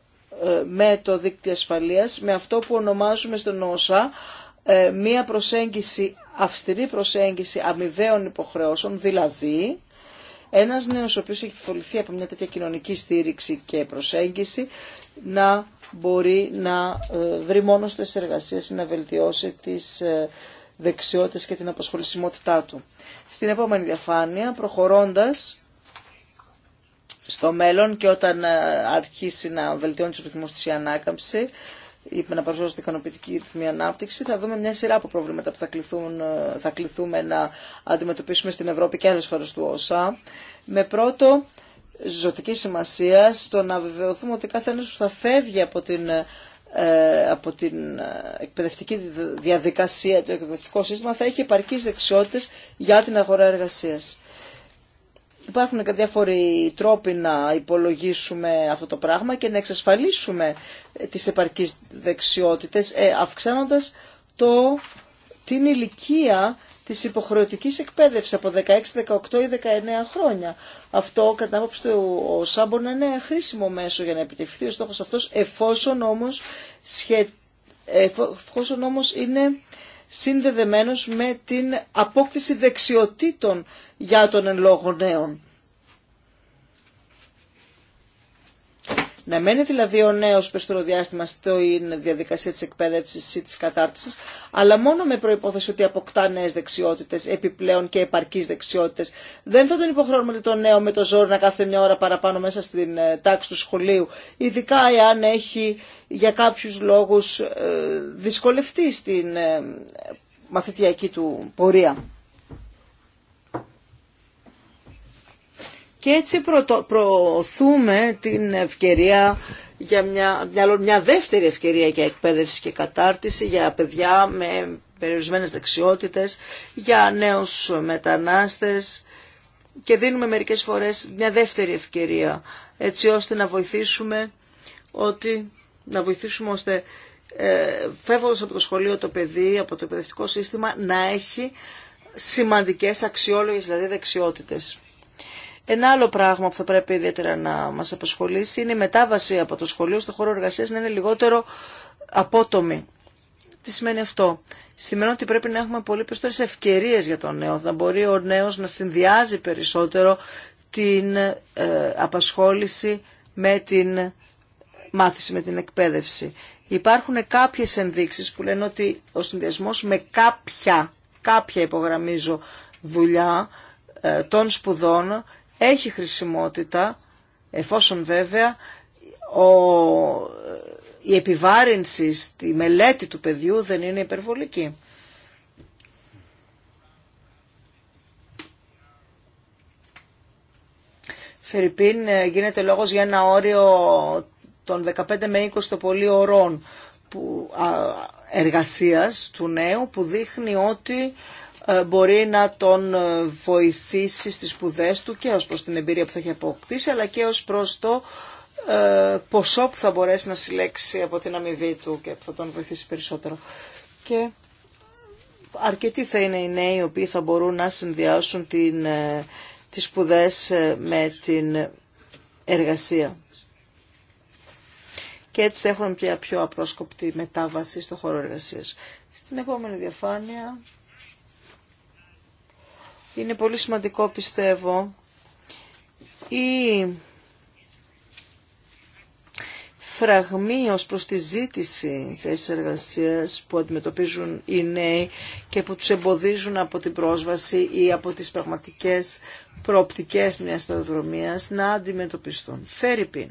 ε, με το δίκτυο ασφαλείας, με αυτό που ονομάζουμε στον ΩΣΑ μία προσέγγιση αυστηρή προσέγγιση αμοιβαίων υποχρεώσεων, δηλαδή ένας νέος ο οποίος έχει φοληθεί από μια τέτοια κοινωνική στήριξη και προσέγγιση να μπορεί να ε, βρει μόνο στις εργασίες να βελτιώσει τις ε, δεξιότητες και την αποσχολησιμότητά του. Στην επόμενη διαφάνεια, προχωρώντας στο μέλλον και όταν ε, αρχίσει να βελτιώνει τους ρυθμούς της η είπε να την ικανοποιητική ρυθμή ανάπτυξη, θα δούμε μια σειρά από προβλήματα που θα, κληθούν, ε, κληθούμε να αντιμετωπίσουμε στην Ευρώπη και άλλες χώρες του ΩΣΑ. Με πρώτο, ζωτική σημασία στο να βεβαιωθούμε ότι κάθε ένας που θα φεύγει από την, ε, από την ε, εκπαιδευτική διαδικασία, το εκπαιδευτικό σύστημα, θα έχει επαρκείς δεξιότητες για την αγορά εργασίας. Υπάρχουν διάφοροι τρόποι να υπολογίσουμε αυτό το πράγμα και να εξασφαλίσουμε τις επαρκείς δεξιότητες, ε, αυξάνοντας το, την ηλικία της υποχρεωτικής εκπαίδευσης από 16, 18 ή 19 χρόνια. Αυτό, κατά την άποψη του μπορεί να είναι χρήσιμο μέσο για να επιτευχθεί ο στόχος αυτός, εφόσον όμως, εφόσον όμως είναι συνδεδεμένος με την απόκτηση δεξιοτήτων για τον εν λόγω νέων. Να μένει δηλαδή ο νέος περισσότερο διάστημα στην διαδικασία της εκπαίδευση ή της κατάρτιση, αλλά μόνο με προϋπόθεση ότι αποκτά νέε δεξιότητες, επιπλέον και επαρκείς δεξιότητες. Δεν θα τον υποχρεώνουμε το νέο με το ζόρι να κάθε μια ώρα παραπάνω μέσα στην ε, τάξη του σχολείου, ειδικά εάν έχει για κάποιους λόγους ε, δυσκολευτεί στην ε, μαθητιακή του πορεία. Και έτσι προωθούμε την ευκαιρία για μια, μια, μια δεύτερη ευκαιρία για εκπαίδευση και κατάρτιση για παιδιά με περιορισμένες δεξιότητες, για νέους μετανάστες και δίνουμε μερικές φορές μια δεύτερη ευκαιρία έτσι ώστε να βοηθήσουμε ότι να βοηθήσουμε ώστε ε, φεύγοντας από το σχολείο το παιδί, από το εκπαιδευτικό σύστημα να έχει σημαντικές αξιόλογες δηλαδή δεξιότητες. Ένα άλλο πράγμα που θα πρέπει ιδιαίτερα να μας απασχολήσει είναι η μετάβαση από το σχολείο στο χώρο εργασίας να είναι λιγότερο απότομη. Τι σημαίνει αυτό. Σημαίνει ότι πρέπει να έχουμε πολύ περισσότερε ευκαιρίες για τον νέο. Θα μπορεί ο νέος να συνδυάζει περισσότερο την ε, απασχόληση με την μάθηση, με την εκπαίδευση. Υπάρχουν κάποιες ενδείξεις που λένε ότι ο συνδυασμός με κάποια, κάποια υπογραμμίζω δουλειά ε, των σπουδών έχει χρησιμότητα, εφόσον βέβαια ο, η επιβάρυνση στη μελέτη του παιδιού δεν είναι υπερβολική. Φερρυπίν ε, γίνεται λόγος για ένα όριο των 15 με 20 το πολύ ωρών που, εργασίας του νέου που δείχνει ότι ε, μπορεί να τον ε, βοηθήσει στις σπουδέ του και ως προς την εμπειρία που θα έχει αποκτήσει αλλά και ως προς το ε, ποσό που θα μπορέσει να συλλέξει από την αμοιβή του και που θα τον βοηθήσει περισσότερο. Και αρκετοί θα είναι οι νέοι οι οποίοι θα μπορούν να συνδυάσουν την, τις σπουδέ με την εργασία. Και έτσι θα έχουμε μια πιο απρόσκοπτη μετάβαση στο χώρο εργασίας. Στην επόμενη διαφάνεια είναι πολύ σημαντικό πιστεύω η φραγμή ως προς τη ζήτηση θέσης εργασίας που αντιμετωπίζουν οι νέοι και που τους εμποδίζουν από την πρόσβαση ή από τις πραγματικές προοπτικές μιας σταδοδρομίας να αντιμετωπιστούν. Φέρει πίν.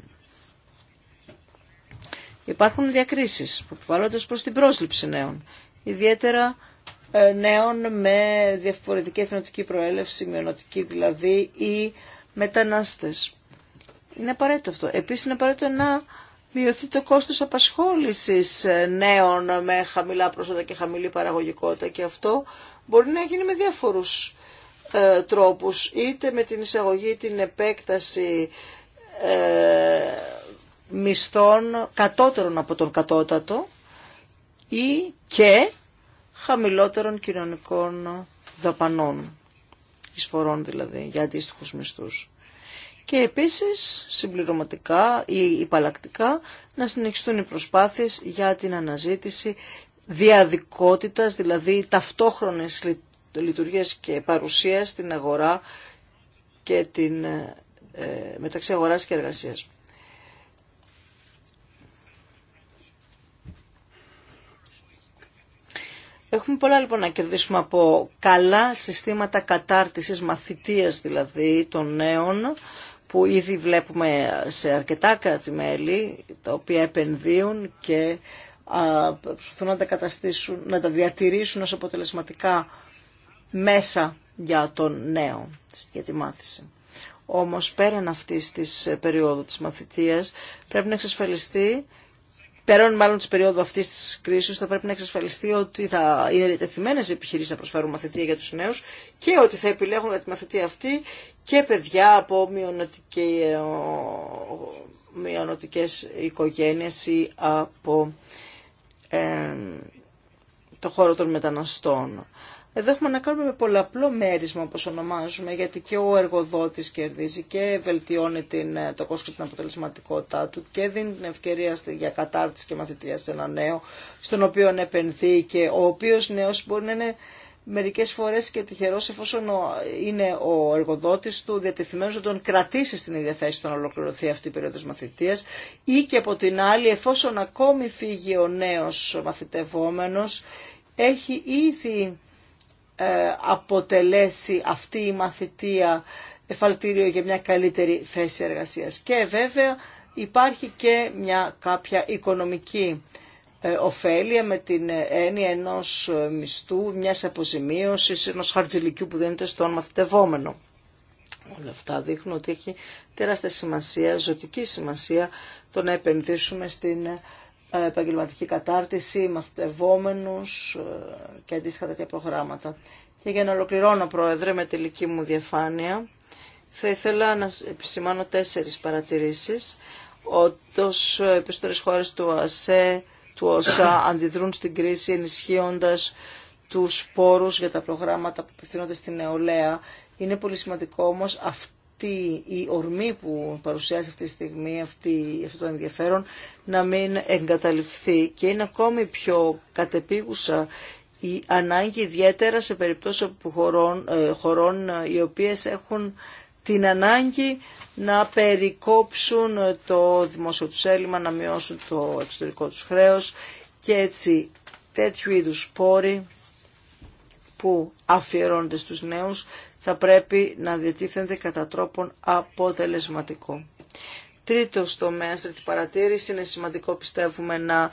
Υπάρχουν διακρίσεις που επιβάλλονται προς την πρόσληψη νέων, ιδιαίτερα ε, νέων με διαφορετική εθνοτική προέλευση, μειονοτική δηλαδή, ή μετανάστες. Είναι απαραίτητο αυτό. Επίσης είναι απαραίτητο να μειωθεί το κόστος απασχόλησης ε, νέων με χαμηλά πρόσοδα και χαμηλή παραγωγικότητα και αυτό μπορεί να γίνει με διάφορους ε, τρόπους, είτε με την εισαγωγή, την επέκταση ε, μισθών κατώτερων από τον κατώτατο ή και χαμηλότερων κοινωνικών δαπανών, εισφορών δηλαδή, για αντίστοιχου μισθούς. Και επίσης, συμπληρωματικά ή υπαλλακτικά, να συνεχιστούν οι προσπάθειες για την αναζήτηση διαδικότητας, δηλαδή ταυτόχρονες λειτουργίες και παρουσία στην αγορά και την, ε, ε, μεταξύ αγοράς και εργασίας. Έχουμε πολλά λοιπόν να κερδίσουμε από καλά συστήματα κατάρτισης, μαθητείας δηλαδή των νέων, που ήδη βλέπουμε σε αρκετά τα οποία επενδύουν και προσπαθούν να τα καταστήσουν, να τα διατηρήσουν ως αποτελεσματικά μέσα για τον νέο, για τη μάθηση. Όμως πέραν αυτής της περίοδου της μαθητείας πρέπει να εξασφαλιστεί πέραν μάλλον τη περίοδου αυτή τη κρίση, θα πρέπει να εξασφαλιστεί ότι θα είναι διατεθειμένε οι επιχειρήσει να προσφέρουν μαθητεία για του νέου και ότι θα επιλέγουν για τη μαθητεία αυτή και παιδιά από μειονοτικέ οικογένειε ή από ε, το χώρο των μεταναστών. Εδώ έχουμε να κάνουμε με πολλαπλό μέρισμα όπως ονομάζουμε γιατί και ο εργοδότης κερδίζει και βελτιώνει την, ε, το κόστος και την αποτελεσματικότητά του και δίνει την ευκαιρία για κατάρτιση και μαθητεία σε ένα νέο στον οποίο επενδύει και ο οποίος νέος μπορεί να είναι μερικές φορές και τυχερός εφόσον είναι ο εργοδότης του διατεθειμένος να τον κρατήσει στην ίδια θέση όταν ολοκληρωθεί αυτή η περίοδος μαθητείας ή και από την άλλη εφόσον ακόμη φύγει ο νέος μαθητευόμενος έχει ήδη ε, αποτελέσει αυτή η μαθητεία εφαλτήριο για μια καλύτερη θέση εργασίας. Και βέβαια υπάρχει και μια κάποια οικονομική ε, ωφέλεια με την έννοια ενός μισθού, μιας αποζημίωσης, ενός χαρτζηλικιού που δίνεται στον μαθητευόμενο. Όλα αυτά δείχνουν ότι έχει τεράστια σημασία, ζωτική σημασία το να επενδύσουμε στην ε, επαγγελματική κατάρτιση, μαθητευόμενους ε, και αντίστοιχα τέτοια προγράμματα. Και για να ολοκληρώνω, Πρόεδρε, με τελική μου διαφάνεια, θα ήθελα να επισημάνω τέσσερις παρατηρήσεις. Όντως, ε, οι περισσότερες χώρες του ΑΣΕ, του ΩΣΑ, αντιδρούν στην κρίση ενισχύοντας τους πόρους για τα προγράμματα που απευθύνονται στην νεολαία. Είναι πολύ σημαντικό όμως αυτό αυτή η ορμή που παρουσιάζει αυτή τη στιγμή, αυτή, αυτό το ενδιαφέρον, να μην εγκαταληφθεί. Και είναι ακόμη πιο κατεπίγουσα η ανάγκη ιδιαίτερα σε περιπτώσεις που χωρών, ε, χωρών ε, οι οποίες έχουν την ανάγκη να περικόψουν ε, το δημόσιο του έλλειμμα, να μειώσουν το εξωτερικό τους χρέος και έτσι τέτοιου είδους πόροι που αφιερώνονται στους νέους θα πρέπει να διατίθενται κατά τρόπον αποτελεσματικό. Τρίτο τομέα τρίτη παρατήρηση, είναι σημαντικό πιστεύουμε να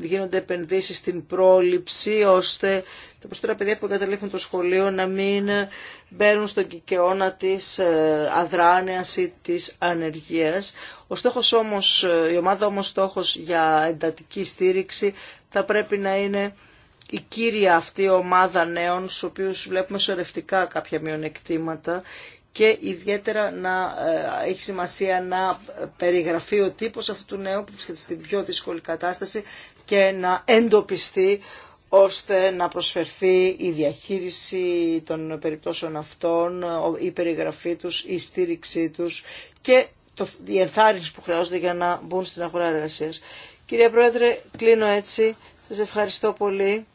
γίνονται επενδύσεις στην πρόληψη ώστε τα περισσότερα παιδιά που εγκαταλείπουν το σχολείο να μην μπαίνουν στον κικαιώνα της ε, αδράνειας ή της ανεργίας. Ο στόχος όμως, ε, η ομάδα όμως στόχος για εντατική στήριξη θα πρέπει να είναι η κύρια αυτή ομάδα νέων, στους οποίους βλέπουμε σωρευτικά κάποια μειονεκτήματα και ιδιαίτερα να ε, έχει σημασία να περιγραφεί ο τύπος αυτού του νέου που βρίσκεται στην πιο δύσκολη κατάσταση και να εντοπιστεί ώστε να προσφερθεί η διαχείριση των περιπτώσεων αυτών, η περιγραφή τους, η στήριξή τους και η ενθάρρυνση που χρειάζονται για να μπουν στην αγορά εργασία. Κυρία Πρόεδρε, κλείνω έτσι. Σας ευχαριστώ πολύ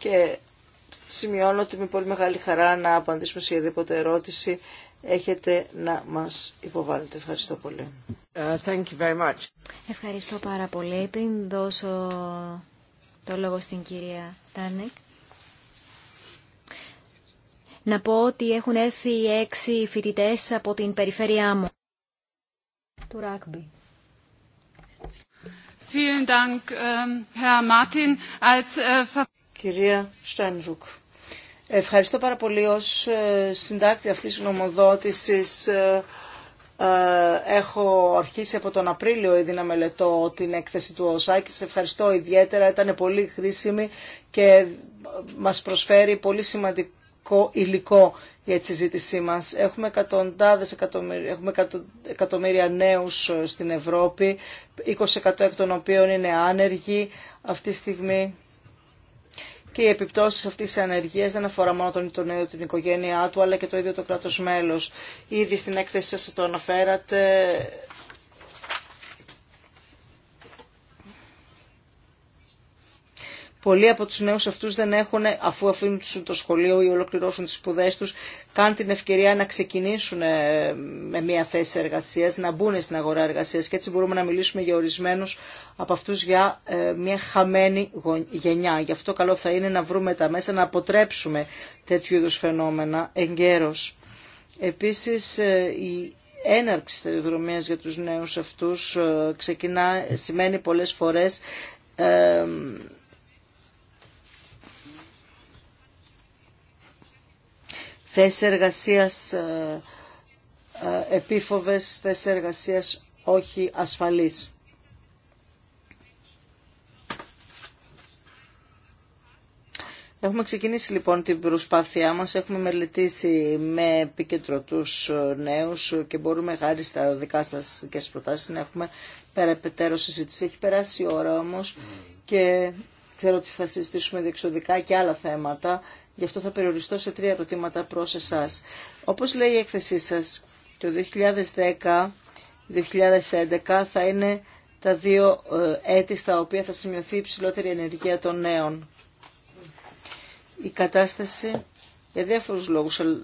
και σημειώνω ότι με πολύ μεγάλη χαρά να απαντήσουμε σε οποιαδήποτε ερώτηση έχετε να μας υποβάλλετε. Ευχαριστώ πολύ. Ε, Ευχαριστώ πάρα πολύ. Πριν δώσω το λόγο στην κυρία Τάνεκ. Να πω ότι έχουν έρθει έξι φοιτητές από την περιφέρειά μου. Του Ράκμπι. Vielen Dank, ähm, äh, κυρία Στάνζουκ. Ευχαριστώ πάρα πολύ ως ε, συντάκτη αυτής της νομοδότησης. Ε, ε, έχω αρχίσει από τον Απρίλιο ήδη να μελετώ την έκθεση του Οσάκη. σε ευχαριστώ ιδιαίτερα. Ήταν πολύ χρήσιμη και μας προσφέρει πολύ σημαντικό υλικό για τη συζήτησή μας. Έχουμε, εκατοντάδες εκατομμύρια, έχουμε εκατομμύρια νέους στην Ευρώπη, 20% εκ των οποίων είναι άνεργοι αυτή τη στιγμή και οι επιπτώσεις αυτή τη ανεργία δεν αφορά μόνο τον, τον την οικογένειά του, αλλά και το ίδιο το κράτος μέλος. Ήδη στην έκθεση σα το αναφέρατε, Πολλοί από τους νέους αυτούς δεν έχουν, αφού αφήνουν το σχολείο ή ολοκληρώσουν τις σπουδέ τους, καν την ευκαιρία να ξεκινήσουν ε, με μια θέση εργασίας, να μπουν στην αγορά εργασίας και έτσι μπορούμε να μιλήσουμε για ορισμένους από αυτούς για ε, μια χαμένη γενιά. Γι' αυτό καλό θα είναι να βρούμε τα μέσα να αποτρέψουμε τέτοιου είδους φαινόμενα εγκαίρως. Επίσης, ε, η έναρξη σταδιοδρομίας για τους νέους αυτούς ξεκινά, σημαίνει πολλές φορές θέσεις εργασίας ε, ε, επίφοβες, θέσεις εργασίας όχι ασφαλείς. Έχουμε ξεκινήσει λοιπόν την προσπάθειά μας, έχουμε μελετήσει με επίκεντρο τους ε, νέους και μπορούμε χάρη στα δικά σας και στις προτάσεις να έχουμε περαιτέρω συζήτηση. Έχει περάσει η ώρα όμως mm. και ξέρω ότι θα συζητήσουμε διεξοδικά και άλλα θέματα Γι' αυτό θα περιοριστώ σε τρία ερωτήματα προς εσάς. Όπως λέει η έκθεσή σας, το 2010-2011 θα είναι τα δύο ε, έτη στα οποία θα σημειωθεί η υψηλότερη ενεργεία των νέων. Η κατάσταση για διάφορους λόγους ε,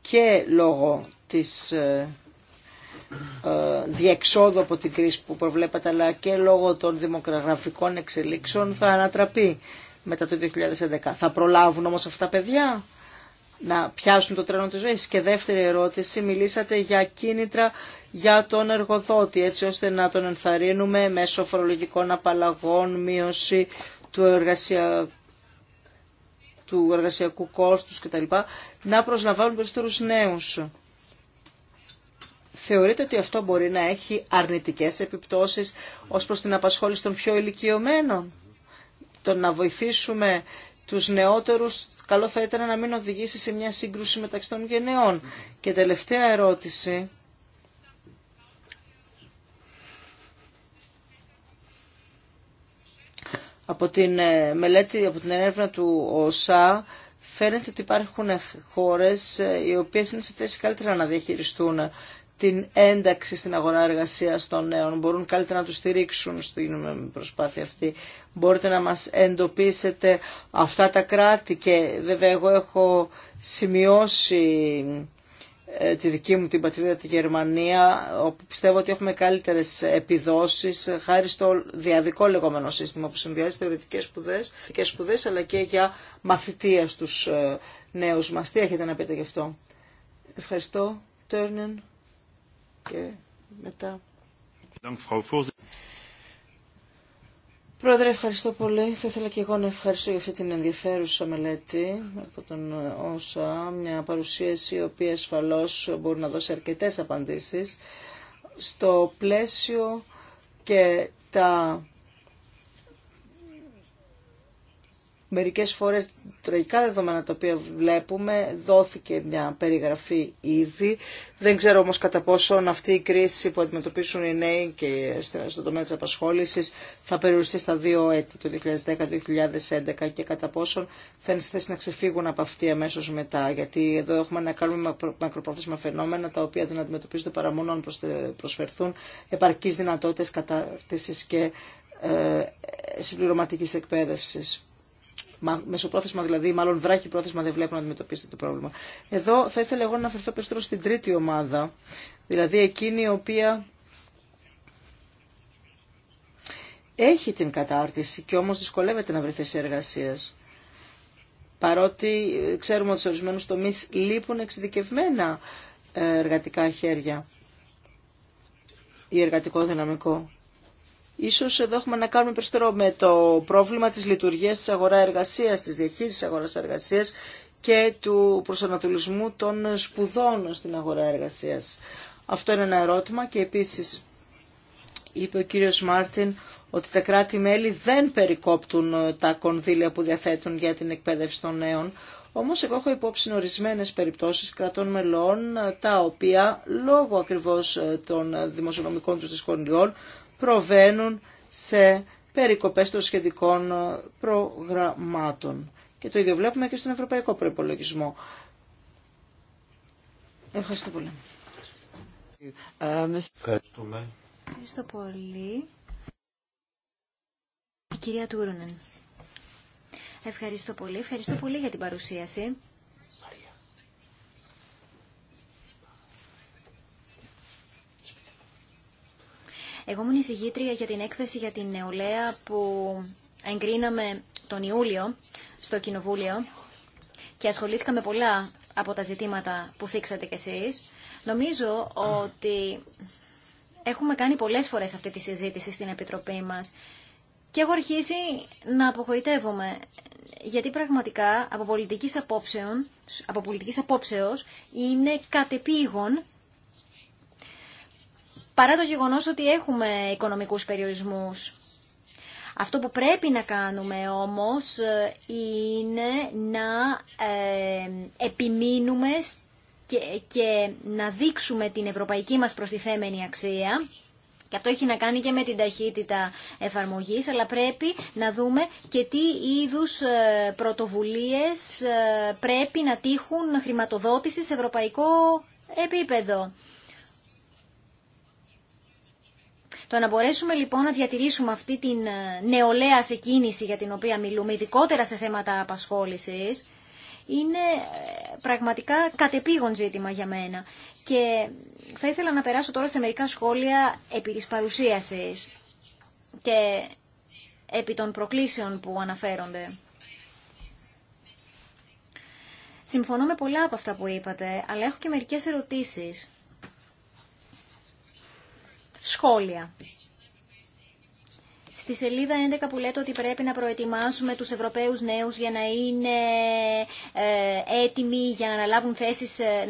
και λόγω της ε, διεξόδου από την κρίση που προβλέπατε αλλά και λόγω των δημοκρατικών εξελίξεων θα ανατραπεί μετά το 2011. Θα προλάβουν όμως αυτά τα παιδιά να πιάσουν το τρένο της ζωής. Και δεύτερη ερώτηση, μιλήσατε για κίνητρα για τον εργοδότη, έτσι ώστε να τον ενθαρρύνουμε μέσω φορολογικών απαλλαγών, μείωση του, του εργασιακού κόστους κτλ. να προσλαμβάνουν περισσότερους νέους. Θεωρείτε ότι αυτό μπορεί να έχει αρνητικές επιπτώσεις ως προς την απασχόληση των πιο ηλικιωμένων το να βοηθήσουμε τους νεότερους καλό θα ήταν να μην οδηγήσει σε μια σύγκρουση μεταξύ των γενεών. Και τελευταία ερώτηση. Από την ε, μελέτη, από την έρευνα του ΟΣΑ, φαίνεται ότι υπάρχουν χώρες ε, οι οποίες είναι σε θέση καλύτερα να διαχειριστούν την ένταξη στην αγορά εργασίας των νέων. Μπορούν καλύτερα να τους στηρίξουν στην προσπάθεια αυτή μπορείτε να μας εντοπίσετε αυτά τα κράτη και βέβαια εγώ έχω σημειώσει ε, τη δική μου την πατρίδα τη Γερμανία όπου πιστεύω ότι έχουμε καλύτερες επιδόσεις χάρη στο διαδικό λεγόμενο σύστημα που συνδυάζει θεωρητικές σπουδές, σπουδές αλλά και για μαθητεία στους ε, νέους μας. Τι έχετε να πείτε γι' αυτό. Ευχαριστώ. Τέρνεν και μετά. Πρόεδρε, ευχαριστώ πολύ. Θα ήθελα και εγώ να ευχαριστώ για αυτή την ενδιαφέρουσα μελέτη από τον ΩΣΑ, μια παρουσίαση η οποία ασφαλώ μπορεί να δώσει αρκετές απαντήσεις στο πλαίσιο και τα Μερικές φορές τραγικά δεδομένα τα οποία βλέπουμε, δόθηκε μια περιγραφή ήδη. Δεν ξέρω όμως κατά πόσον αυτή η κρίση που αντιμετωπίσουν οι νέοι και στον τομέα της απασχόλησης θα περιοριστεί στα δύο έτη, το 2010-2011 και κατά πόσον θα είναι να ξεφύγουν από αυτή αμέσω μετά. Γιατί εδώ έχουμε να κάνουμε μακροπρόθεσμα φαινόμενα τα οποία δεν αντιμετωπίζονται παρά μόνο αν προσφερθούν επαρκείς δυνατότητες κατάρτισης και ε, συμπληρωματικής εκπαίδευσης μεσοπρόθεσμα δηλαδή, μάλλον βράχη πρόθεσμα δεν βλέπω να αντιμετωπίσετε το πρόβλημα. Εδώ θα ήθελα εγώ να αναφερθώ περισσότερο στην τρίτη ομάδα, δηλαδή εκείνη η οποία έχει την κατάρτιση και όμως δυσκολεύεται να βρει θέση εργασίας. Παρότι ξέρουμε ότι σε ορισμένου τομεί λείπουν εξειδικευμένα ε, εργατικά χέρια ή εργατικό δυναμικό. Ίσως εδώ έχουμε να κάνουμε περισσότερο με το πρόβλημα της λειτουργίας της αγορά εργασίας, της διαχείρισης αγοράς εργασίας και του προσανατολισμού των σπουδών στην αγορά εργασίας. Αυτό είναι ένα ερώτημα και επίσης είπε ο κύριος Μάρτιν ότι τα κράτη-μέλη δεν περικόπτουν τα κονδύλια που διαθέτουν για την εκπαίδευση των νέων. Όμως εγώ έχω υπόψη ορισμένε περιπτώσεις κρατών μελών τα οποία λόγω ακριβώς των δημοσιονομικών τους δυσκολιών προβαίνουν σε περικοπές των σχετικών ε, προγραμμάτων. Και το ίδιο βλέπουμε και στον ευρωπαϊκό προϋπολογισμό. Ευχαριστώ πολύ. Ε, Ευχαριστούμε. κυρία Ευχαριστώ πολύ. Ευχαριστώ πολύ για την παρουσίαση. Εγώ ήμουν εισηγήτρια για την έκθεση για την νεολαία που εγκρίναμε τον Ιούλιο στο Κοινοβούλιο και ασχολήθηκα με πολλά από τα ζητήματα που θίξατε κι εσείς. Νομίζω ότι έχουμε κάνει πολλές φορές αυτή τη συζήτηση στην Επιτροπή μας και έχω αρχίσει να απογοητεύομαι γιατί πραγματικά από πολιτικής, απόψεως, από απόψεως είναι κατεπήγον παρά το γεγονός ότι έχουμε οικονομικούς περιορισμούς. Αυτό που πρέπει να κάνουμε όμως ε, είναι να ε, επιμείνουμε και να δείξουμε την ευρωπαϊκή μας προστιθέμενη αξία και αυτό έχει να κάνει και με την ταχύτητα εφαρμογής, αλλά πρέπει να δούμε και τι είδους ε, πρωτοβουλίες πρέπει να τύχουν χρηματοδότηση σε ευρωπαϊκό επίπεδο. Το να μπορέσουμε λοιπόν να διατηρήσουμε αυτή την ε, νεολαία σε για την οποία μιλούμε, ειδικότερα σε θέματα απασχόλησης, είναι ε, πραγματικά κατεπήγον ζήτημα για μένα. Και θα ήθελα να περάσω τώρα σε μερικά σχόλια επί της παρουσίασης και επί των προκλήσεων που αναφέρονται. Συμφωνώ με πολλά από αυτά που είπατε, αλλά έχω και μερικές ερωτήσεις σχόλια. Στη σελίδα 11 που λέτε ότι πρέπει να προετοιμάσουμε τους Ευρωπαίους νέους για να είναι ε, έτοιμοι για να αναλάβουν θέσεις, ε,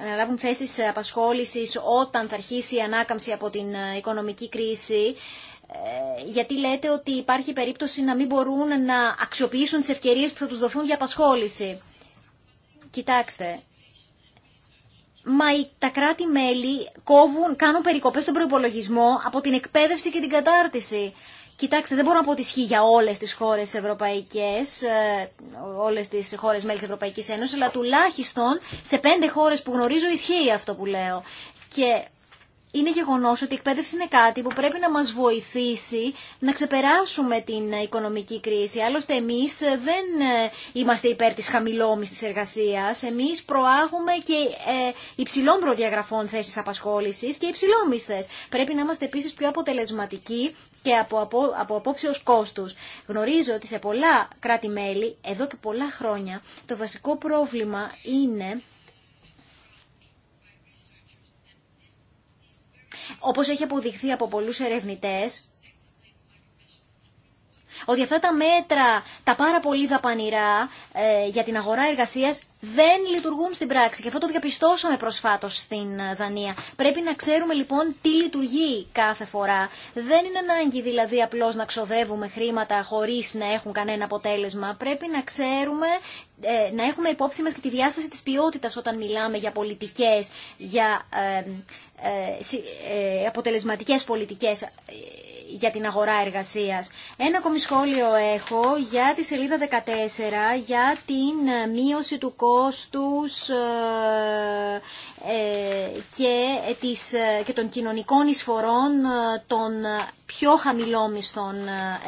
να λάβουν, θέσεις απασχόλησης όταν θα αρχίσει η ανάκαμψη από την ε, οικονομική κρίση γιατί λέτε ότι υπάρχει περίπτωση να μην μπορούν να αξιοποιήσουν τις ευκαιρίες που θα τους δοθούν για απασχόληση. Κοιτάξτε, Μα τα κράτη-μέλη κόβουν, κάνουν περικοπές στον προπολογισμό από την εκπαίδευση και την κατάρτιση. Κοιτάξτε, δεν μπορώ να πω ότι ισχύει για όλε τι χώρε ευρωπαϊκέ, ε, όλε τι χώρε μέλη τη Ευρωπαϊκή Ένωση, αλλά τουλάχιστον σε πέντε χώρε που γνωρίζω ισχύει αυτό που λέω. Και είναι γεγονό ότι η εκπαίδευση είναι κάτι που πρέπει να μας βοηθήσει να ξεπεράσουμε την οικονομική κρίση. Άλλωστε εμείς δεν ε, είμαστε υπέρ της χαμηλόμης της εργασίας. Εμείς προάγουμε και ε, υψηλών προδιαγραφών θέσεις απασχόλησης και υψηλόμισθες. Πρέπει να είμαστε επίση πιο αποτελεσματικοί και από, απόψε ω κόστου. Γνωρίζω ότι σε πολλά κράτη-μέλη, εδώ και πολλά χρόνια, το βασικό πρόβλημα είναι όπως έχει αποδειχθεί από πολλούς ερευνητές, ότι αυτά τα μέτρα, τα πάρα πολύ δαπανηρά ε, για την αγορά εργασίας δεν λειτουργούν στην πράξη. Και αυτό το διαπιστώσαμε προσφάτως στην ε, Δανία. Πρέπει να ξέρουμε λοιπόν τι λειτουργεί κάθε φορά. Δεν είναι ανάγκη δηλαδή απλώς να ξοδεύουμε χρήματα χωρίς να έχουν κανένα αποτέλεσμα. Πρέπει να ξέρουμε, ε, να έχουμε υπόψη μας και τη διάσταση της ποιότητας όταν μιλάμε για πολιτικές, για ε, αποτελεσματικές πολιτικές για την αγορά εργασίας. Ένα ακόμη σχόλιο έχω για τη σελίδα 14, για την μείωση του ε, ε, και, ε, της, και των κοινωνικών εισφορών των πιο χαμηλόμισθων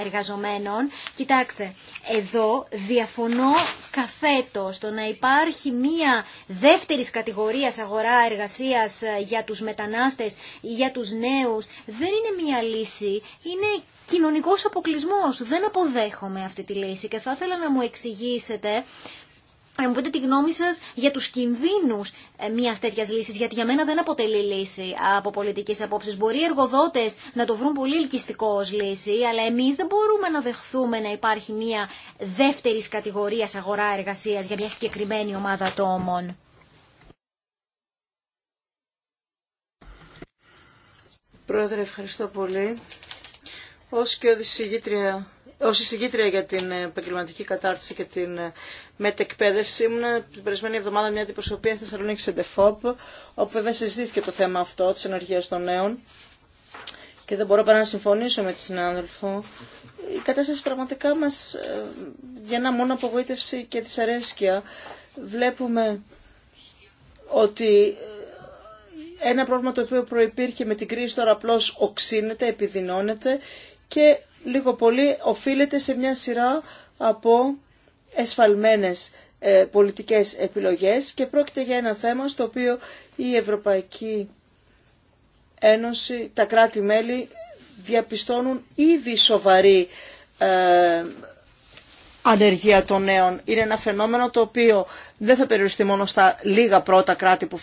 εργαζομένων. Κοιτάξτε, εδώ διαφωνώ καθέτο στο να υπάρχει μία δεύτερης κατηγορίας αγορά εργασίας για τους μετανάστες ή για τους νέους. Δεν είναι μία λύση, είναι κοινωνικός αποκλεισμός. Δεν αποδέχομαι αυτή τη λύση και θα ήθελα να μου εξηγήσετε ε, μου πείτε τη γνώμη σας για τους κινδύνους ε, μιας τέτοιας λύσης, γιατί για μένα δεν αποτελεί λύση από πολιτικές απόψεις. Μπορεί οι εργοδότες να το βρουν πολύ ελκυστικό ως λύση, αλλά εμείς δεν μπορούμε να δεχθούμε να υπάρχει μια δεύτερης κατηγορίας αγορά εργασίας για μια συγκεκριμένη ομάδα ατόμων. Πρόεδρε, ευχαριστώ πολύ. Ως και οδησηγήτρια ως εισηγήτρια για την επαγγελματική κατάρτιση και την ε, μετεκπαίδευση ήμουν την περασμένη εβδομάδα μια αντιπροσωπεία στη Θεσσαλονίκη Σεντεφόπ, όπου βέβαια συζητήθηκε το θέμα αυτό της ενεργείας των νέων. Και δεν μπορώ παρά να συμφωνήσω με τη συνάδελφο. Η κατάσταση πραγματικά μας ε, γεννά μόνο απογοήτευση και δυσαρέσκεια. Βλέπουμε ότι ε, ένα πρόβλημα το οποίο προϋπήρχε με την κρίση τώρα απλώς οξύνεται, επιδεινώνεται και λίγο πολύ οφείλεται σε μια σειρά από εσφαλμένες ε, πολιτικές επιλογές και πρόκειται για ένα θέμα στο οποίο η Ευρωπαϊκή Ένωση, τα κράτη-μέλη διαπιστώνουν ήδη σοβαρή ε, ανεργία των νέων. Είναι ένα φαινόμενο το οποίο δεν θα περιοριστεί μόνο στα λίγα πρώτα κράτη που,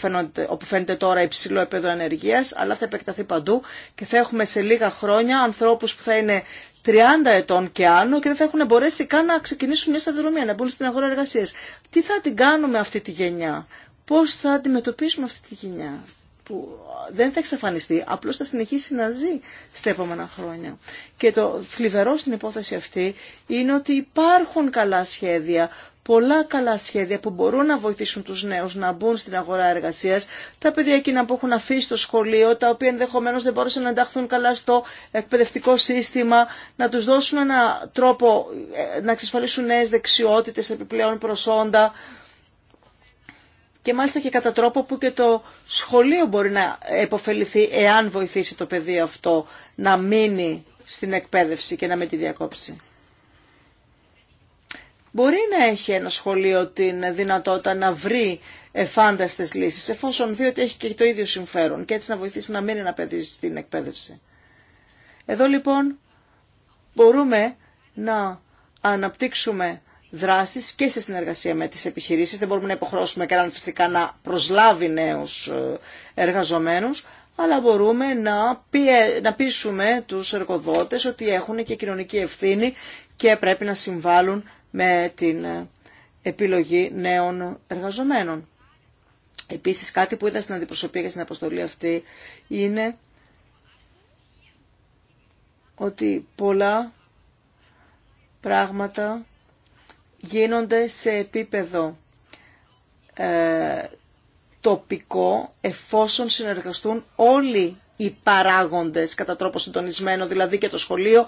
όπου φαίνεται τώρα υψηλό επίπεδο ανεργίας, αλλά θα επεκταθεί παντού και θα έχουμε σε λίγα χρόνια ανθρώπους που θα είναι 30 ετών και άνω και δεν θα έχουν μπορέσει καν να ξεκινήσουν μια σταδιοδρομία, να μπουν στην αγορά εργασία. Τι θα την κάνουμε αυτή τη γενιά, πώ θα αντιμετωπίσουμε αυτή τη γενιά που δεν θα εξαφανιστεί, απλώ θα συνεχίσει να ζει στα επόμενα χρόνια. Και το θλιβερό στην υπόθεση αυτή είναι ότι υπάρχουν καλά σχέδια πολλά καλά σχέδια που μπορούν να βοηθήσουν τους νέους να μπουν στην αγορά εργασίας, τα παιδιά εκείνα που έχουν αφήσει το σχολείο, τα οποία ενδεχομένως δεν μπορούσαν να ενταχθούν καλά στο εκπαιδευτικό σύστημα, να τους δώσουν ένα τρόπο ε, να εξασφαλίσουν νέες δεξιότητες, επιπλέον προσόντα, και μάλιστα και κατά τρόπο που και το σχολείο μπορεί να επωφεληθεί εάν βοηθήσει το παιδί αυτό να μείνει στην εκπαίδευση και να με τη διακόψει μπορεί να έχει ένα σχολείο την δυνατότητα να βρει εφάνταστες λύσεις, εφόσον δει ότι έχει και το ίδιο συμφέρον και έτσι να βοηθήσει να μείνει ένα την στην εκπαίδευση. Εδώ λοιπόν μπορούμε να αναπτύξουμε δράσεις και σε συνεργασία με τις επιχειρήσεις. Δεν μπορούμε να υποχρώσουμε κανέναν φυσικά να προσλάβει νέου ε, εργαζομένου, αλλά μπορούμε να, να πείσουμε τους εργοδότες ότι έχουν και κοινωνική ευθύνη και πρέπει να συμβάλλουν με την ε, επιλογή νέων εργαζομένων. Επίσης κάτι που είδα στην αντιπροσωπεία και στην αποστολή αυτή είναι ότι πολλά πράγματα γίνονται σε επίπεδο ε, τοπικό εφόσον συνεργαστούν όλοι οι παράγοντε κατά τρόπο συντονισμένο, δηλαδή και το σχολείο,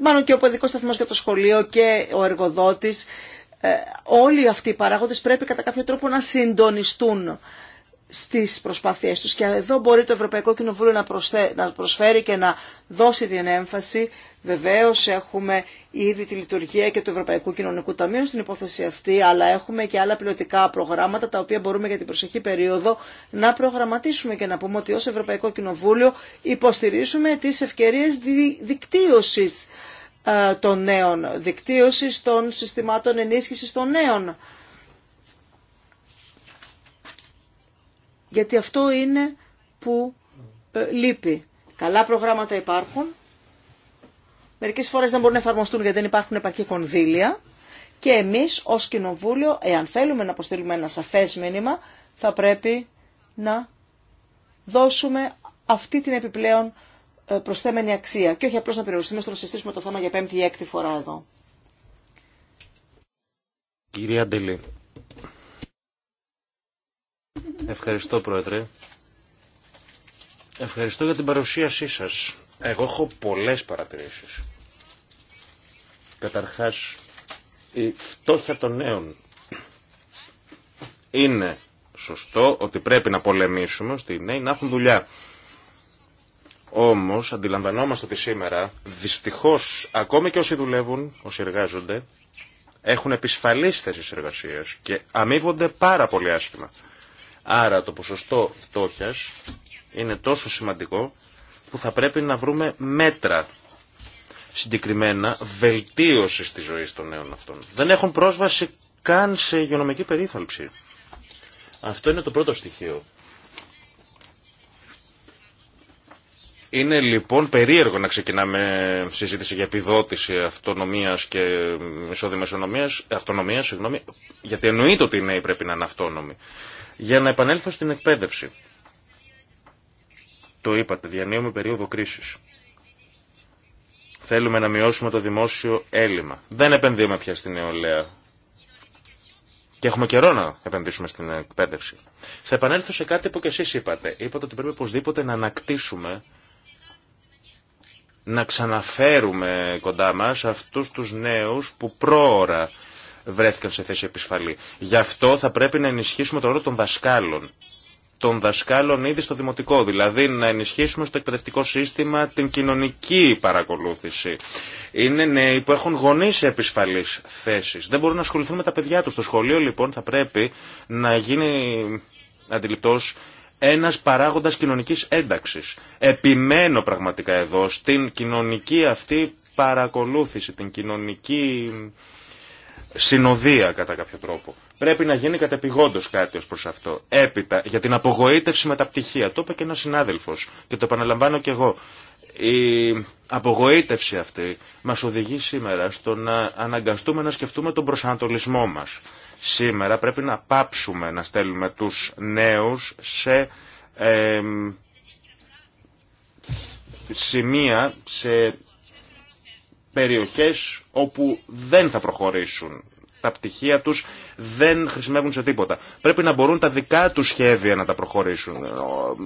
μάλλον και ο παιδικό σταθμό για το σχολείο και ο εργοδότη. Ε, όλοι αυτοί οι παράγοντε πρέπει κατά κάποιο τρόπο να συντονιστούν στις προσπάθειές τους και εδώ μπορεί το Ευρωπαϊκό Κοινοβούλιο να, να προσφέρει και να δώσει την έμφαση. Βεβαίως έχουμε ήδη τη λειτουργία και του Ευρωπαϊκού Κοινωνικού Ταμείου στην υπόθεση αυτή, αλλά έχουμε και άλλα πιλωτικά προγράμματα τα οποία μπορούμε για την προσεχή περίοδο να προγραμματίσουμε και να πούμε ότι ως Ευρωπαϊκό Κοινοβούλιο υποστηρίζουμε τις ευκαιρίες δικτύωσης ε, των νέων, δικτύωσης των συστημάτων ενίσχυσης των νέων Γιατί αυτό είναι που ε, λείπει. Καλά προγράμματα υπάρχουν. Μερικές φορές δεν μπορούν να εφαρμοστούν γιατί δεν υπάρχουν επαρκή κονδύλια. Και εμείς ως Κοινοβούλιο, εάν θέλουμε να αποστείλουμε ένα σαφές μήνυμα, θα πρέπει να δώσουμε αυτή την επιπλέον ε, προσθέμενη αξία. Και όχι απλώς να περιοριστούμε στο να συστήσουμε το θέμα για πέμπτη ή έκτη φορά εδώ. Κυρία Ευχαριστώ, Πρόεδρε. Ευχαριστώ για την παρουσίασή σας. Εγώ έχω πολλές παρατηρήσεις. Καταρχάς, η φτώχεια των νέων. Είναι σωστό ότι πρέπει να πολεμήσουμε ώστε οι νέοι να έχουν δουλειά. Όμως αντιλαμβανόμαστε ότι σήμερα δυστυχώς ακόμη και όσοι δουλεύουν, όσοι εργάζονται, έχουν επισφαλείς θέσεις εργασίας και αμείβονται πάρα πολύ άσχημα. Άρα το ποσοστό φτώχειας είναι τόσο σημαντικό που θα πρέπει να βρούμε μέτρα συγκεκριμένα βελτίωση της ζωής των νέων αυτών. Δεν έχουν πρόσβαση καν σε υγειονομική περίθαλψη. Αυτό είναι το πρώτο στοιχείο. Είναι λοιπόν περίεργο να ξεκινάμε συζήτηση για επιδότηση αυτονομίας και εισόδημα αυτονομίας, συγγνώμη, γιατί εννοείται ότι οι νέοι πρέπει να είναι αυτόνομοι. Για να επανέλθω στην εκπαίδευση. Το είπατε, διανύουμε περίοδο κρίσης. Θέλουμε να μειώσουμε το δημόσιο έλλειμμα. Δεν επενδύουμε πια στην νεολαία. Και έχουμε καιρό να επενδύσουμε στην εκπαίδευση. Θα επανέλθω σε κάτι που κι εσείς είπατε. Είπατε ότι πρέπει οπωσδήποτε να ανακτήσουμε, να ξαναφέρουμε κοντά μας αυτούς τους νέους που πρόωρα βρέθηκαν σε θέση επισφαλή. Γι' αυτό θα πρέπει να ενισχύσουμε το ρόλο των δασκάλων. Των δασκάλων ήδη στο δημοτικό, δηλαδή να ενισχύσουμε στο εκπαιδευτικό σύστημα την κοινωνική παρακολούθηση. Είναι νέοι που έχουν γονεί σε επισφαλεί θέσει. Δεν μπορούν να ασχοληθούν με τα παιδιά του. Στο σχολείο λοιπόν θα πρέπει να γίνει αντιληπτό ένα παράγοντα κοινωνική ένταξη. Επιμένω πραγματικά εδώ στην κοινωνική αυτή παρακολούθηση, την κοινωνική συνοδεία κατά κάποιο τρόπο. Πρέπει να γίνει κατεπηγόντως κάτι ως προς αυτό. Έπειτα, για την απογοήτευση με τα πτυχία. Το είπε και ένας συνάδελφος και το επαναλαμβάνω και εγώ. Η απογοήτευση αυτή μας οδηγεί σήμερα στο να αναγκαστούμε να σκεφτούμε τον προσανατολισμό μας. Σήμερα πρέπει να πάψουμε να στέλνουμε τους νέους σε... σημεία, σε περιοχές όπου δεν θα προχωρήσουν. Τα πτυχία τους δεν χρησιμεύουν σε τίποτα. Πρέπει να μπορούν τα δικά τους σχέδια να τα προχωρήσουν,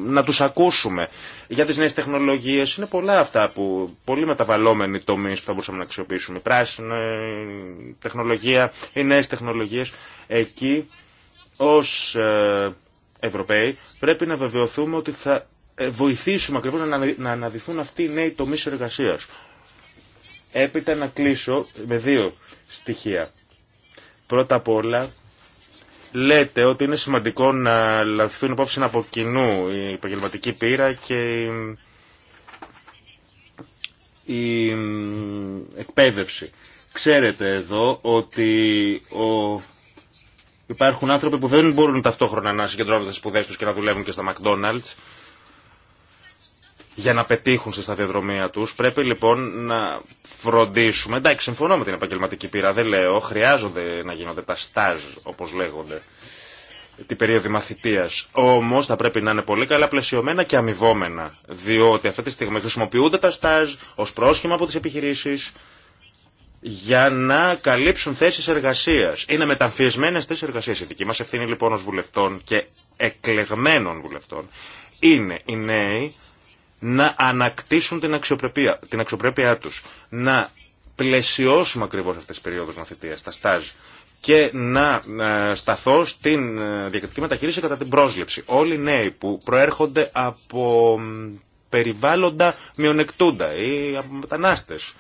να τους ακούσουμε. Για τις νέες τεχνολογίες είναι πολλά αυτά που πολύ μεταβαλλόμενοι τομείς που θα μπορούσαμε να αξιοποιήσουμε. Η πράσινη τεχνολογία, οι νέες τεχνολογίες. Εκεί ως ε, Ευρωπαίοι πρέπει να βεβαιωθούμε ότι θα ε, βοηθήσουμε ακριβώς να αναδυθούν αυτοί οι νέοι τομείς εργασίας. Έπειτα να κλείσω με δύο στοιχεία. Πρώτα απ' όλα, λέτε ότι είναι σημαντικό να λαφθούν υπόψη από κοινού η επαγγελματική πείρα και η εκπαίδευση. Ξέρετε εδώ ότι υπάρχουν άνθρωποι που δεν μπορούν ταυτόχρονα να συγκεντρώνονται τις σπουδές τους και να δουλεύουν και στα McDonald's για να πετύχουν στη σταδιοδρομία του, Πρέπει λοιπόν να φροντίσουμε, εντάξει συμφωνώ με την επαγγελματική πείρα, δεν λέω, χρειάζονται να γίνονται τα στάζ όπω λέγονται, την περίοδο μαθητείας. Όμω θα πρέπει να είναι πολύ καλά πλαισιωμένα και αμοιβόμενα, διότι αυτή τη στιγμή χρησιμοποιούνται τα στάζ ω πρόσχημα από τι επιχειρήσει, για να καλύψουν θέσεις εργασίας. Είναι μεταμφιεσμένες θέσεις εργασίας. Η δική μας ευθύνη λοιπόν ως βουλευτών και εκλεγμένων βουλευτών είναι οι νέοι να ανακτήσουν την αξιοπρέπεια, την αξιοπρέπειά τους, να πλαισιώσουμε ακριβώς αυτές τις περιόδους μαθητείας, τα στάζ και να ε, σταθώ στην ε, διακριτική μεταχείριση κατά την πρόσληψη. Όλοι οι νέοι που προέρχονται από περιβάλλοντα μειονεκτούντα ή από μετανάστες,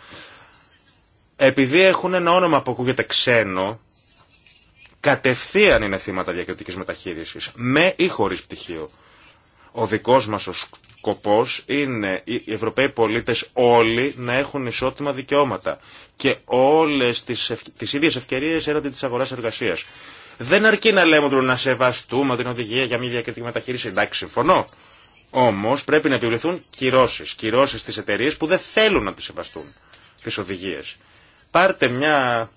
επειδή έχουν ένα όνομα που ακούγεται ξένο, κατευθείαν είναι θύματα διακριτικής μεταχείρισης, με ή χωρίς πτυχίο. Ο δικός μας ο σκοπός είναι οι Ευρωπαίοι πολίτες όλοι να έχουν ισότιμα δικαιώματα και όλες τις, ευ... τις ίδιες ευκαιρίες έναντι της αγοράς εργασίας. Δεν αρκεί να λέμε ότι να σεβαστούμε την οδηγία για μη διακριτική μεταχείριση. Εντάξει, συμφωνώ. Όμω πρέπει να επιβληθούν κυρώσει. Κυρώσει στι εταιρείε που δεν θέλουν να τι σεβαστούν τι οδηγίε. Πάρτε μια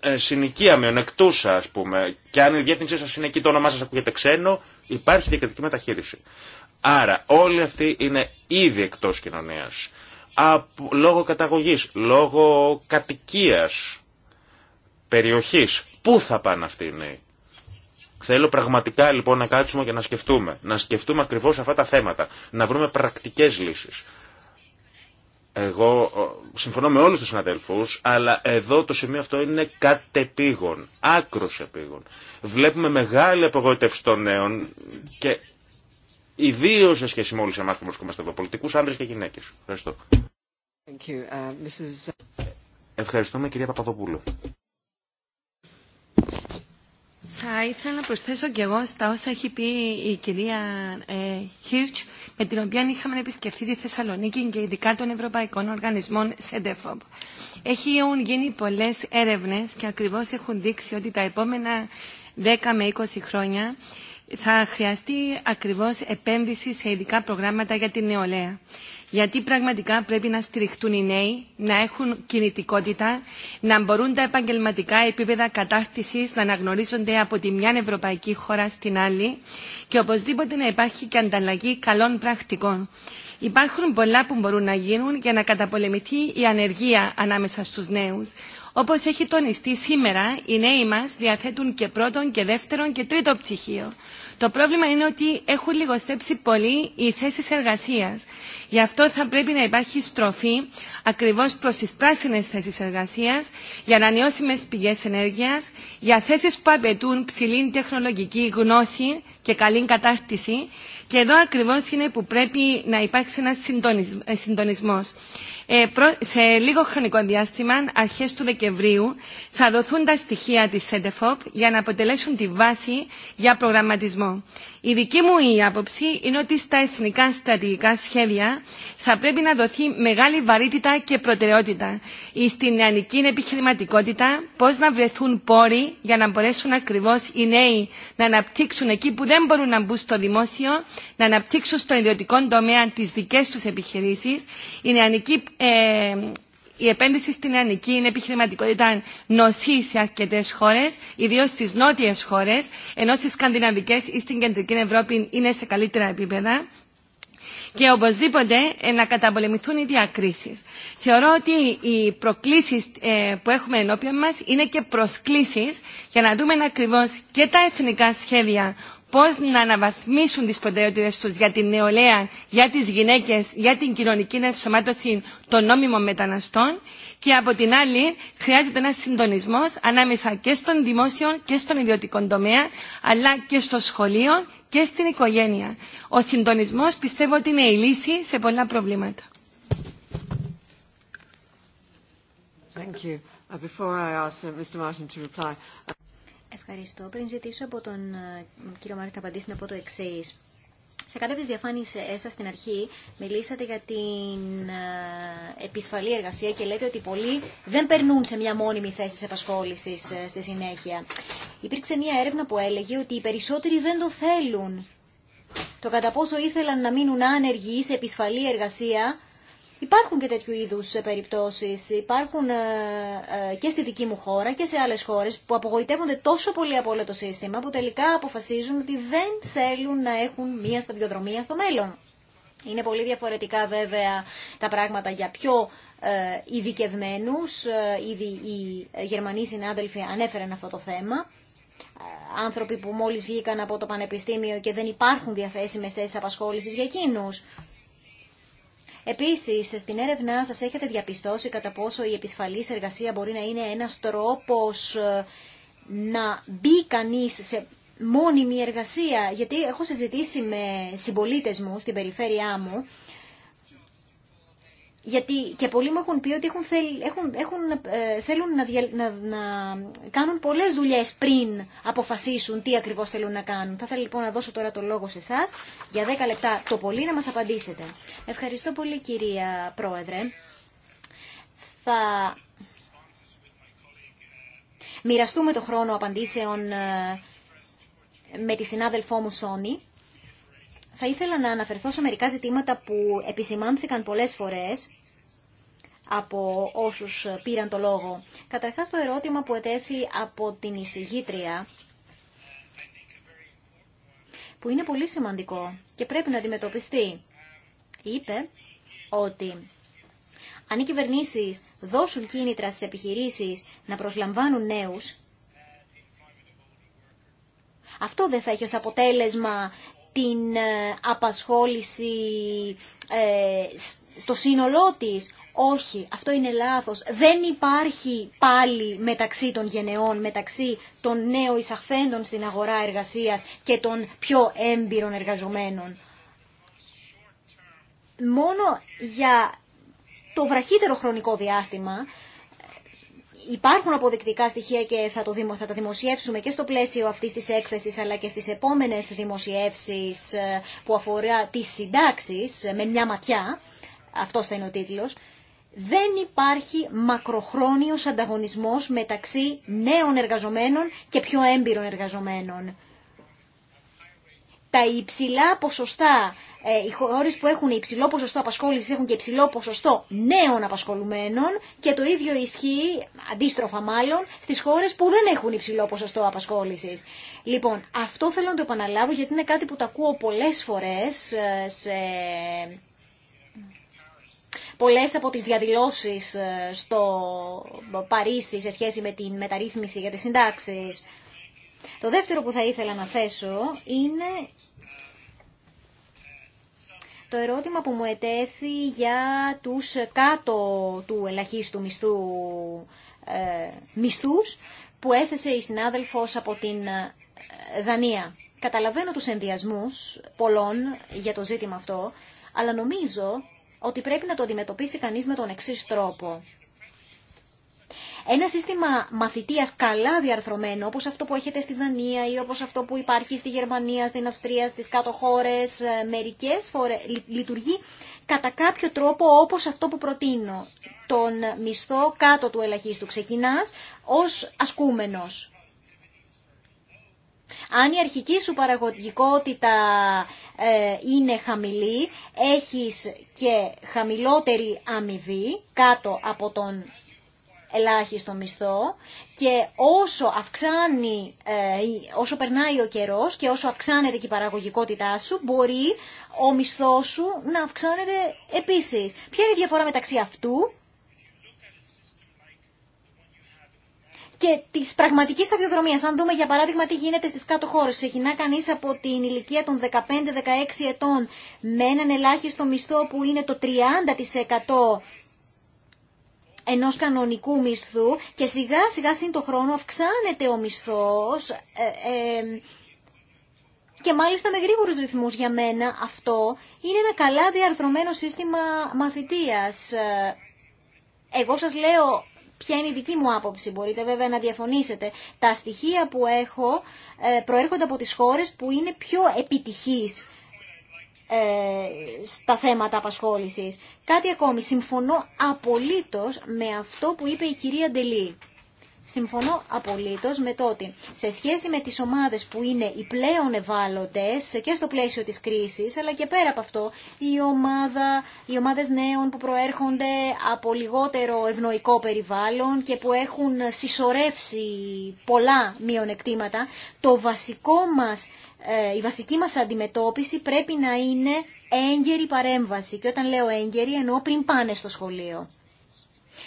ε, συνοικία μειονεκτούσα, α πούμε, και αν η διεύθυνσή σα είναι εκεί, το όνομά σα ακούγεται ξένο, Υπάρχει διακριτική μεταχείριση. Άρα όλοι αυτοί είναι ήδη εκτός κοινωνίας. λόγω καταγωγής, λόγω κατοικίας, περιοχής. Πού θα πάνε αυτοί οι νέοι. Θέλω πραγματικά λοιπόν να κάτσουμε και να σκεφτούμε. Να σκεφτούμε ακριβώ αυτά τα θέματα. Να βρούμε πρακτικέ λύσει. Εγώ συμφωνώ με όλους τους συναδέλφους, αλλά εδώ το σημείο αυτό είναι κατεπήγον, άκρος επίγον. Βλέπουμε μεγάλη απογοητεύση των νέων και ιδίω σε σχέση με όλους εμάς που βρισκόμαστε εδώ, πολιτικούς άνδρες και γυναίκες. Ευχαριστώ. Uh, Ευχαριστούμε κυρία Παπαδοπούλου. Θα ήθελα να προσθέσω και εγώ στα όσα έχει πει η κυρία ε, με την οποία είχαμε επισκεφθεί τη Θεσσαλονίκη και ειδικά των Ευρωπαϊκών Οργανισμών Έχει Έχουν γίνει πολλές έρευνες και ακριβώς έχουν δείξει ότι τα επόμενα 10 με 20 χρόνια θα χρειαστεί ακριβώς επένδυση σε ειδικά προγράμματα για την νεολαία γιατί πραγματικά πρέπει να στηριχτούν οι νέοι, να έχουν κινητικότητα, να μπορούν τα επαγγελματικά επίπεδα κατάρτισης να αναγνωρίζονται από τη μια ευρωπαϊκή χώρα στην άλλη και οπωσδήποτε να υπάρχει και ανταλλαγή καλών πρακτικών. Υπάρχουν πολλά που μπορούν να γίνουν για να καταπολεμηθεί η ανεργία ανάμεσα στους νέους. Όπως έχει τονιστεί σήμερα, οι νέοι μας διαθέτουν και πρώτον και δεύτερον και τρίτο πτυχίο. Το πρόβλημα είναι ότι έχουν λιγοστέψει πολύ οι θέσει εργασία. Γι' αυτό θα πρέπει να υπάρχει στροφή ακριβώ προ τι πράσινε θέσει εργασία, για ανανεώσιμε πηγέ ενέργεια, για θέσει που απαιτούν ψηλή τεχνολογική γνώση και καλή κατάρτιση και εδώ ακριβώ είναι που πρέπει να υπάρξει ένα ε, συντονισμό. Ε, σε λίγο χρονικό διάστημα, αρχέ του Δεκεμβρίου, θα δοθούν τα στοιχεία τη ΕΝΤΕΦΟΠ για να αποτελέσουν τη βάση για προγραμματισμό. Η δική μου η άποψη είναι ότι στα εθνικά στρατηγικά σχέδια θα πρέπει να δοθεί μεγάλη βαρύτητα και προτεραιότητα στην νεανική επιχειρηματικότητα, πώ να βρεθούν πόροι για να μπορέσουν ακριβώ οι νέοι να αναπτύξουν εκεί που δεν μπορούν να μπουν στο δημόσιο να αναπτύξουν στον ιδιωτικό τομέα τι δικέ του επιχειρήσει. Η νεανική ε, η επένδυση στην νεανική είναι επιχειρηματικότητα νοσή σε αρκετέ χώρε, ιδίω στι νότιε χώρε, ενώ στις σκανδιναβικέ ή στην κεντρική Ευρώπη είναι σε καλύτερα επίπεδα. Και οπωσδήποτε ε, να καταπολεμηθούν οι διακρίσει. Θεωρώ ότι οι προκλήσει ε, που έχουμε ενώπιον μα είναι και προσκλήσει για να δούμε ακριβώ και τα εθνικά σχέδια πώς να αναβαθμίσουν τις προτεραιότητες τους για την νεολαία, για τις γυναίκες, για την κοινωνική ενσωμάτωση των νόμιμων μεταναστών και από την άλλη χρειάζεται ένας συντονισμός ανάμεσα και στον δημόσιο και στον ιδιωτικό τομέα αλλά και στο σχολείο και στην οικογένεια. Ο συντονισμός πιστεύω ότι είναι η λύση σε πολλά προβλήματα. Thank you. Uh, before I ask uh, Mr. Martin to uh, Ευχαριστώ. Πριν ζητήσω από τον ε, κύριο Μάρκετ να απαντήσει να πω το εξή. Σε τι διαφάνειέ σα στην αρχή μιλήσατε για την ε, επισφαλή εργασία και λέτε ότι πολλοί δεν περνούν σε μια μόνιμη θέση επασχόλησης ε, στη συνέχεια. Υπήρξε μια έρευνα που έλεγε ότι οι περισσότεροι δεν το θέλουν. Το κατά πόσο ήθελαν να μείνουν άνεργοι σε επισφαλή εργασία Υπάρχουν και τέτοιου είδους ε, περιπτώσεις, υπάρχουν ε, ε, και στη δική μου χώρα και σε άλλες χώρες που απογοητεύονται τόσο πολύ από όλο το σύστημα που τελικά αποφασίζουν ότι δεν θέλουν να έχουν μία σταδιοδρομία στο μέλλον. Είναι πολύ διαφορετικά βέβαια τα πράγματα για πιο ειδικευμένου. Ήδη οι Γερμανοί συνάδελφοι ανέφεραν αυτό το θέμα. Άνθρωποι που μόλις βγήκαν από το πανεπιστήμιο και δεν υπάρχουν διαθέσιμες θέσεις απασχόλησης για εκείνους. Επίσης, στην έρευνά σας έχετε διαπιστώσει κατά πόσο η επισφαλής εργασία μπορεί να είναι ένας τρόπος ε, να μπει κανεί σε μόνιμη εργασία. Γιατί έχω συζητήσει με συμπολίτε μου στην περιφέρειά μου γιατί και πολλοί μου έχουν πει ότι έχουν, έχουν, ε, θέλουν να, να, να κάνουν πολλές δουλειές πριν αποφασίσουν τι ακριβώς θέλουν να κάνουν. Θα ήθελα λοιπόν να δώσω τώρα το λόγο σε εσά για 10 λεπτά το πολύ να μας απαντήσετε. Ευχαριστώ πολύ κυρία Πρόεδρε. Θα μοιραστούμε το χρόνο απαντήσεων ε, με τη συνάδελφό μου Σόνι θα ήθελα να αναφερθώ σε μερικά ζητήματα που επισημάνθηκαν πολλές φορές από όσους πήραν το λόγο. Καταρχάς το ερώτημα που ετέθη από την εισηγήτρια, που είναι πολύ σημαντικό και πρέπει να αντιμετωπιστεί. Είπε ότι αν οι κυβερνήσεις δώσουν κίνητρα στις επιχειρήσεις να προσλαμβάνουν νέους, αυτό δεν θα έχει ως αποτέλεσμα την ε, απασχόληση ε, στο σύνολό της. Όχι, αυτό είναι λάθος. Δεν υπάρχει πάλι μεταξύ των γενεών, μεταξύ των νέων εισαχθέντων στην αγορά εργασίας και των πιο έμπειρων εργαζομένων. Μόνο για το βραχύτερο χρονικό διάστημα υπάρχουν αποδεικτικά στοιχεία και θα, το, θα τα δημοσιεύσουμε και στο πλαίσιο αυτής της έκθεσης αλλά και στις επόμενες δημοσιεύσεις ε, που αφορά τις συντάξεις ε, με μια ματιά, αυτός θα είναι ο τίτλος, δεν υπάρχει μακροχρόνιος ανταγωνισμός μεταξύ νέων εργαζομένων και πιο έμπειρων εργαζομένων τα υψηλά ποσοστά, ε, οι χώρε που έχουν υψηλό ποσοστό απασχόληση έχουν και υψηλό ποσοστό νέων απασχολουμένων και το ίδιο ισχύει, αντίστροφα μάλλον, στι χώρε που δεν έχουν υψηλό ποσοστό απασχόληση. Λοιπόν, αυτό θέλω να το επαναλάβω γιατί είναι κάτι που το ακούω πολλέ φορέ ε, σε πολλές από τις διαδηλώσεις ε, στο Παρίσι σε σχέση με την μεταρρύθμιση για τις συντάξεις. Το δεύτερο που θα ήθελα να θέσω είναι το ερώτημα που μου ετέθη για τους κάτω του ελαχίστου μισθού, ε, μισθούς που έθεσε η συνάδελφος από την ε, Δανία. Καταλαβαίνω τους ενδιασμούς πολλών για το ζήτημα αυτό, αλλά νομίζω ότι πρέπει να το αντιμετωπίσει κανείς με τον εξής τρόπο. Ένα σύστημα μαθητείας καλά διαρθρωμένο, όπως αυτό που έχετε στη Δανία ή όπως αυτό που υπάρχει στη Γερμανία, στην Αυστρία, στις κάτω χώρες, ε, μερικές φορές, λειτουργεί κατά κάποιο τρόπο όπως αυτό που προτείνω. Τον μισθό κάτω του ελαχίστου ξεκινάς ως ασκούμενος. Αν η αρχική σου παραγωγικότητα ε, είναι χαμηλή, έχεις και χαμηλότερη αμοιβή κάτω από τον ελάχιστο μισθό και όσο αυξάνει, ε, όσο περνάει ο καιρός και όσο αυξάνεται και η παραγωγικότητά σου, μπορεί ο μισθός σου να αυξάνεται επίσης. Ποια είναι η διαφορά μεταξύ αυτού και τη πραγματική σταδιοδρομία. Αν δούμε για παράδειγμα τι γίνεται στι κάτω χώρε, ξεκινά κανείς από την ηλικία των 15-16 ετών με έναν ελάχιστο μισθό που είναι το 30% ενός κανονικού μισθού και σιγά σιγά σύν το χρόνο αυξάνεται ο μισθός ε, ε, και μάλιστα με γρήγορους ρυθμούς για μένα αυτό είναι ένα καλά διαρθρωμένο σύστημα μαθητείας. Ε, εγώ σας λέω ποια είναι η δική μου άποψη, μπορείτε βέβαια να διαφωνήσετε. Τα στοιχεία που έχω ε, προέρχονται από τις χώρες που είναι πιο επιτυχείς ε, στα θέματα απασχόλησης. Κάτι ακόμη, συμφωνώ απολύτως με αυτό που είπε η κυρία Ντελή. Συμφωνώ απολύτως με το ότι σε σχέση με τις ομάδες που είναι οι πλέον ευάλωτες και στο πλαίσιο της κρίσης, αλλά και πέρα από αυτό, η ομάδα, οι ομάδες νέων που προέρχονται από λιγότερο ευνοϊκό περιβάλλον και που έχουν συσσωρεύσει πολλά μειονεκτήματα, το βασικό μας ε, η βασική μας αντιμετώπιση πρέπει να είναι έγκαιρη παρέμβαση. Και όταν λέω έγκαιρη εννοώ πριν πάνε στο σχολείο.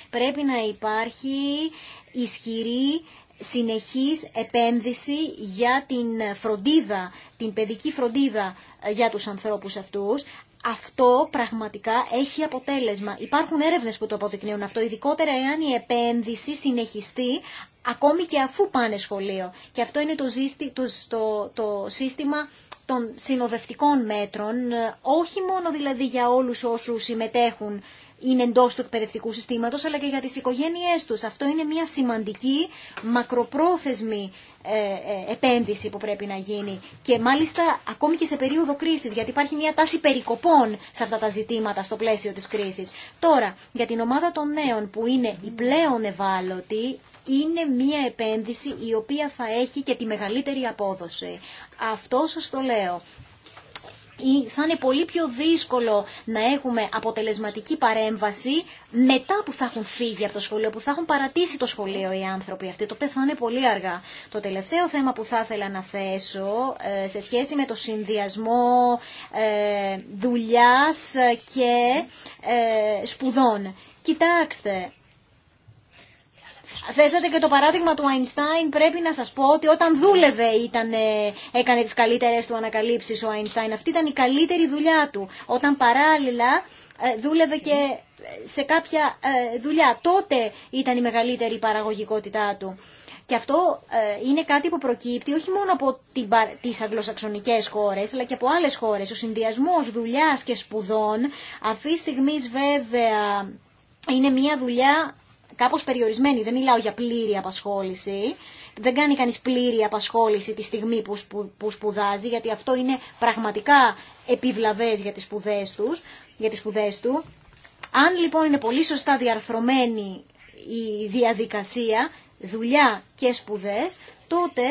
Πρέπει να υπάρχει ισχυρή συνεχής επένδυση για την φροντίδα, την παιδική φροντίδα ε, για τους ανθρώπους αυτούς. Αυτό πραγματικά έχει αποτέλεσμα. Υπάρχουν έρευνες που το αποδεικνύουν αυτό, ειδικότερα εάν η επένδυση συνεχιστεί ακόμη και αφού πάνε σχολείο. Και αυτό είναι το, το, το, σύστημα των συνοδευτικών μέτρων, ε, όχι μόνο δηλαδή για όλους όσους συμμετέχουν είναι εντός του εκπαιδευτικού συστήματος, αλλά και για τις οικογένειές τους. Αυτό είναι μια σημαντική μακροπρόθεσμη ε, ε, επένδυση που πρέπει να γίνει και μάλιστα ακόμη και σε περίοδο κρίσης γιατί υπάρχει μια τάση περικοπών σε αυτά τα ζητήματα στο πλαίσιο της κρίσης. Τώρα, για την ομάδα των νέων που είναι η πλέον ευάλωτη είναι μια επένδυση η οποία θα έχει και τη μεγαλύτερη απόδοση. Αυτό σας το λέω. Θα είναι πολύ πιο δύσκολο να έχουμε αποτελεσματική παρέμβαση μετά που θα έχουν φύγει από το σχολείο, που θα έχουν παρατήσει το σχολείο οι άνθρωποι αυτοί. Τότε θα είναι πολύ αργά. Το τελευταίο θέμα που θα ήθελα να θέσω ε, σε σχέση με το συνδυασμό ε, δουλειάς και ε, σπουδών. Κοιτάξτε, θέσατε και το παράδειγμα του Αϊνστάιν. Πρέπει να σας πω ότι όταν δούλευε ήταν, ε, έκανε τις καλύτερες του ανακαλύψεις ο Αϊνστάιν. Αυτή ήταν η καλύτερη δουλειά του. Όταν παράλληλα ε, δούλευε και σε κάποια ε, δουλειά. Τότε ήταν η μεγαλύτερη παραγωγικότητά του. Και αυτό είναι κάτι που προκύπτει όχι μόνο από τις αγγλοσαξονικές χώρες, αλλά και από άλλες χώρες. Ο συνδυασμός δουλειάς και σπουδών, αυτή τη στιγμή βέβαια είναι μια δουλειά κάπως περιορισμένη, δεν μιλάω για πλήρη απασχόληση, δεν κάνει κανείς πλήρη απασχόληση τη στιγμή που, που σπουδάζει, γιατί αυτό είναι πραγματικά επιβλαβές για τις σπουδές, τους, για τις σπουδές του. Αν λοιπόν είναι πολύ σωστά διαρθρωμένη η διαδικασία, δουλειά και σπουδές, τότε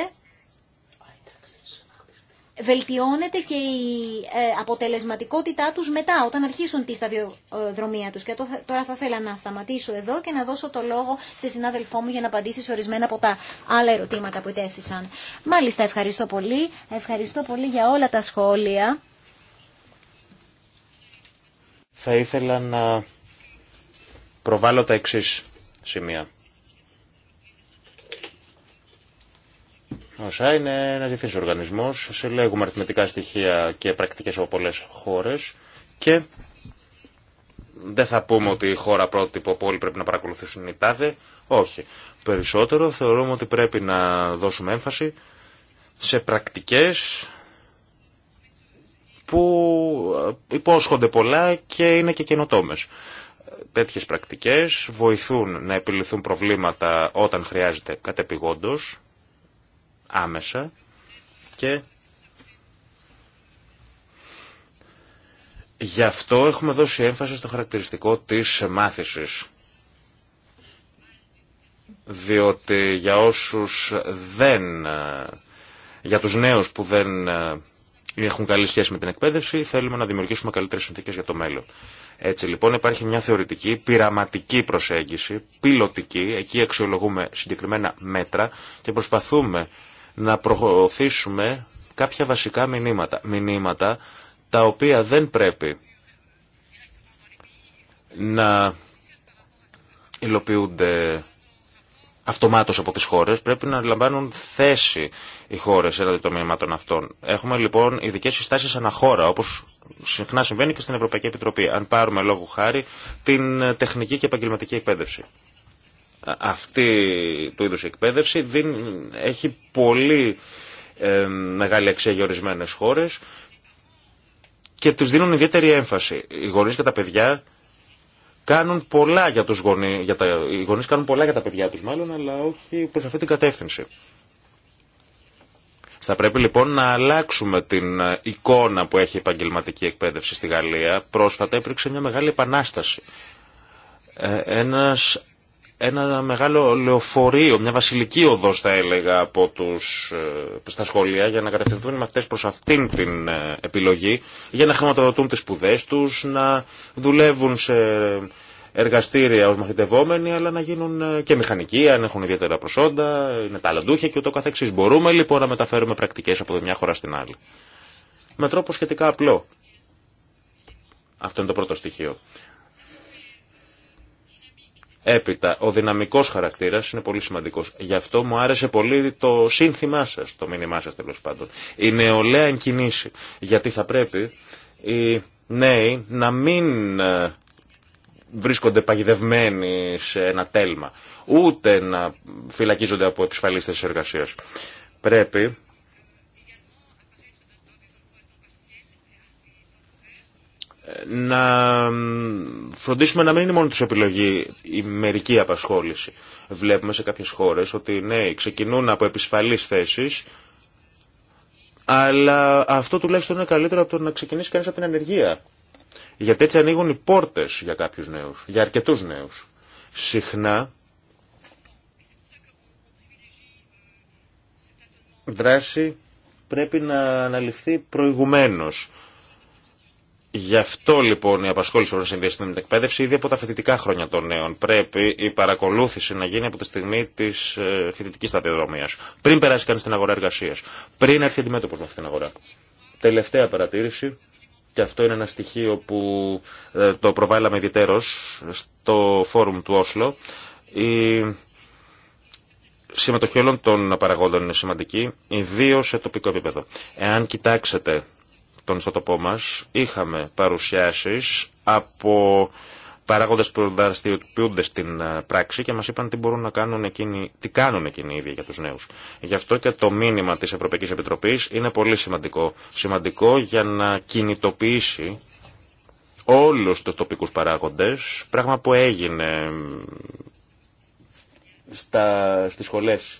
βελτιώνεται και η ε, αποτελεσματικότητά τους μετά, όταν αρχίσουν τη σταδιοδρομία τους. Και τώρα θα ήθελα να σταματήσω εδώ και να δώσω το λόγο στη συνάδελφό μου για να απαντήσει σε ορισμένα από τα άλλα ερωτήματα που ετέθησαν. Μάλιστα, ευχαριστώ πολύ. Ευχαριστώ πολύ για όλα τα σχόλια. Θα ήθελα να προβάλλω τα εξής σημεία. ΩΣΑ είναι ένα διεθνή οργανισμό. Συλλέγουμε αριθμητικά στοιχεία και πρακτικέ από πολλέ χώρε και δεν θα πούμε ότι η χώρα πρότυπο που όλοι πρέπει να παρακολουθήσουν η τάδε. Όχι. Περισσότερο θεωρούμε ότι πρέπει να δώσουμε έμφαση σε πρακτικές που υπόσχονται πολλά και είναι και καινοτόμε. Τέτοιε πρακτικές βοηθούν να επιληθούν προβλήματα όταν χρειάζεται κατεπηγόντω άμεσα και γι' αυτό έχουμε δώσει έμφαση στο χαρακτηριστικό της μάθησης. Διότι για όσους δεν, για τους νέους που δεν έχουν καλή σχέση με την εκπαίδευση, θέλουμε να δημιουργήσουμε καλύτερες συνθήκες για το μέλλον. Έτσι λοιπόν υπάρχει μια θεωρητική, πειραματική προσέγγιση, πιλωτική, εκεί αξιολογούμε συγκεκριμένα μέτρα και προσπαθούμε να προωθήσουμε κάποια βασικά μηνύματα. Μηνύματα τα οποία δεν πρέπει να υλοποιούνται αυτομάτως από τις χώρες, πρέπει να λαμβάνουν θέση οι χώρες έναντι των μηνυμάτων αυτών. Έχουμε λοιπόν ειδικέ συστάσεις χώρα, όπως συχνά συμβαίνει και στην Ευρωπαϊκή Επιτροπή. Αν πάρουμε λόγου χάρη την τεχνική και επαγγελματική εκπαίδευση αυτή του είδους εκπαίδευση έχει πολύ ε, μεγάλη αξία για χώρες και τους δίνουν ιδιαίτερη έμφαση. Οι γονείς και τα παιδιά κάνουν πολλά για τους γονείς, για τα, οι γονείς κάνουν πολλά για τα παιδιά τους μάλλον, αλλά όχι προς αυτή την κατεύθυνση. Θα πρέπει λοιπόν να αλλάξουμε την ε, εικόνα που έχει η επαγγελματική εκπαίδευση στη Γαλλία. Πρόσφατα έπρεξε μια μεγάλη επανάσταση. Ε, ένας ένα μεγάλο λεωφορείο, μια βασιλική οδό θα έλεγα από τους, ε, στα σχολεία για να κατευθυνθούν οι μαθητές προς αυτήν την ε, επιλογή για να χρηματοδοτούν τις σπουδέ τους, να δουλεύουν σε εργαστήρια ως μαθητευόμενοι αλλά να γίνουν ε, και μηχανικοί αν έχουν ιδιαίτερα προσόντα, είναι ταλαντούχοι και ούτω καθεξής. Μπορούμε λοιπόν να μεταφέρουμε πρακτικές από μια χώρα στην άλλη. Με τρόπο σχετικά απλό. Αυτό είναι το πρώτο στοιχείο. Έπειτα, ο δυναμικό χαρακτήρα είναι πολύ σημαντικό. Γι' αυτό μου άρεσε πολύ το σύνθημά σα, το μήνυμά σα τέλο πάντων. Η νεολαία εν Γιατί θα πρέπει οι νέοι να μην ε, βρίσκονται παγιδευμένοι σε ένα τέλμα, ούτε να φυλακίζονται από επισφαλίστε εργασία. Πρέπει να φροντίσουμε να μην είναι μόνο τους επιλογή η μερική απασχόληση. Βλέπουμε σε κάποιες χώρες ότι ναι, ξεκινούν από επισφαλείς θέσεις, αλλά αυτό τουλάχιστον είναι καλύτερο από το να ξεκινήσει κανείς από την ανεργία. Γιατί έτσι ανοίγουν οι πόρτες για κάποιους νέους, για αρκετούς νέους. Συχνά δράση πρέπει να αναλυφθεί προηγουμένως Γι' αυτό λοιπόν η απασχόληση πρέπει να συνδυαστεί με την εκπαίδευση ήδη από τα φοιτητικά χρόνια των νέων. Πρέπει η παρακολούθηση να γίνει από τη στιγμή τη ε, φοιτητική σταδιοδρομία. Πριν περάσει κανεί στην αγορά εργασία. Πριν έρθει αντιμέτωπο με αυτή την αγορά. Τελευταία παρατήρηση, και αυτό είναι ένα στοιχείο που ε, το προβάλαμε ιδιαίτερω στο φόρουμ του Όσλο. Η συμμετοχή όλων των παραγόντων είναι σημαντική, ιδίω σε τοπικό επίπεδο. Εάν κοιτάξετε τον ιστοτοπό μας είχαμε παρουσιάσεις από παράγοντες που δραστηριοποιούνται στην ε, πράξη και μας είπαν τι μπορούν να κάνουν εκείνοι, τι κάνουν εκείνοι οι ίδιοι για τους νέους. Γι' αυτό και το μήνυμα της Ευρωπαϊκής Επιτροπής είναι πολύ σημαντικό. Σημαντικό για να κινητοποιήσει όλους τους τοπικούς παράγοντες, πράγμα που έγινε στα, στις σχολές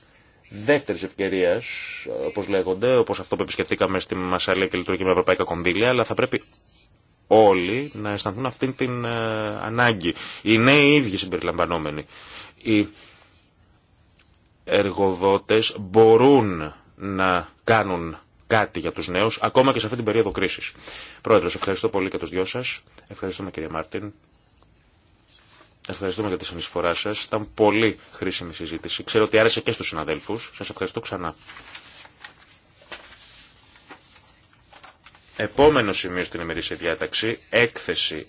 δεύτερη ευκαιρία, όπω λέγονται, όπω αυτό που επισκεφτήκαμε στη Μασαλία και λειτουργεί με ευρωπαϊκά κονδύλια, αλλά θα πρέπει όλοι να αισθανθούν αυτήν την ε, ανάγκη. Οι νέοι ίδιοι συμπεριλαμβανόμενοι. Οι εργοδότες μπορούν να κάνουν κάτι για τους νέους, ακόμα και σε αυτή την περίοδο κρίσης. Πρόεδρος, ευχαριστώ πολύ και τους δυο σας. Ευχαριστούμε κύριε Μάρτιν. Ευχαριστούμε για τη συνεισφορά σα. Ήταν πολύ χρήσιμη συζήτηση. Ξέρω ότι άρεσε και στου συναδέλφου. Σα ευχαριστώ ξανά. Επόμενο σημείο στην ημερήσια διάταξη, έκθεση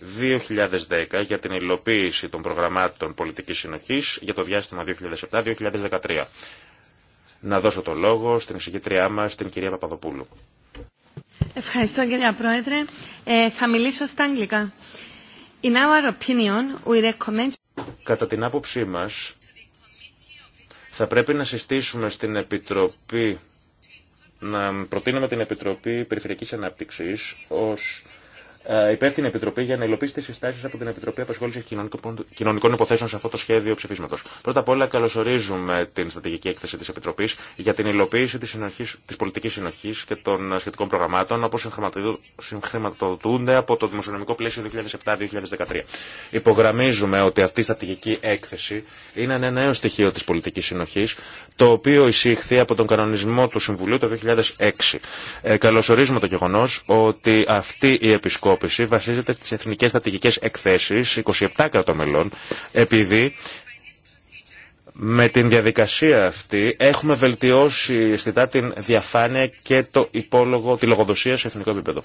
2010 για την υλοποίηση των προγραμμάτων πολιτικής συνοχής για το διάστημα 2007-2013. Να δώσω το λόγο στην εισηγήτριά μας, την κυρία Παπαδοπούλου. Ευχαριστώ κυρία Πρόεδρε. Ε, θα μιλήσω στα αγγλικά. Κατά την άποψή μας, θα πρέπει να συστήσουμε στην Επιτροπή, να προτείνουμε την Επιτροπή Περιφερειακής Ανάπτυξης ως ε, υπεύθυνη επιτροπή για να υλοποιήσει τι συστάσει από την Επιτροπή Απασχόληση Κοινωνικών Υποθέσεων σε αυτό το σχέδιο ψηφίσματο. Πρώτα απ' όλα, καλωσορίζουμε την στρατηγική έκθεση τη Επιτροπή για την υλοποίηση τη πολιτική συνοχή και των σχετικών προγραμμάτων, όπω συγχρηματοδοτούνται από το Δημοσιονομικό Πλαίσιο 2007-2013. Υπογραμμίζουμε ότι αυτή η στρατηγική έκθεση είναι ένα νέο στοιχείο τη πολιτική συνοχή, το οποίο εισήχθη από τον κανονισμό του Συμβουλίου το 2006. Ε, καλωσορίζουμε το γεγονό ότι αυτή η επισκόπηση αντιμετώπιση βασίζεται στις εθνικές στατικικές εκθέσεις 27 κρατομελών επειδή με την διαδικασία αυτή έχουμε βελτιώσει αισθητά την διαφάνεια και το υπόλογο, τη λογοδοσία σε εθνικό επίπεδο.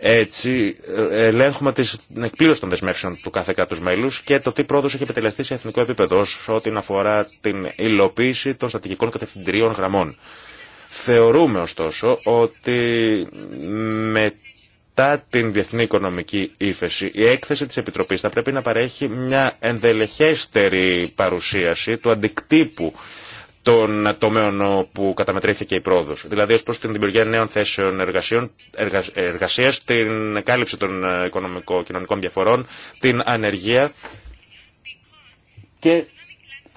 Έτσι, ε, ελέγχουμε την εκπλήρωση των δεσμεύσεων του κάθε κράτου μέλου και το τι πρόοδο έχει επιτελεστεί σε εθνικό επίπεδο ό,τι αφορά την υλοποίηση των στατικικών κατευθυντηρίων γραμμών. Θεωρούμε ωστόσο ότι με μετά την διεθνή οικονομική ύφεση, η έκθεση της Επιτροπής θα πρέπει να παρέχει μια ενδελεχέστερη παρουσίαση του αντικτύπου των τομέων που καταμετρήθηκε η πρόοδο. Δηλαδή, ω προ την δημιουργία νέων θέσεων εργασίων, εργασία, την κάλυψη των οικονομικών κοινωνικων διαφορών, την ανεργία και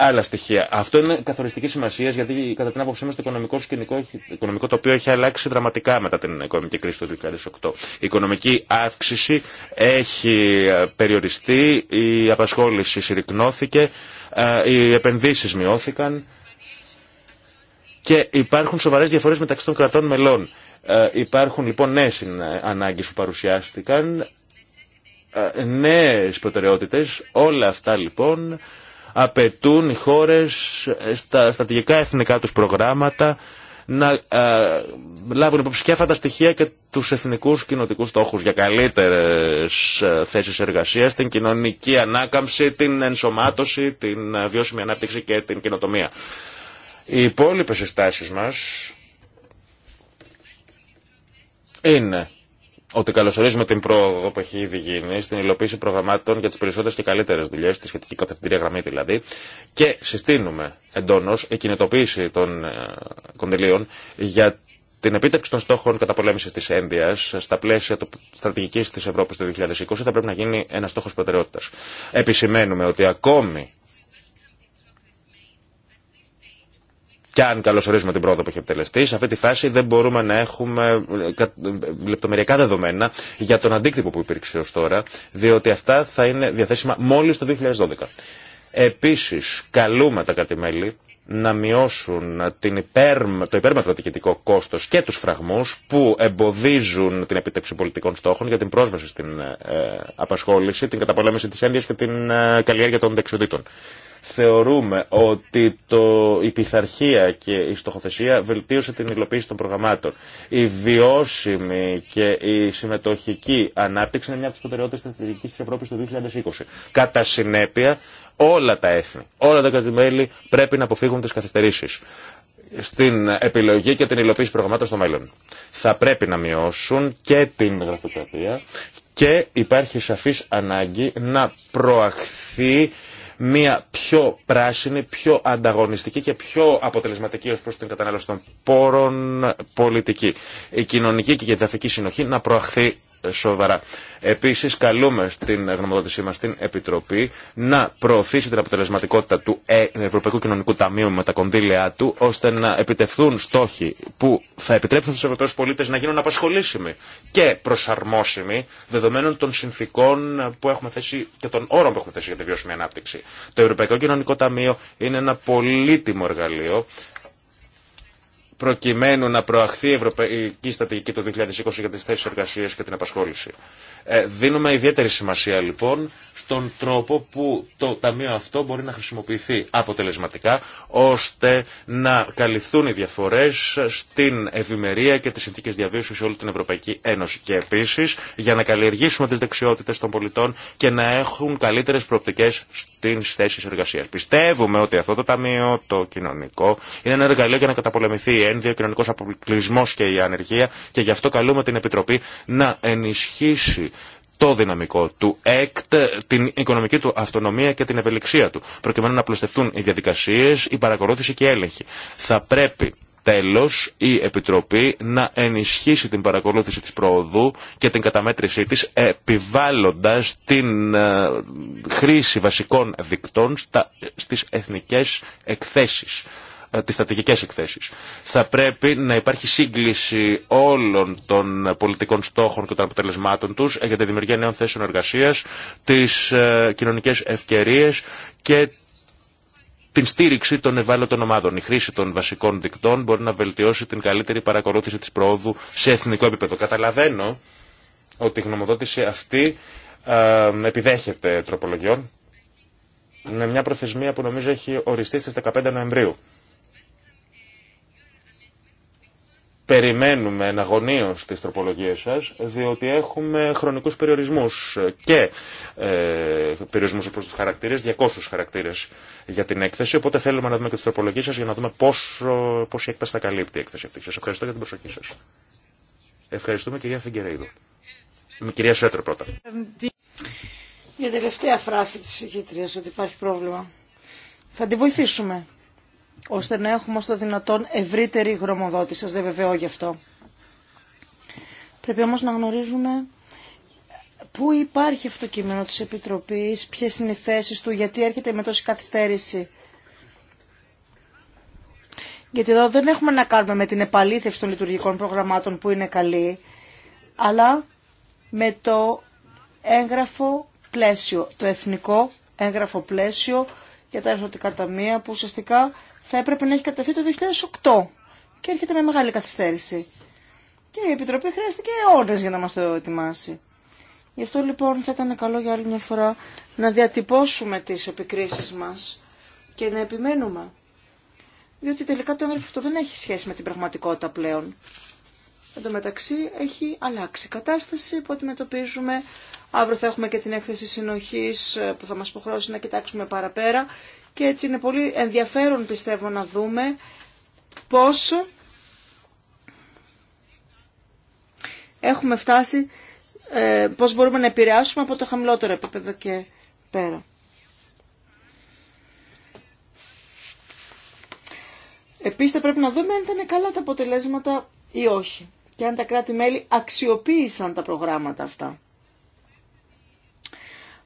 άλλα στοιχεία. Αυτό είναι καθοριστική σημασία γιατί κατά την άποψή μα το οικονομικό σκηνικό, οικονομικό τοπίο έχει αλλάξει δραματικά μετά την οικονομική κρίση του 2008. Η οικονομική αύξηση έχει ε, περιοριστεί, η απασχόληση συρρυκνώθηκε, ε, οι επενδύσεις μειώθηκαν και υπάρχουν σοβαρές διαφορές μεταξύ των κρατών μελών. Ε, υπάρχουν λοιπόν νέες ανάγκες που παρουσιάστηκαν, νέες προτεραιότητες, όλα αυτά λοιπόν απαιτούν οι χώρες ε, στα στρατηγικά εθνικά τους προγράμματα να ε, λάβουν υποψηφιά αυτά στοιχεία και τους εθνικούς κοινοτικούς στόχους για καλύτερες ε, θέσεις εργασίας, την κοινωνική ανάκαμψη, την ενσωμάτωση, την βιώσιμη ανάπτυξη και την κοινοτομία. Οι υπόλοιπε συστάσεις μας είναι ότι καλωσορίζουμε την πρόοδο που έχει ήδη γίνει στην υλοποίηση προγραμμάτων για τι περισσότερε και καλύτερε δουλειέ, τη σχετική κατευθυντήρια γραμμή δηλαδή, και συστήνουμε εντόνω η κινητοποίηση των ε, κονδυλίων για την επίτευξη των στόχων καταπολέμηση τη ένδυα στα πλαίσια του στρατηγική τη Ευρώπη του 2020 θα πρέπει να γίνει ένα στόχο προτεραιότητα. Επισημαίνουμε ότι ακόμη Και αν καλωσορίζουμε την πρόοδο που έχει επιτελεστεί, σε αυτή τη φάση δεν μπορούμε να έχουμε ε, ε, λεπτομεριακά δεδομένα για τον αντίκτυπο που υπήρξε ω τώρα, διότι αυτά θα είναι διαθέσιμα μόλι το 2012. Επίση, καλούμε τα κρατημέλη να μειώσουν την το υπέρμετρο διοικητικό κόστο και του φραγμού που εμποδίζουν την επίτευξη πολιτικών στόχων για την πρόσβαση στην ε, απασχόληση, την καταπολέμηση τη ένδυα και την καλλιέργεια των δεξιοτήτων. Θεωρούμε ότι το, η πειθαρχία και η στοχοθεσία βελτίωσε την υλοποίηση των προγραμμάτων. Η βιώσιμη και η συμμετοχική ανάπτυξη είναι μια από τι προτεραιότητε τη Στρατηγική τη Ευρώπη του 2020. Κατά συνέπεια, όλα τα έθνη, όλα τα κρατημέλη πρέπει να αποφύγουν τι καθυστερήσει στην επιλογή και την υλοποίηση προγραμμάτων στο μέλλον. Θα πρέπει να μειώσουν και την γραφειοκρατία και υπάρχει σαφής ανάγκη να προαχθεί μια πιο πράσινη, πιο ανταγωνιστική και πιο αποτελεσματική ως προς την κατανάλωση των πόρων πολιτική. Η κοινωνική και η συνοχή να προαχθεί σοβαρά. Επίσης καλούμε στην γνωμοδότησή μας στην Επιτροπή να προωθήσει την αποτελεσματικότητα του ε, Ευρωπαϊκού Κοινωνικού Ταμείου με τα κονδύλια του ώστε να επιτευθούν στόχοι που θα επιτρέψουν στους Ευρωπαίους πολίτες να γίνουν απασχολήσιμοι και προσαρμόσιμοι δεδομένων των συνθήκων που έχουμε θέσει και των όρων που έχουμε θέσει για τη βιώσιμη ανάπτυξη. Το Ευρωπαϊκό Κοινωνικό Ταμείο είναι ένα πολύτιμο εργαλείο προκειμένου να προαχθεί η Ευρωπαϊκή Στατική του 2020 για τις θέσεις εργασίας και την απασχόληση. Ε, δίνουμε ιδιαίτερη σημασία λοιπόν στον τρόπο που το Ταμείο αυτό μπορεί να χρησιμοποιηθεί αποτελεσματικά ώστε να καλυφθούν οι διαφορές στην ευημερία και τις συνθήκες διαβίωσης σε όλη την Ευρωπαϊκή Ένωση και επίσης για να καλλιεργήσουμε τις δεξιότητες των πολιτών και να έχουν καλύτερες προοπτικές στις θέσεις εργασίας. Πιστεύουμε ότι αυτό το Ταμείο, το κοινωνικό, είναι ένα εργαλείο για να καταπολεμηθεί είναι ο κοινωνικό αποκλεισμό και η ανεργία και γι' αυτό καλούμε την Επιτροπή να ενισχύσει το δυναμικό του ΕΚΤ, την οικονομική του αυτονομία και την ευελιξία του, προκειμένου να πλουστευτούν οι διαδικασίε, η παρακολούθηση και η έλεγχη. Θα πρέπει Τέλος, η Επιτροπή να ενισχύσει την παρακολούθηση της προοδού και την καταμέτρησή της επιβάλλοντας την ε, χρήση βασικών δικτών στι στις εθνικές εκθέσεις τις στρατηγικές εκθέσεις. Θα πρέπει να υπάρχει σύγκληση όλων των πολιτικών στόχων και των αποτελεσμάτων τους για τη δημιουργία νέων θέσεων εργασίας, τις ε, κοινωνικές ευκαιρίες και την στήριξη των ευάλωτων ομάδων. Η χρήση των βασικών δικτών μπορεί να βελτιώσει την καλύτερη παρακολούθηση της προόδου σε εθνικό επίπεδο. Καταλαβαίνω ότι η γνωμοδότηση αυτή ε, επιδέχεται τροπολογιών με μια προθεσμία που νομίζω έχει οριστεί στις 15 Νοεμβρίου. περιμένουμε εναγωνίως τις τροπολογίες σας, διότι έχουμε χρονικούς περιορισμούς και ε, περιορισμούς προς τους χαρακτήρες, 200 χαρακτήρες για την έκθεση, οπότε θέλουμε να δούμε και τις τροπολογίες σας για να δούμε πόσο, η έκταση θα καλύπτει η έκθεση αυτή. Σας ευχαριστώ για την προσοχή σας. Ευχαριστούμε κυρία Φιγκερέιδο. Κυρία Σέτρο πρώτα. Για τελευταία φράση της συγκήτριας ότι υπάρχει πρόβλημα. Θα τη βοηθήσουμε ώστε να έχουμε ως το δυνατόν ευρύτερη γρομοδότηση. Σας δεν βεβαιώ γι' αυτό. Πρέπει όμως να γνωρίζουμε πού υπάρχει αυτό το κείμενο της Επιτροπής, ποιες είναι οι θέσεις του, γιατί έρχεται με τόση καθυστέρηση. Γιατί εδώ δεν έχουμε να κάνουμε με την επαλήθευση των λειτουργικών προγραμμάτων που είναι καλή, αλλά με το έγγραφο πλαίσιο, το εθνικό έγγραφο πλαίσιο για τα ερωτικά ταμεία που ουσιαστικά θα έπρεπε να έχει κατευθεί το 2008 και έρχεται με μεγάλη καθυστέρηση. Και η Επιτροπή χρειάστηκε ώρε για να μα το ετοιμάσει. Γι' αυτό λοιπόν θα ήταν καλό για άλλη μια φορά να διατυπώσουμε τι επικρίσει μα και να επιμένουμε. Διότι τελικά το έγγραφο αυτό δεν έχει σχέση με την πραγματικότητα πλέον. Εν τω μεταξύ έχει αλλάξει η κατάσταση που αντιμετωπίζουμε. Αύριο θα έχουμε και την έκθεση συνοχής ε, που θα μας υποχρεώσει να κοιτάξουμε παραπέρα και έτσι είναι πολύ ενδιαφέρον πιστεύω να δούμε πώς έχουμε φτάσει, ε, πώς μπορούμε να επηρεάσουμε από το χαμηλότερο επίπεδο και πέρα. Επίσης θα πρέπει να δούμε αν ήταν καλά τα αποτελέσματα ή όχι και αν τα κράτη-μέλη αξιοποίησαν τα προγράμματα αυτά.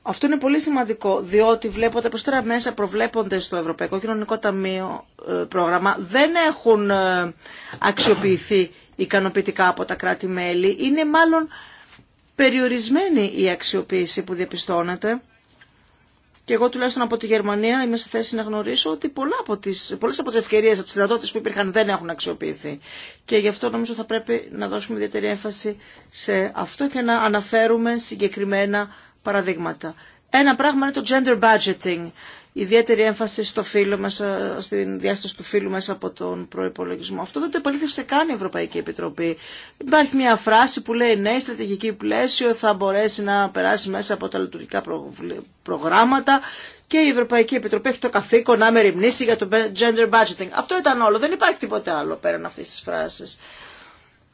Αυτό είναι πολύ σημαντικό, διότι βλέπετε πώ τώρα μέσα προβλέπονται στο Ευρωπαϊκό Κοινωνικό Ταμείο ε, πρόγραμμα δεν έχουν ε, αξιοποιηθεί ικανοποιητικά από τα κράτη-μέλη. Είναι μάλλον περιορισμένη η αξιοποίηση που διαπιστώνεται. Και εγώ τουλάχιστον από τη Γερμανία είμαι σε θέση να γνωρίσω ότι πολλά από τις, πολλές από τις ευκαιρίες, που υπήρχαν δεν έχουν αξιοποιηθεί. Και γι' αυτό νομίζω θα πρέπει να δώσουμε ιδιαίτερη έμφαση σε αυτό και να αναφέρουμε συγκεκριμένα παραδείγματα. Ένα πράγμα είναι το gender budgeting, ιδιαίτερη έμφαση στο φύλλο μέσα, ε, στην διάσταση του φύλου μέσα από τον προπολογισμό. Αυτό δεν το επαλήθευσε καν η Ευρωπαϊκή Επιτροπή. Υπάρχει μια φράση που λέει ναι, στρατηγική πλαίσιο θα μπορέσει να περάσει μέσα από τα λειτουργικά προγράμματα και η Ευρωπαϊκή Επιτροπή έχει το καθήκον να μεριμνήσει για το gender budgeting. Αυτό ήταν όλο. Δεν υπάρχει τίποτε άλλο πέραν αυτή τη φράση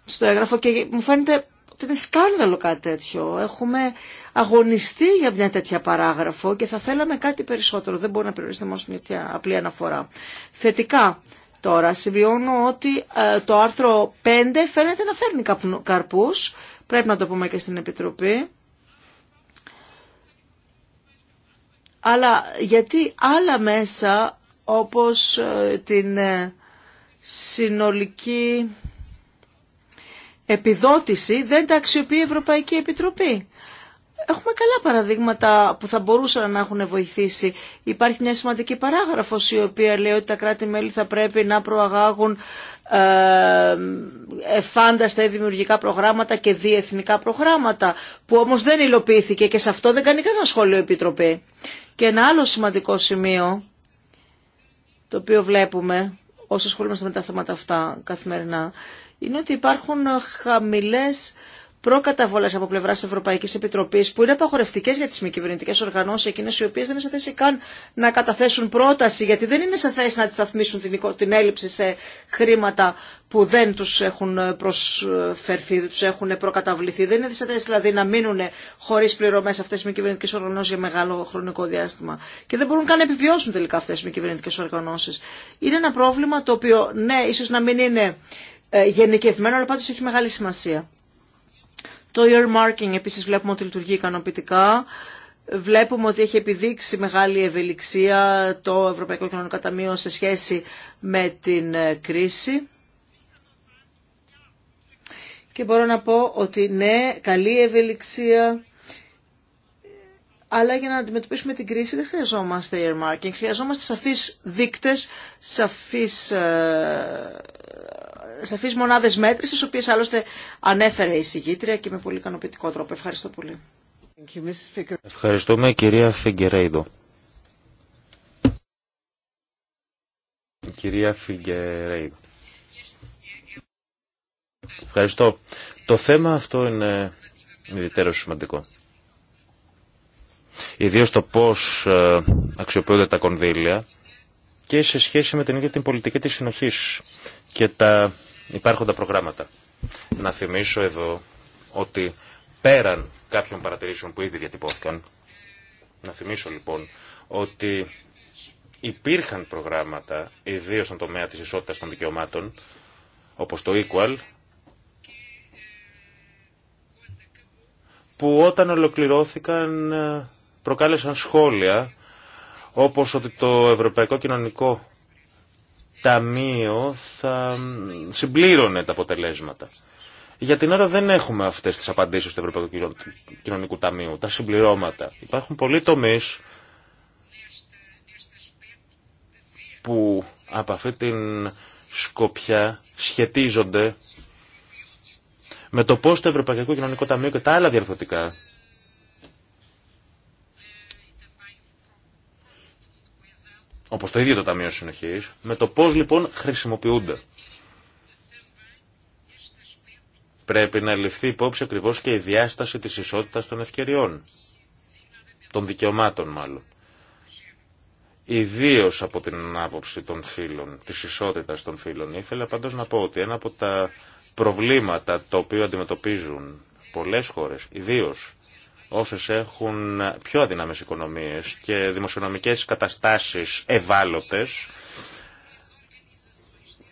στο έγγραφο και μου φαίνεται ότι είναι σκάνδαλο κάτι τέτοιο. Έχουμε αγωνιστεί για μια τέτοια παράγραφο και θα θέλαμε κάτι περισσότερο. Δεν μπορεί να περιοριστεί μόνο σε μια απλή αναφορά. Θετικά, Τώρα συμβιώνω ότι ε, το άρθρο 5 φαίνεται να φέρνει καρπού. καρπούς. Πρέπει να το πούμε και στην Επιτροπή. Αλλά γιατί άλλα μέσα όπως ε, την ε, συνολική επιδότηση δεν τα αξιοποιεί η Ευρωπαϊκή Επιτροπή. Έχουμε καλά παραδείγματα που θα μπορούσαν να έχουν βοηθήσει. Υπάρχει μια σημαντική παράγραφος η οποία λέει ότι τα κράτη-μέλη θα πρέπει να προαγάγουν ε, εφάνταστα ή δημιουργικά προγράμματα και διεθνικά προγράμματα που όμως δεν υλοποιήθηκε και σε αυτό δεν κάνει κανένα σχόλιο η επιτροπή. Και ένα άλλο σημαντικό σημείο το οποίο βλέπουμε όσο ασχολούμαστε με τα θέματα αυτά καθημερινά είναι ότι υπάρχουν χαμηλές προκαταβολέ από πλευρά τη Ευρωπαϊκή Επιτροπή που είναι απαγορευτικέ για τι μη κυβερνητικέ οργανώσει, εκείνε οι οποίε δεν είναι σε θέση καν να καταθέσουν πρόταση, γιατί δεν είναι σε θέση να αντισταθμίσουν την έλλειψη σε χρήματα που δεν του έχουν προσφερθεί, δεν του έχουν προκαταβληθεί. Δεν είναι σε θέση δηλαδή να μείνουν χωρί πληρωμέ αυτέ οι μη κυβερνητικέ οργανώσει για μεγάλο χρονικό διάστημα. Και δεν μπορούν καν να επιβιώσουν τελικά αυτέ οι μη κυβερνητικέ οργανώσει. Είναι ένα πρόβλημα το οποίο, ναι, ίσω να μην είναι ε, γενικευμένο, αλλά πάντω έχει μεγάλη σημασία. Το earmarking επίσης βλέπουμε ότι λειτουργεί ικανοποιητικά. Βλέπουμε ότι έχει επιδείξει μεγάλη ευελιξία το Ευρωπαϊκό Κοινωνικό Ταμείο σε σχέση με την ε, κρίση. Και μπορώ να πω ότι ναι, καλή ευελιξία, αλλά για να αντιμετωπίσουμε την κρίση δεν χρειαζόμαστε earmarking, χρειαζόμαστε σαφείς δείκτες, σαφείς ε, σαφείς μονάδες μέτρησης, τις οποίες άλλωστε ανέφερε η συγκήτρια και με πολύ ικανοποιητικό τρόπο. Ευχαριστώ πολύ. Ευχαριστούμε κυρία Φιγκερέιδο. Κυρία Φιγκερέιδο. Ευχαριστώ. Το θέμα αυτό είναι ιδιαίτερο σημαντικό. Ιδίως το πώς ε, αξιοποιούνται τα κονδύλια και σε σχέση με την ίδια την πολιτική της συνοχής και τα υπάρχοντα προγράμματα. Να θυμίσω εδώ ότι πέραν κάποιων παρατηρήσεων που ήδη διατυπώθηκαν, να θυμίσω λοιπόν ότι υπήρχαν προγράμματα, ιδίως στον τομέα της ισότητας των δικαιωμάτων, όπως το Equal, που όταν ολοκληρώθηκαν ε, προκάλεσαν σχόλια όπως ότι το Ευρωπαϊκό Κοινωνικό ταμείο θα συμπλήρωνε τα αποτελέσματα. Για την ώρα δεν έχουμε αυτές τις απαντήσεις του Ευρωπαϊκού Κοινωνικού Ταμείου, τα συμπληρώματα. Υπάρχουν πολλοί τομείς που από αυτή την σκοπιά σχετίζονται με το πώς το Ευρωπαϊκό Κοινωνικό Ταμείο και τα άλλα διαρθωτικά όπω το ίδιο το Ταμείο Συνοχή, με το πώς λοιπόν χρησιμοποιούνται. Πρέπει να ληφθεί υπόψη ακριβώς και η διάσταση της ισότητας των ευκαιριών, των δικαιωμάτων μάλλον. Ιδίω από την άποψη των φίλων της ισότητας των φίλων Ήθελα πάντως να πω ότι ένα από τα προβλήματα τα οποία αντιμετωπίζουν πολλές χώρες, ιδίως Όσε έχουν πιο αδύναμες οικονομίες και δημοσιονομικές καταστάσεις ευάλωτε,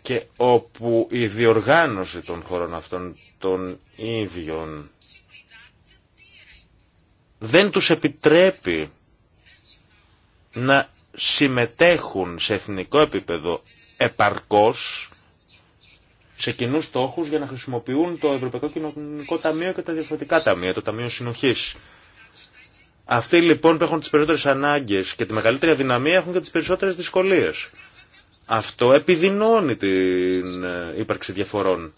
και όπου η διοργάνωση των χωρών αυτών των ίδιων δεν τους επιτρέπει να συμμετέχουν σε εθνικό επίπεδο επαρκώς σε κοινού στόχου για να χρησιμοποιούν το Ευρωπαϊκό Κοινωνικό Ταμείο και τα διαφορετικά ταμεία, το Ταμείο Συνοχή. Αυτοί λοιπόν που έχουν τι περισσότερε ανάγκε και τη μεγαλύτερη αδυναμία έχουν και τι περισσότερε δυσκολίε. Αυτό επιδεινώνει την ε, ύπαρξη διαφορών.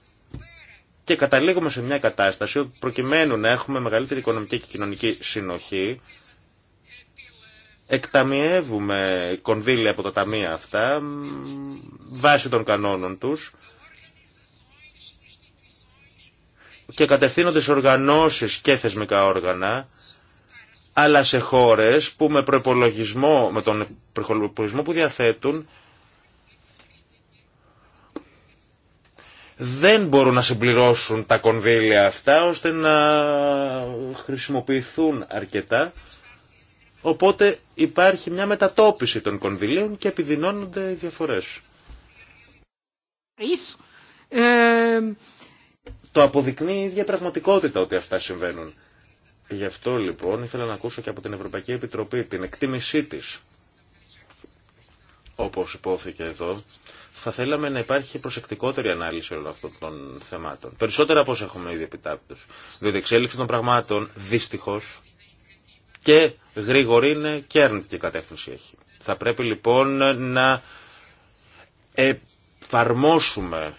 Και καταλήγουμε σε μια κατάσταση όπου προκειμένου να έχουμε μεγαλύτερη οικονομική και κοινωνική συνοχή, εκταμιεύουμε κονδύλια από τα ταμεία αυτά βάσει των κανόνων τους και κατευθύνονται σε οργανώσεις και θεσμικά όργανα, αλλά σε χώρες που με προπολογισμό, με τον προϋπολογισμό που διαθέτουν, δεν μπορούν να συμπληρώσουν τα κονδύλια αυτά ώστε να χρησιμοποιηθούν αρκετά. Οπότε υπάρχει μια μετατόπιση των κονδυλίων και επιδεινώνονται οι διαφορές. Ε, το αποδεικνύει η ίδια πραγματικότητα ότι αυτά συμβαίνουν. Γι' αυτό λοιπόν ήθελα να ακούσω και από την Ευρωπαϊκή Επιτροπή την εκτίμησή της. Όπως υπόθηκε εδώ, θα θέλαμε να υπάρχει προσεκτικότερη ανάλυση όλων αυτών των θεμάτων. Περισσότερα από όσα έχουμε ήδη επιτάπτους. Διότι η εξέλιξη των πραγμάτων δυστυχώς και γρήγορη είναι και αρνητική κατεύθυνση έχει. Θα πρέπει λοιπόν να εφαρμόσουμε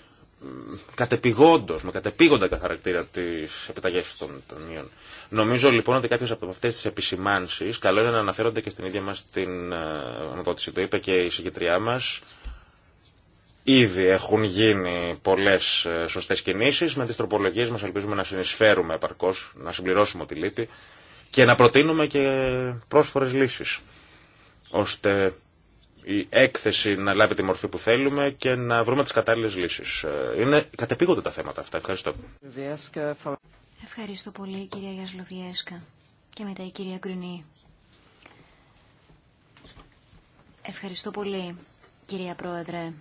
κατεπηγόντως, με κατεπήγοντα καθαρακτήρα τις επιταγές των ταινίων. Νομίζω λοιπόν ότι κάποιε από αυτέ τι επισημάνσεις καλό είναι να αναφέρονται και στην ίδια μα την αναδότηση. Ε, Το είπε και η συγκεκριά μα. Ήδη έχουν γίνει πολλέ ε, σωστέ κινήσει Με τι τροπολογίε μα ελπίζουμε να συνεισφέρουμε επαρκώ, να συμπληρώσουμε τη λύπη και να προτείνουμε και πρόσφορε λύσει. ώστε η έκθεση να λάβει τη μορφή που θέλουμε και να βρούμε τις κατάλληλες λύσεις. Ε, είναι κατεπίγοντα τα θέματα αυτά. Ευχαριστώ. Ευχαριστώ πολύ κυρία Γιασλοβιέσκα και μετά η κυρία Γκρινή. Ευχαριστώ πολύ κυρία Πρόεδρε.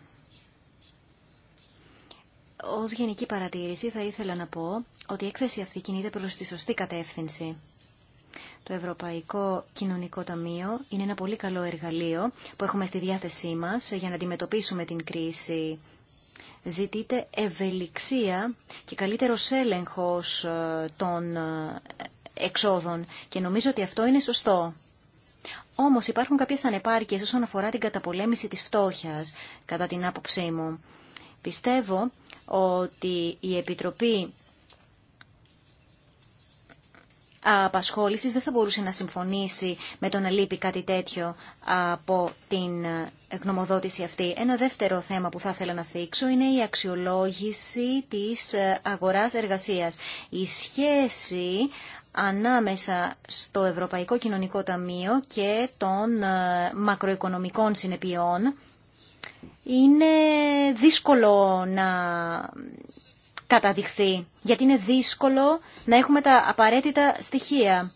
Ως γενική παρατήρηση θα ήθελα να πω ότι η έκθεση αυτή κινείται προς τη σωστή κατεύθυνση. Το Ευρωπαϊκό Κοινωνικό Ταμείο είναι ένα πολύ καλό εργαλείο που έχουμε στη διάθεσή μας για να αντιμετωπίσουμε την κρίση. Ζητείται ευελιξία και καλύτερο έλεγχος ε, των ε, εξόδων και νομίζω ότι αυτό είναι σωστό. Όμως υπάρχουν κάποιες ανεπάρκειες όσον αφορά την καταπολέμηση της φτώχειας, κατά την άποψή μου. Πιστεύω ότι η Επιτροπή Απασχόληση δεν θα μπορούσε να συμφωνήσει με τον να κάτι τέτοιο από την εκνομοδότηση αυτή. Ένα δεύτερο θέμα που θα ήθελα να θίξω είναι η αξιολόγηση της ε, αγοράς εργασίας. Η σχέση ανάμεσα στο Ευρωπαϊκό Κοινωνικό Ταμείο και των ε, μακροοικονομικών συνεπειών είναι δύσκολο να καταδειχθεί, γιατί είναι δύσκολο να έχουμε τα απαραίτητα στοιχεία.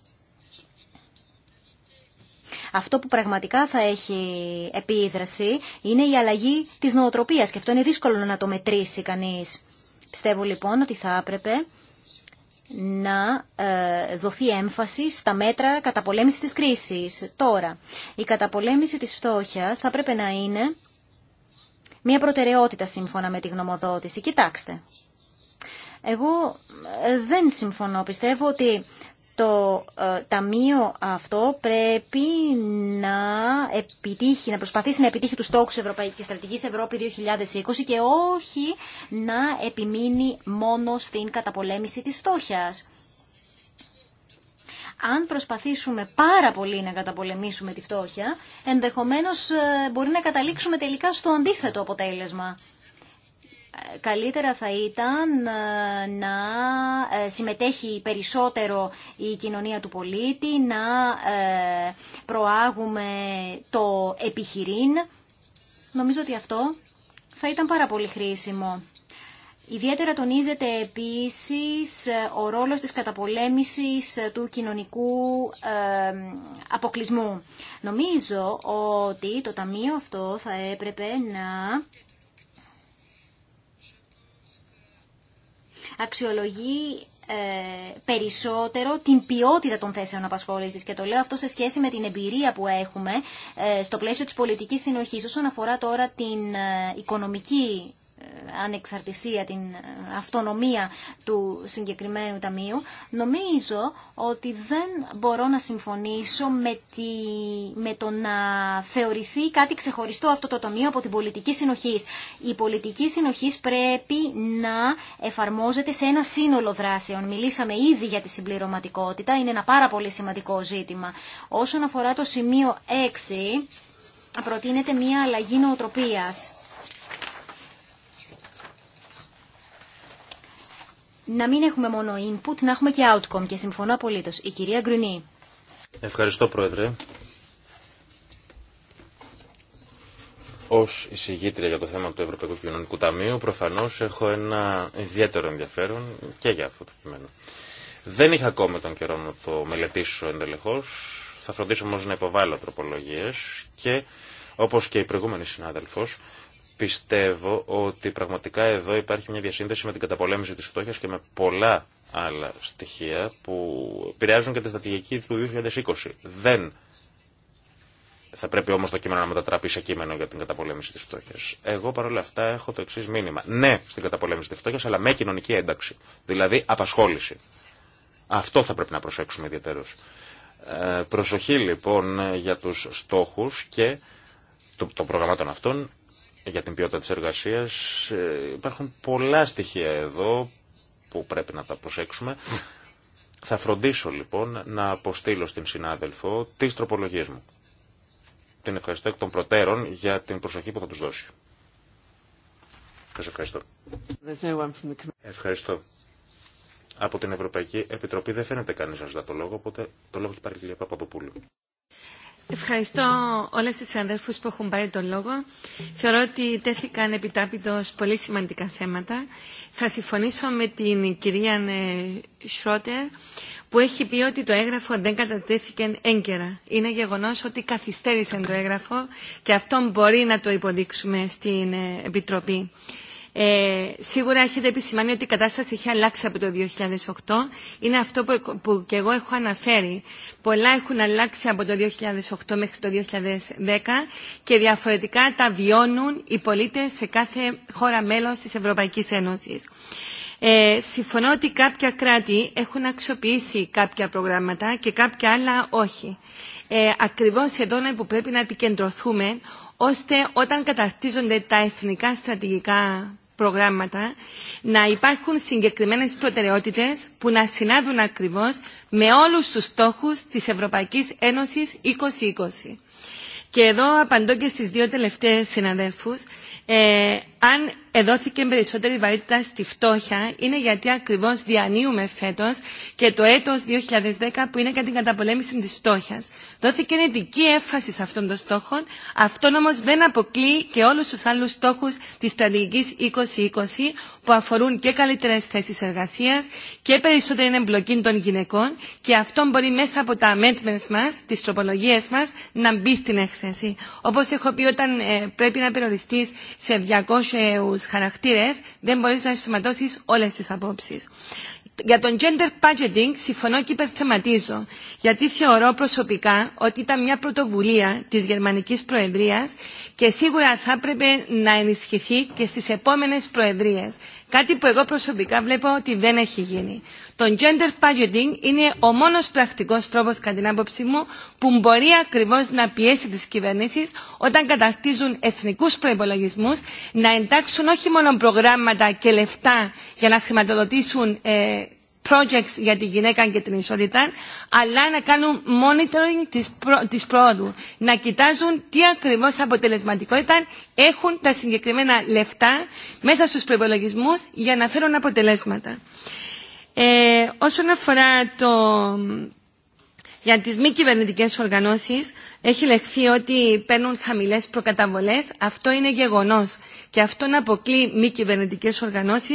Αυτό που πραγματικά θα έχει επίδραση είναι η αλλαγή της νοοτροπίας και αυτό είναι δύσκολο να το μετρήσει κανείς. Πιστεύω λοιπόν ότι θα έπρεπε να ε, δοθεί έμφαση στα μέτρα καταπολέμησης της κρίσης. Τώρα, η καταπολέμηση της φτώχειας θα πρέπει να είναι μια προτεραιότητα σύμφωνα με τη γνωμοδότηση. Κοιτάξτε, εγώ ε, δεν συμφωνώ. Πιστεύω ότι το ε, ταμείο αυτό πρέπει να επιτύχει, να προσπαθήσει να επιτύχει τους στόχους Ευρωπαϊκής Στρατηγικής Ευρώπη 2020 και όχι να επιμείνει μόνο στην καταπολέμηση της φτώχειας. Αν προσπαθήσουμε πάρα πολύ να καταπολεμήσουμε τη φτώχεια, ενδεχομένως ε, μπορεί να καταλήξουμε τελικά στο αντίθετο αποτέλεσμα. Καλύτερα θα ήταν ε, να ε, συμμετέχει περισσότερο η κοινωνία του πολίτη, να ε, προάγουμε το επιχειρήν. Νομίζω ότι αυτό θα ήταν πάρα πολύ χρήσιμο. Ιδιαίτερα τονίζεται επίσης ο ρόλος της καταπολέμησης του κοινωνικού αποκλεισμού. Νομίζω ότι το Ταμείο αυτό θα έπρεπε να αξιολογεί ε, περισσότερο την ποιότητα των θέσεων απασχόλησης και το λέω αυτό σε σχέση με την εμπειρία που έχουμε ε, στο πλαίσιο της πολιτικής συνοχής όσον αφορά τώρα την ε, οικονομική ανεξαρτησία, την αυτονομία του συγκεκριμένου ταμείου, νομίζω ότι δεν μπορώ να συμφωνήσω με, το να θεωρηθεί κάτι ξεχωριστό αυτό το ταμείο από την πολιτική συνοχή. Η πολιτική συνοχή πρέπει να εφαρμόζεται σε ένα σύνολο δράσεων. Μιλήσαμε ήδη για τη συμπληρωματικότητα, είναι ένα πάρα πολύ σημαντικό ζήτημα. Όσον αφορά το σημείο 6, προτείνεται μια αλλαγή νοοτροπίας να μην έχουμε μόνο input, να έχουμε και outcome και συμφωνώ απολύτω. Η κυρία Γκρινή. Ευχαριστώ Πρόεδρε. Ω εισηγήτρια για το θέμα του Ευρωπαϊκού Κοινωνικού Ταμείου, προφανώ έχω ένα ιδιαίτερο ενδιαφέρον και για αυτό το κείμενο. Δεν είχα ακόμα τον καιρό να το μελετήσω εντελεχώ. Θα φροντίσω όμω να υποβάλω τροπολογίε και όπω και η προηγούμενη συνάδελφο, Πιστεύω ότι πραγματικά εδώ υπάρχει μια διασύνδεση με την καταπολέμηση της φτώχειας και με πολλά άλλα στοιχεία που επηρεάζουν και τη στρατηγική του 2020. Δεν θα πρέπει όμως το κείμενο να μετατραπεί σε κείμενο για την καταπολέμηση της φτώχειας. Εγώ παρόλα αυτά έχω το εξή μήνυμα. Ναι στην καταπολέμηση της φτώχειας, αλλά με κοινωνική ένταξη. Δηλαδή απασχόληση. Αυτό θα πρέπει να προσέξουμε ιδιαίτερως. Ε, προσοχή λοιπόν για τους στόχους και των προγραμμάτων αυτών για την ποιότητα της εργασίας. Ε, υπάρχουν πολλά στοιχεία εδώ που πρέπει να τα προσέξουμε. Θα φροντίσω λοιπόν να αποστείλω στην συνάδελφο τις τροπολογίες μου. Την ευχαριστώ εκ των προτέρων για την προσοχή που θα τους δώσει. Σας ευχαριστώ. Ευχαριστώ. Από την Ευρωπαϊκή Επιτροπή δεν φαίνεται κανείς να ζητά το λόγο, οπότε το λόγο έχει πάρει η κυρία Παπαδοπούλου. Ευχαριστώ όλες τις αδέρφους που έχουν πάρει τον λόγο. Θεωρώ ότι τέθηκαν επιτάπητος πολύ σημαντικά θέματα. Θα συμφωνήσω με την κυρία Σρότερ που έχει πει ότι το έγγραφο δεν κατατέθηκε έγκαιρα. Είναι γεγονός ότι καθυστέρησε το έγγραφο και αυτό μπορεί να το υποδείξουμε στην Επιτροπή. Ε, σίγουρα έχετε επισημάνει ότι η κατάσταση έχει αλλάξει από το 2008. Είναι αυτό που, που και εγώ έχω αναφέρει. Πολλά έχουν αλλάξει από το 2008 μέχρι το 2010 και διαφορετικά τα βιώνουν οι πολίτες σε κάθε χώρα μέλος της Ευρωπαϊκής Ένωσης. Ε, συμφωνώ ότι κάποια κράτη έχουν αξιοποιήσει κάποια προγράμματα και κάποια άλλα όχι. Ε, ακριβώς εδώ είναι που πρέπει να επικεντρωθούμε ώστε όταν καταρτίζονται τα εθνικά στρατηγικά προγράμματα να υπάρχουν συγκεκριμένες προτεραιότητες που να συνάδουν ακριβώς με όλους τους στόχους της Ευρωπαϊκής Ένωσης 2020. Και εδώ απαντώ και στις δύο τελευταίες συναδέλφους. Ε, αν εδόθηκε περισσότερη βαρύτητα στη φτώχεια είναι γιατί ακριβώ διανύουμε φέτο και το έτο 2010 που είναι για την καταπολέμηση τη φτώχεια. Δόθηκε ειδική έμφαση σε αυτόν τον στόχο, Αυτό όμω δεν αποκλεί και όλου του άλλου στόχου τη στρατηγική 2020 που αφορούν και καλύτερε θέσει εργασία και περισσότερη εμπλοκή των γυναικών και αυτό μπορεί μέσα από τα amendments μα, τι τροπολογίε μα, να μπει στην έκθεση. Όπω έχω πει, όταν ε, πρέπει να περιοριστεί σε 200 χαρακτήρες δεν μπορείς να ενσωματώσεις όλες τις απόψεις. Για τον gender budgeting συμφωνώ και υπερθεματίζω, γιατί θεωρώ προσωπικά ότι ήταν μια πρωτοβουλία της Γερμανικής Προεδρίας και σίγουρα θα έπρεπε να ενισχυθεί και στις επόμενες Προεδρίες. Κάτι που εγώ προσωπικά βλέπω ότι δεν έχει γίνει. Το gender budgeting είναι ο μόνος πρακτικός τρόπος κατά την άποψή μου που μπορεί ακριβώς να πιέσει τις κυβερνήσεις όταν καταρτίζουν εθνικούς προϋπολογισμούς να εντάξουν όχι μόνο προγράμματα και λεφτά για να χρηματοδοτήσουν ε, projects για τη γυναίκα και την ισότητα, αλλά να κάνουν monitoring της, προ... πρόοδου. Να κοιτάζουν τι ακριβώς αποτελεσματικότητα έχουν τα συγκεκριμένα λεφτά μέσα στους προϋπολογισμούς για να φέρουν αποτελέσματα. Ε, όσον αφορά το... για τις μη κυβερνητικές οργανώσεις, έχει λεχθεί ότι παίρνουν χαμηλέ προκαταβολέ. Αυτό είναι γεγονό. Και αυτό να αποκλεί μη κυβερνητικέ οργανώσει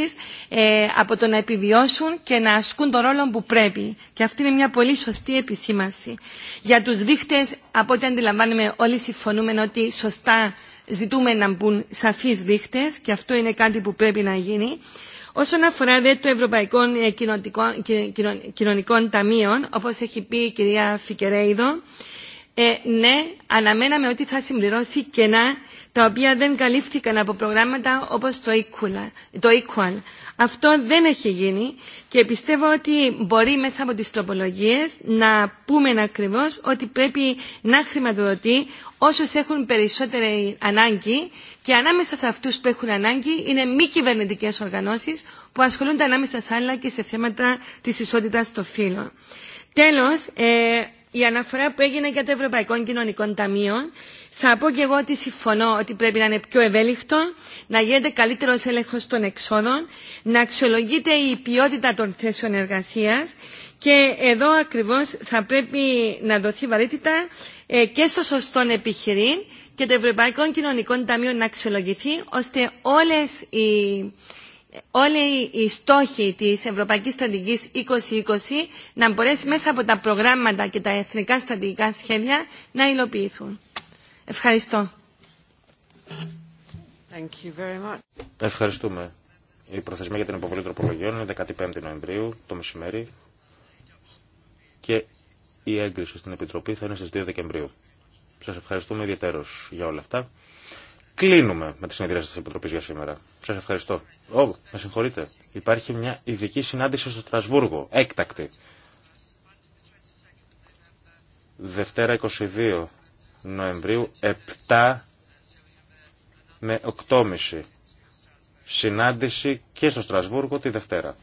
ε, από το να επιβιώσουν και να ασκούν τον ρόλο που πρέπει. Και αυτή είναι μια πολύ σωστή επισήμανση. Για του δείχτε, από ό,τι αντιλαμβάνουμε, όλοι συμφωνούμε ότι σωστά ζητούμε να μπουν σαφεί δείχτε και αυτό είναι κάτι που πρέπει να γίνει. Όσον αφορά δε το Ευρωπαϊκό ε, Κοινωνικό Ταμείο, όπω έχει πει η κυρία Φικερέιδο, ε, ναι, αναμέναμε ότι θα συμπληρώσει κενά τα οποία δεν καλύφθηκαν από προγράμματα όπως το Equal. Το Equal. Αυτό δεν έχει γίνει και πιστεύω ότι μπορεί μέσα από τις τροπολογίες να πούμε ακριβώς ότι πρέπει να χρηματοδοτεί όσους έχουν περισσότερη ανάγκη και ανάμεσα σε αυτούς που έχουν ανάγκη είναι μη κυβερνητικέ οργανώσεις που ασχολούνται ανάμεσα σε άλλα και σε θέματα της ισότητας των φύλων. Τέλος, ε, η αναφορά που έγινε για το Ευρωπαϊκό Κοινωνικό Ταμείο, θα πω και εγώ ότι συμφωνώ ότι πρέπει να είναι πιο ευέλικτο, να γίνεται καλύτερο έλεγχο των εξόδων, να αξιολογείται η ποιότητα των θέσεων εργασία και εδώ ακριβώ θα πρέπει να δοθεί βαρύτητα ε, και στο σωστό επιχειρήν και το Ευρωπαϊκό Κοινωνικό Ταμείο να αξιολογηθεί ώστε όλε οι όλοι οι στόχοι της Ευρωπαϊκής Στρατηγικής 2020 να μπορέσει μέσα από τα προγράμματα και τα εθνικά στρατηγικά σχέδια να υλοποιηθούν. Ευχαριστώ. Ευχαριστούμε. Η προθεσμία για την υποβολή τροπολογιών είναι 15 Νοεμβρίου το μεσημέρι και η έγκριση στην Επιτροπή θα είναι στις 2 Δεκεμβρίου. Σας ευχαριστούμε ιδιαίτερως για όλα αυτά κλείνουμε με τη συνεδρία τη Επιτροπή για σήμερα. Σα ευχαριστώ. Ω, με συγχωρείτε. Υπάρχει μια ειδική συνάντηση στο Στρασβούργο. Έκτακτη. Δευτέρα 22 Νοεμβρίου, 7 με 8.30. Συνάντηση και στο Στρασβούργο τη Δευτέρα.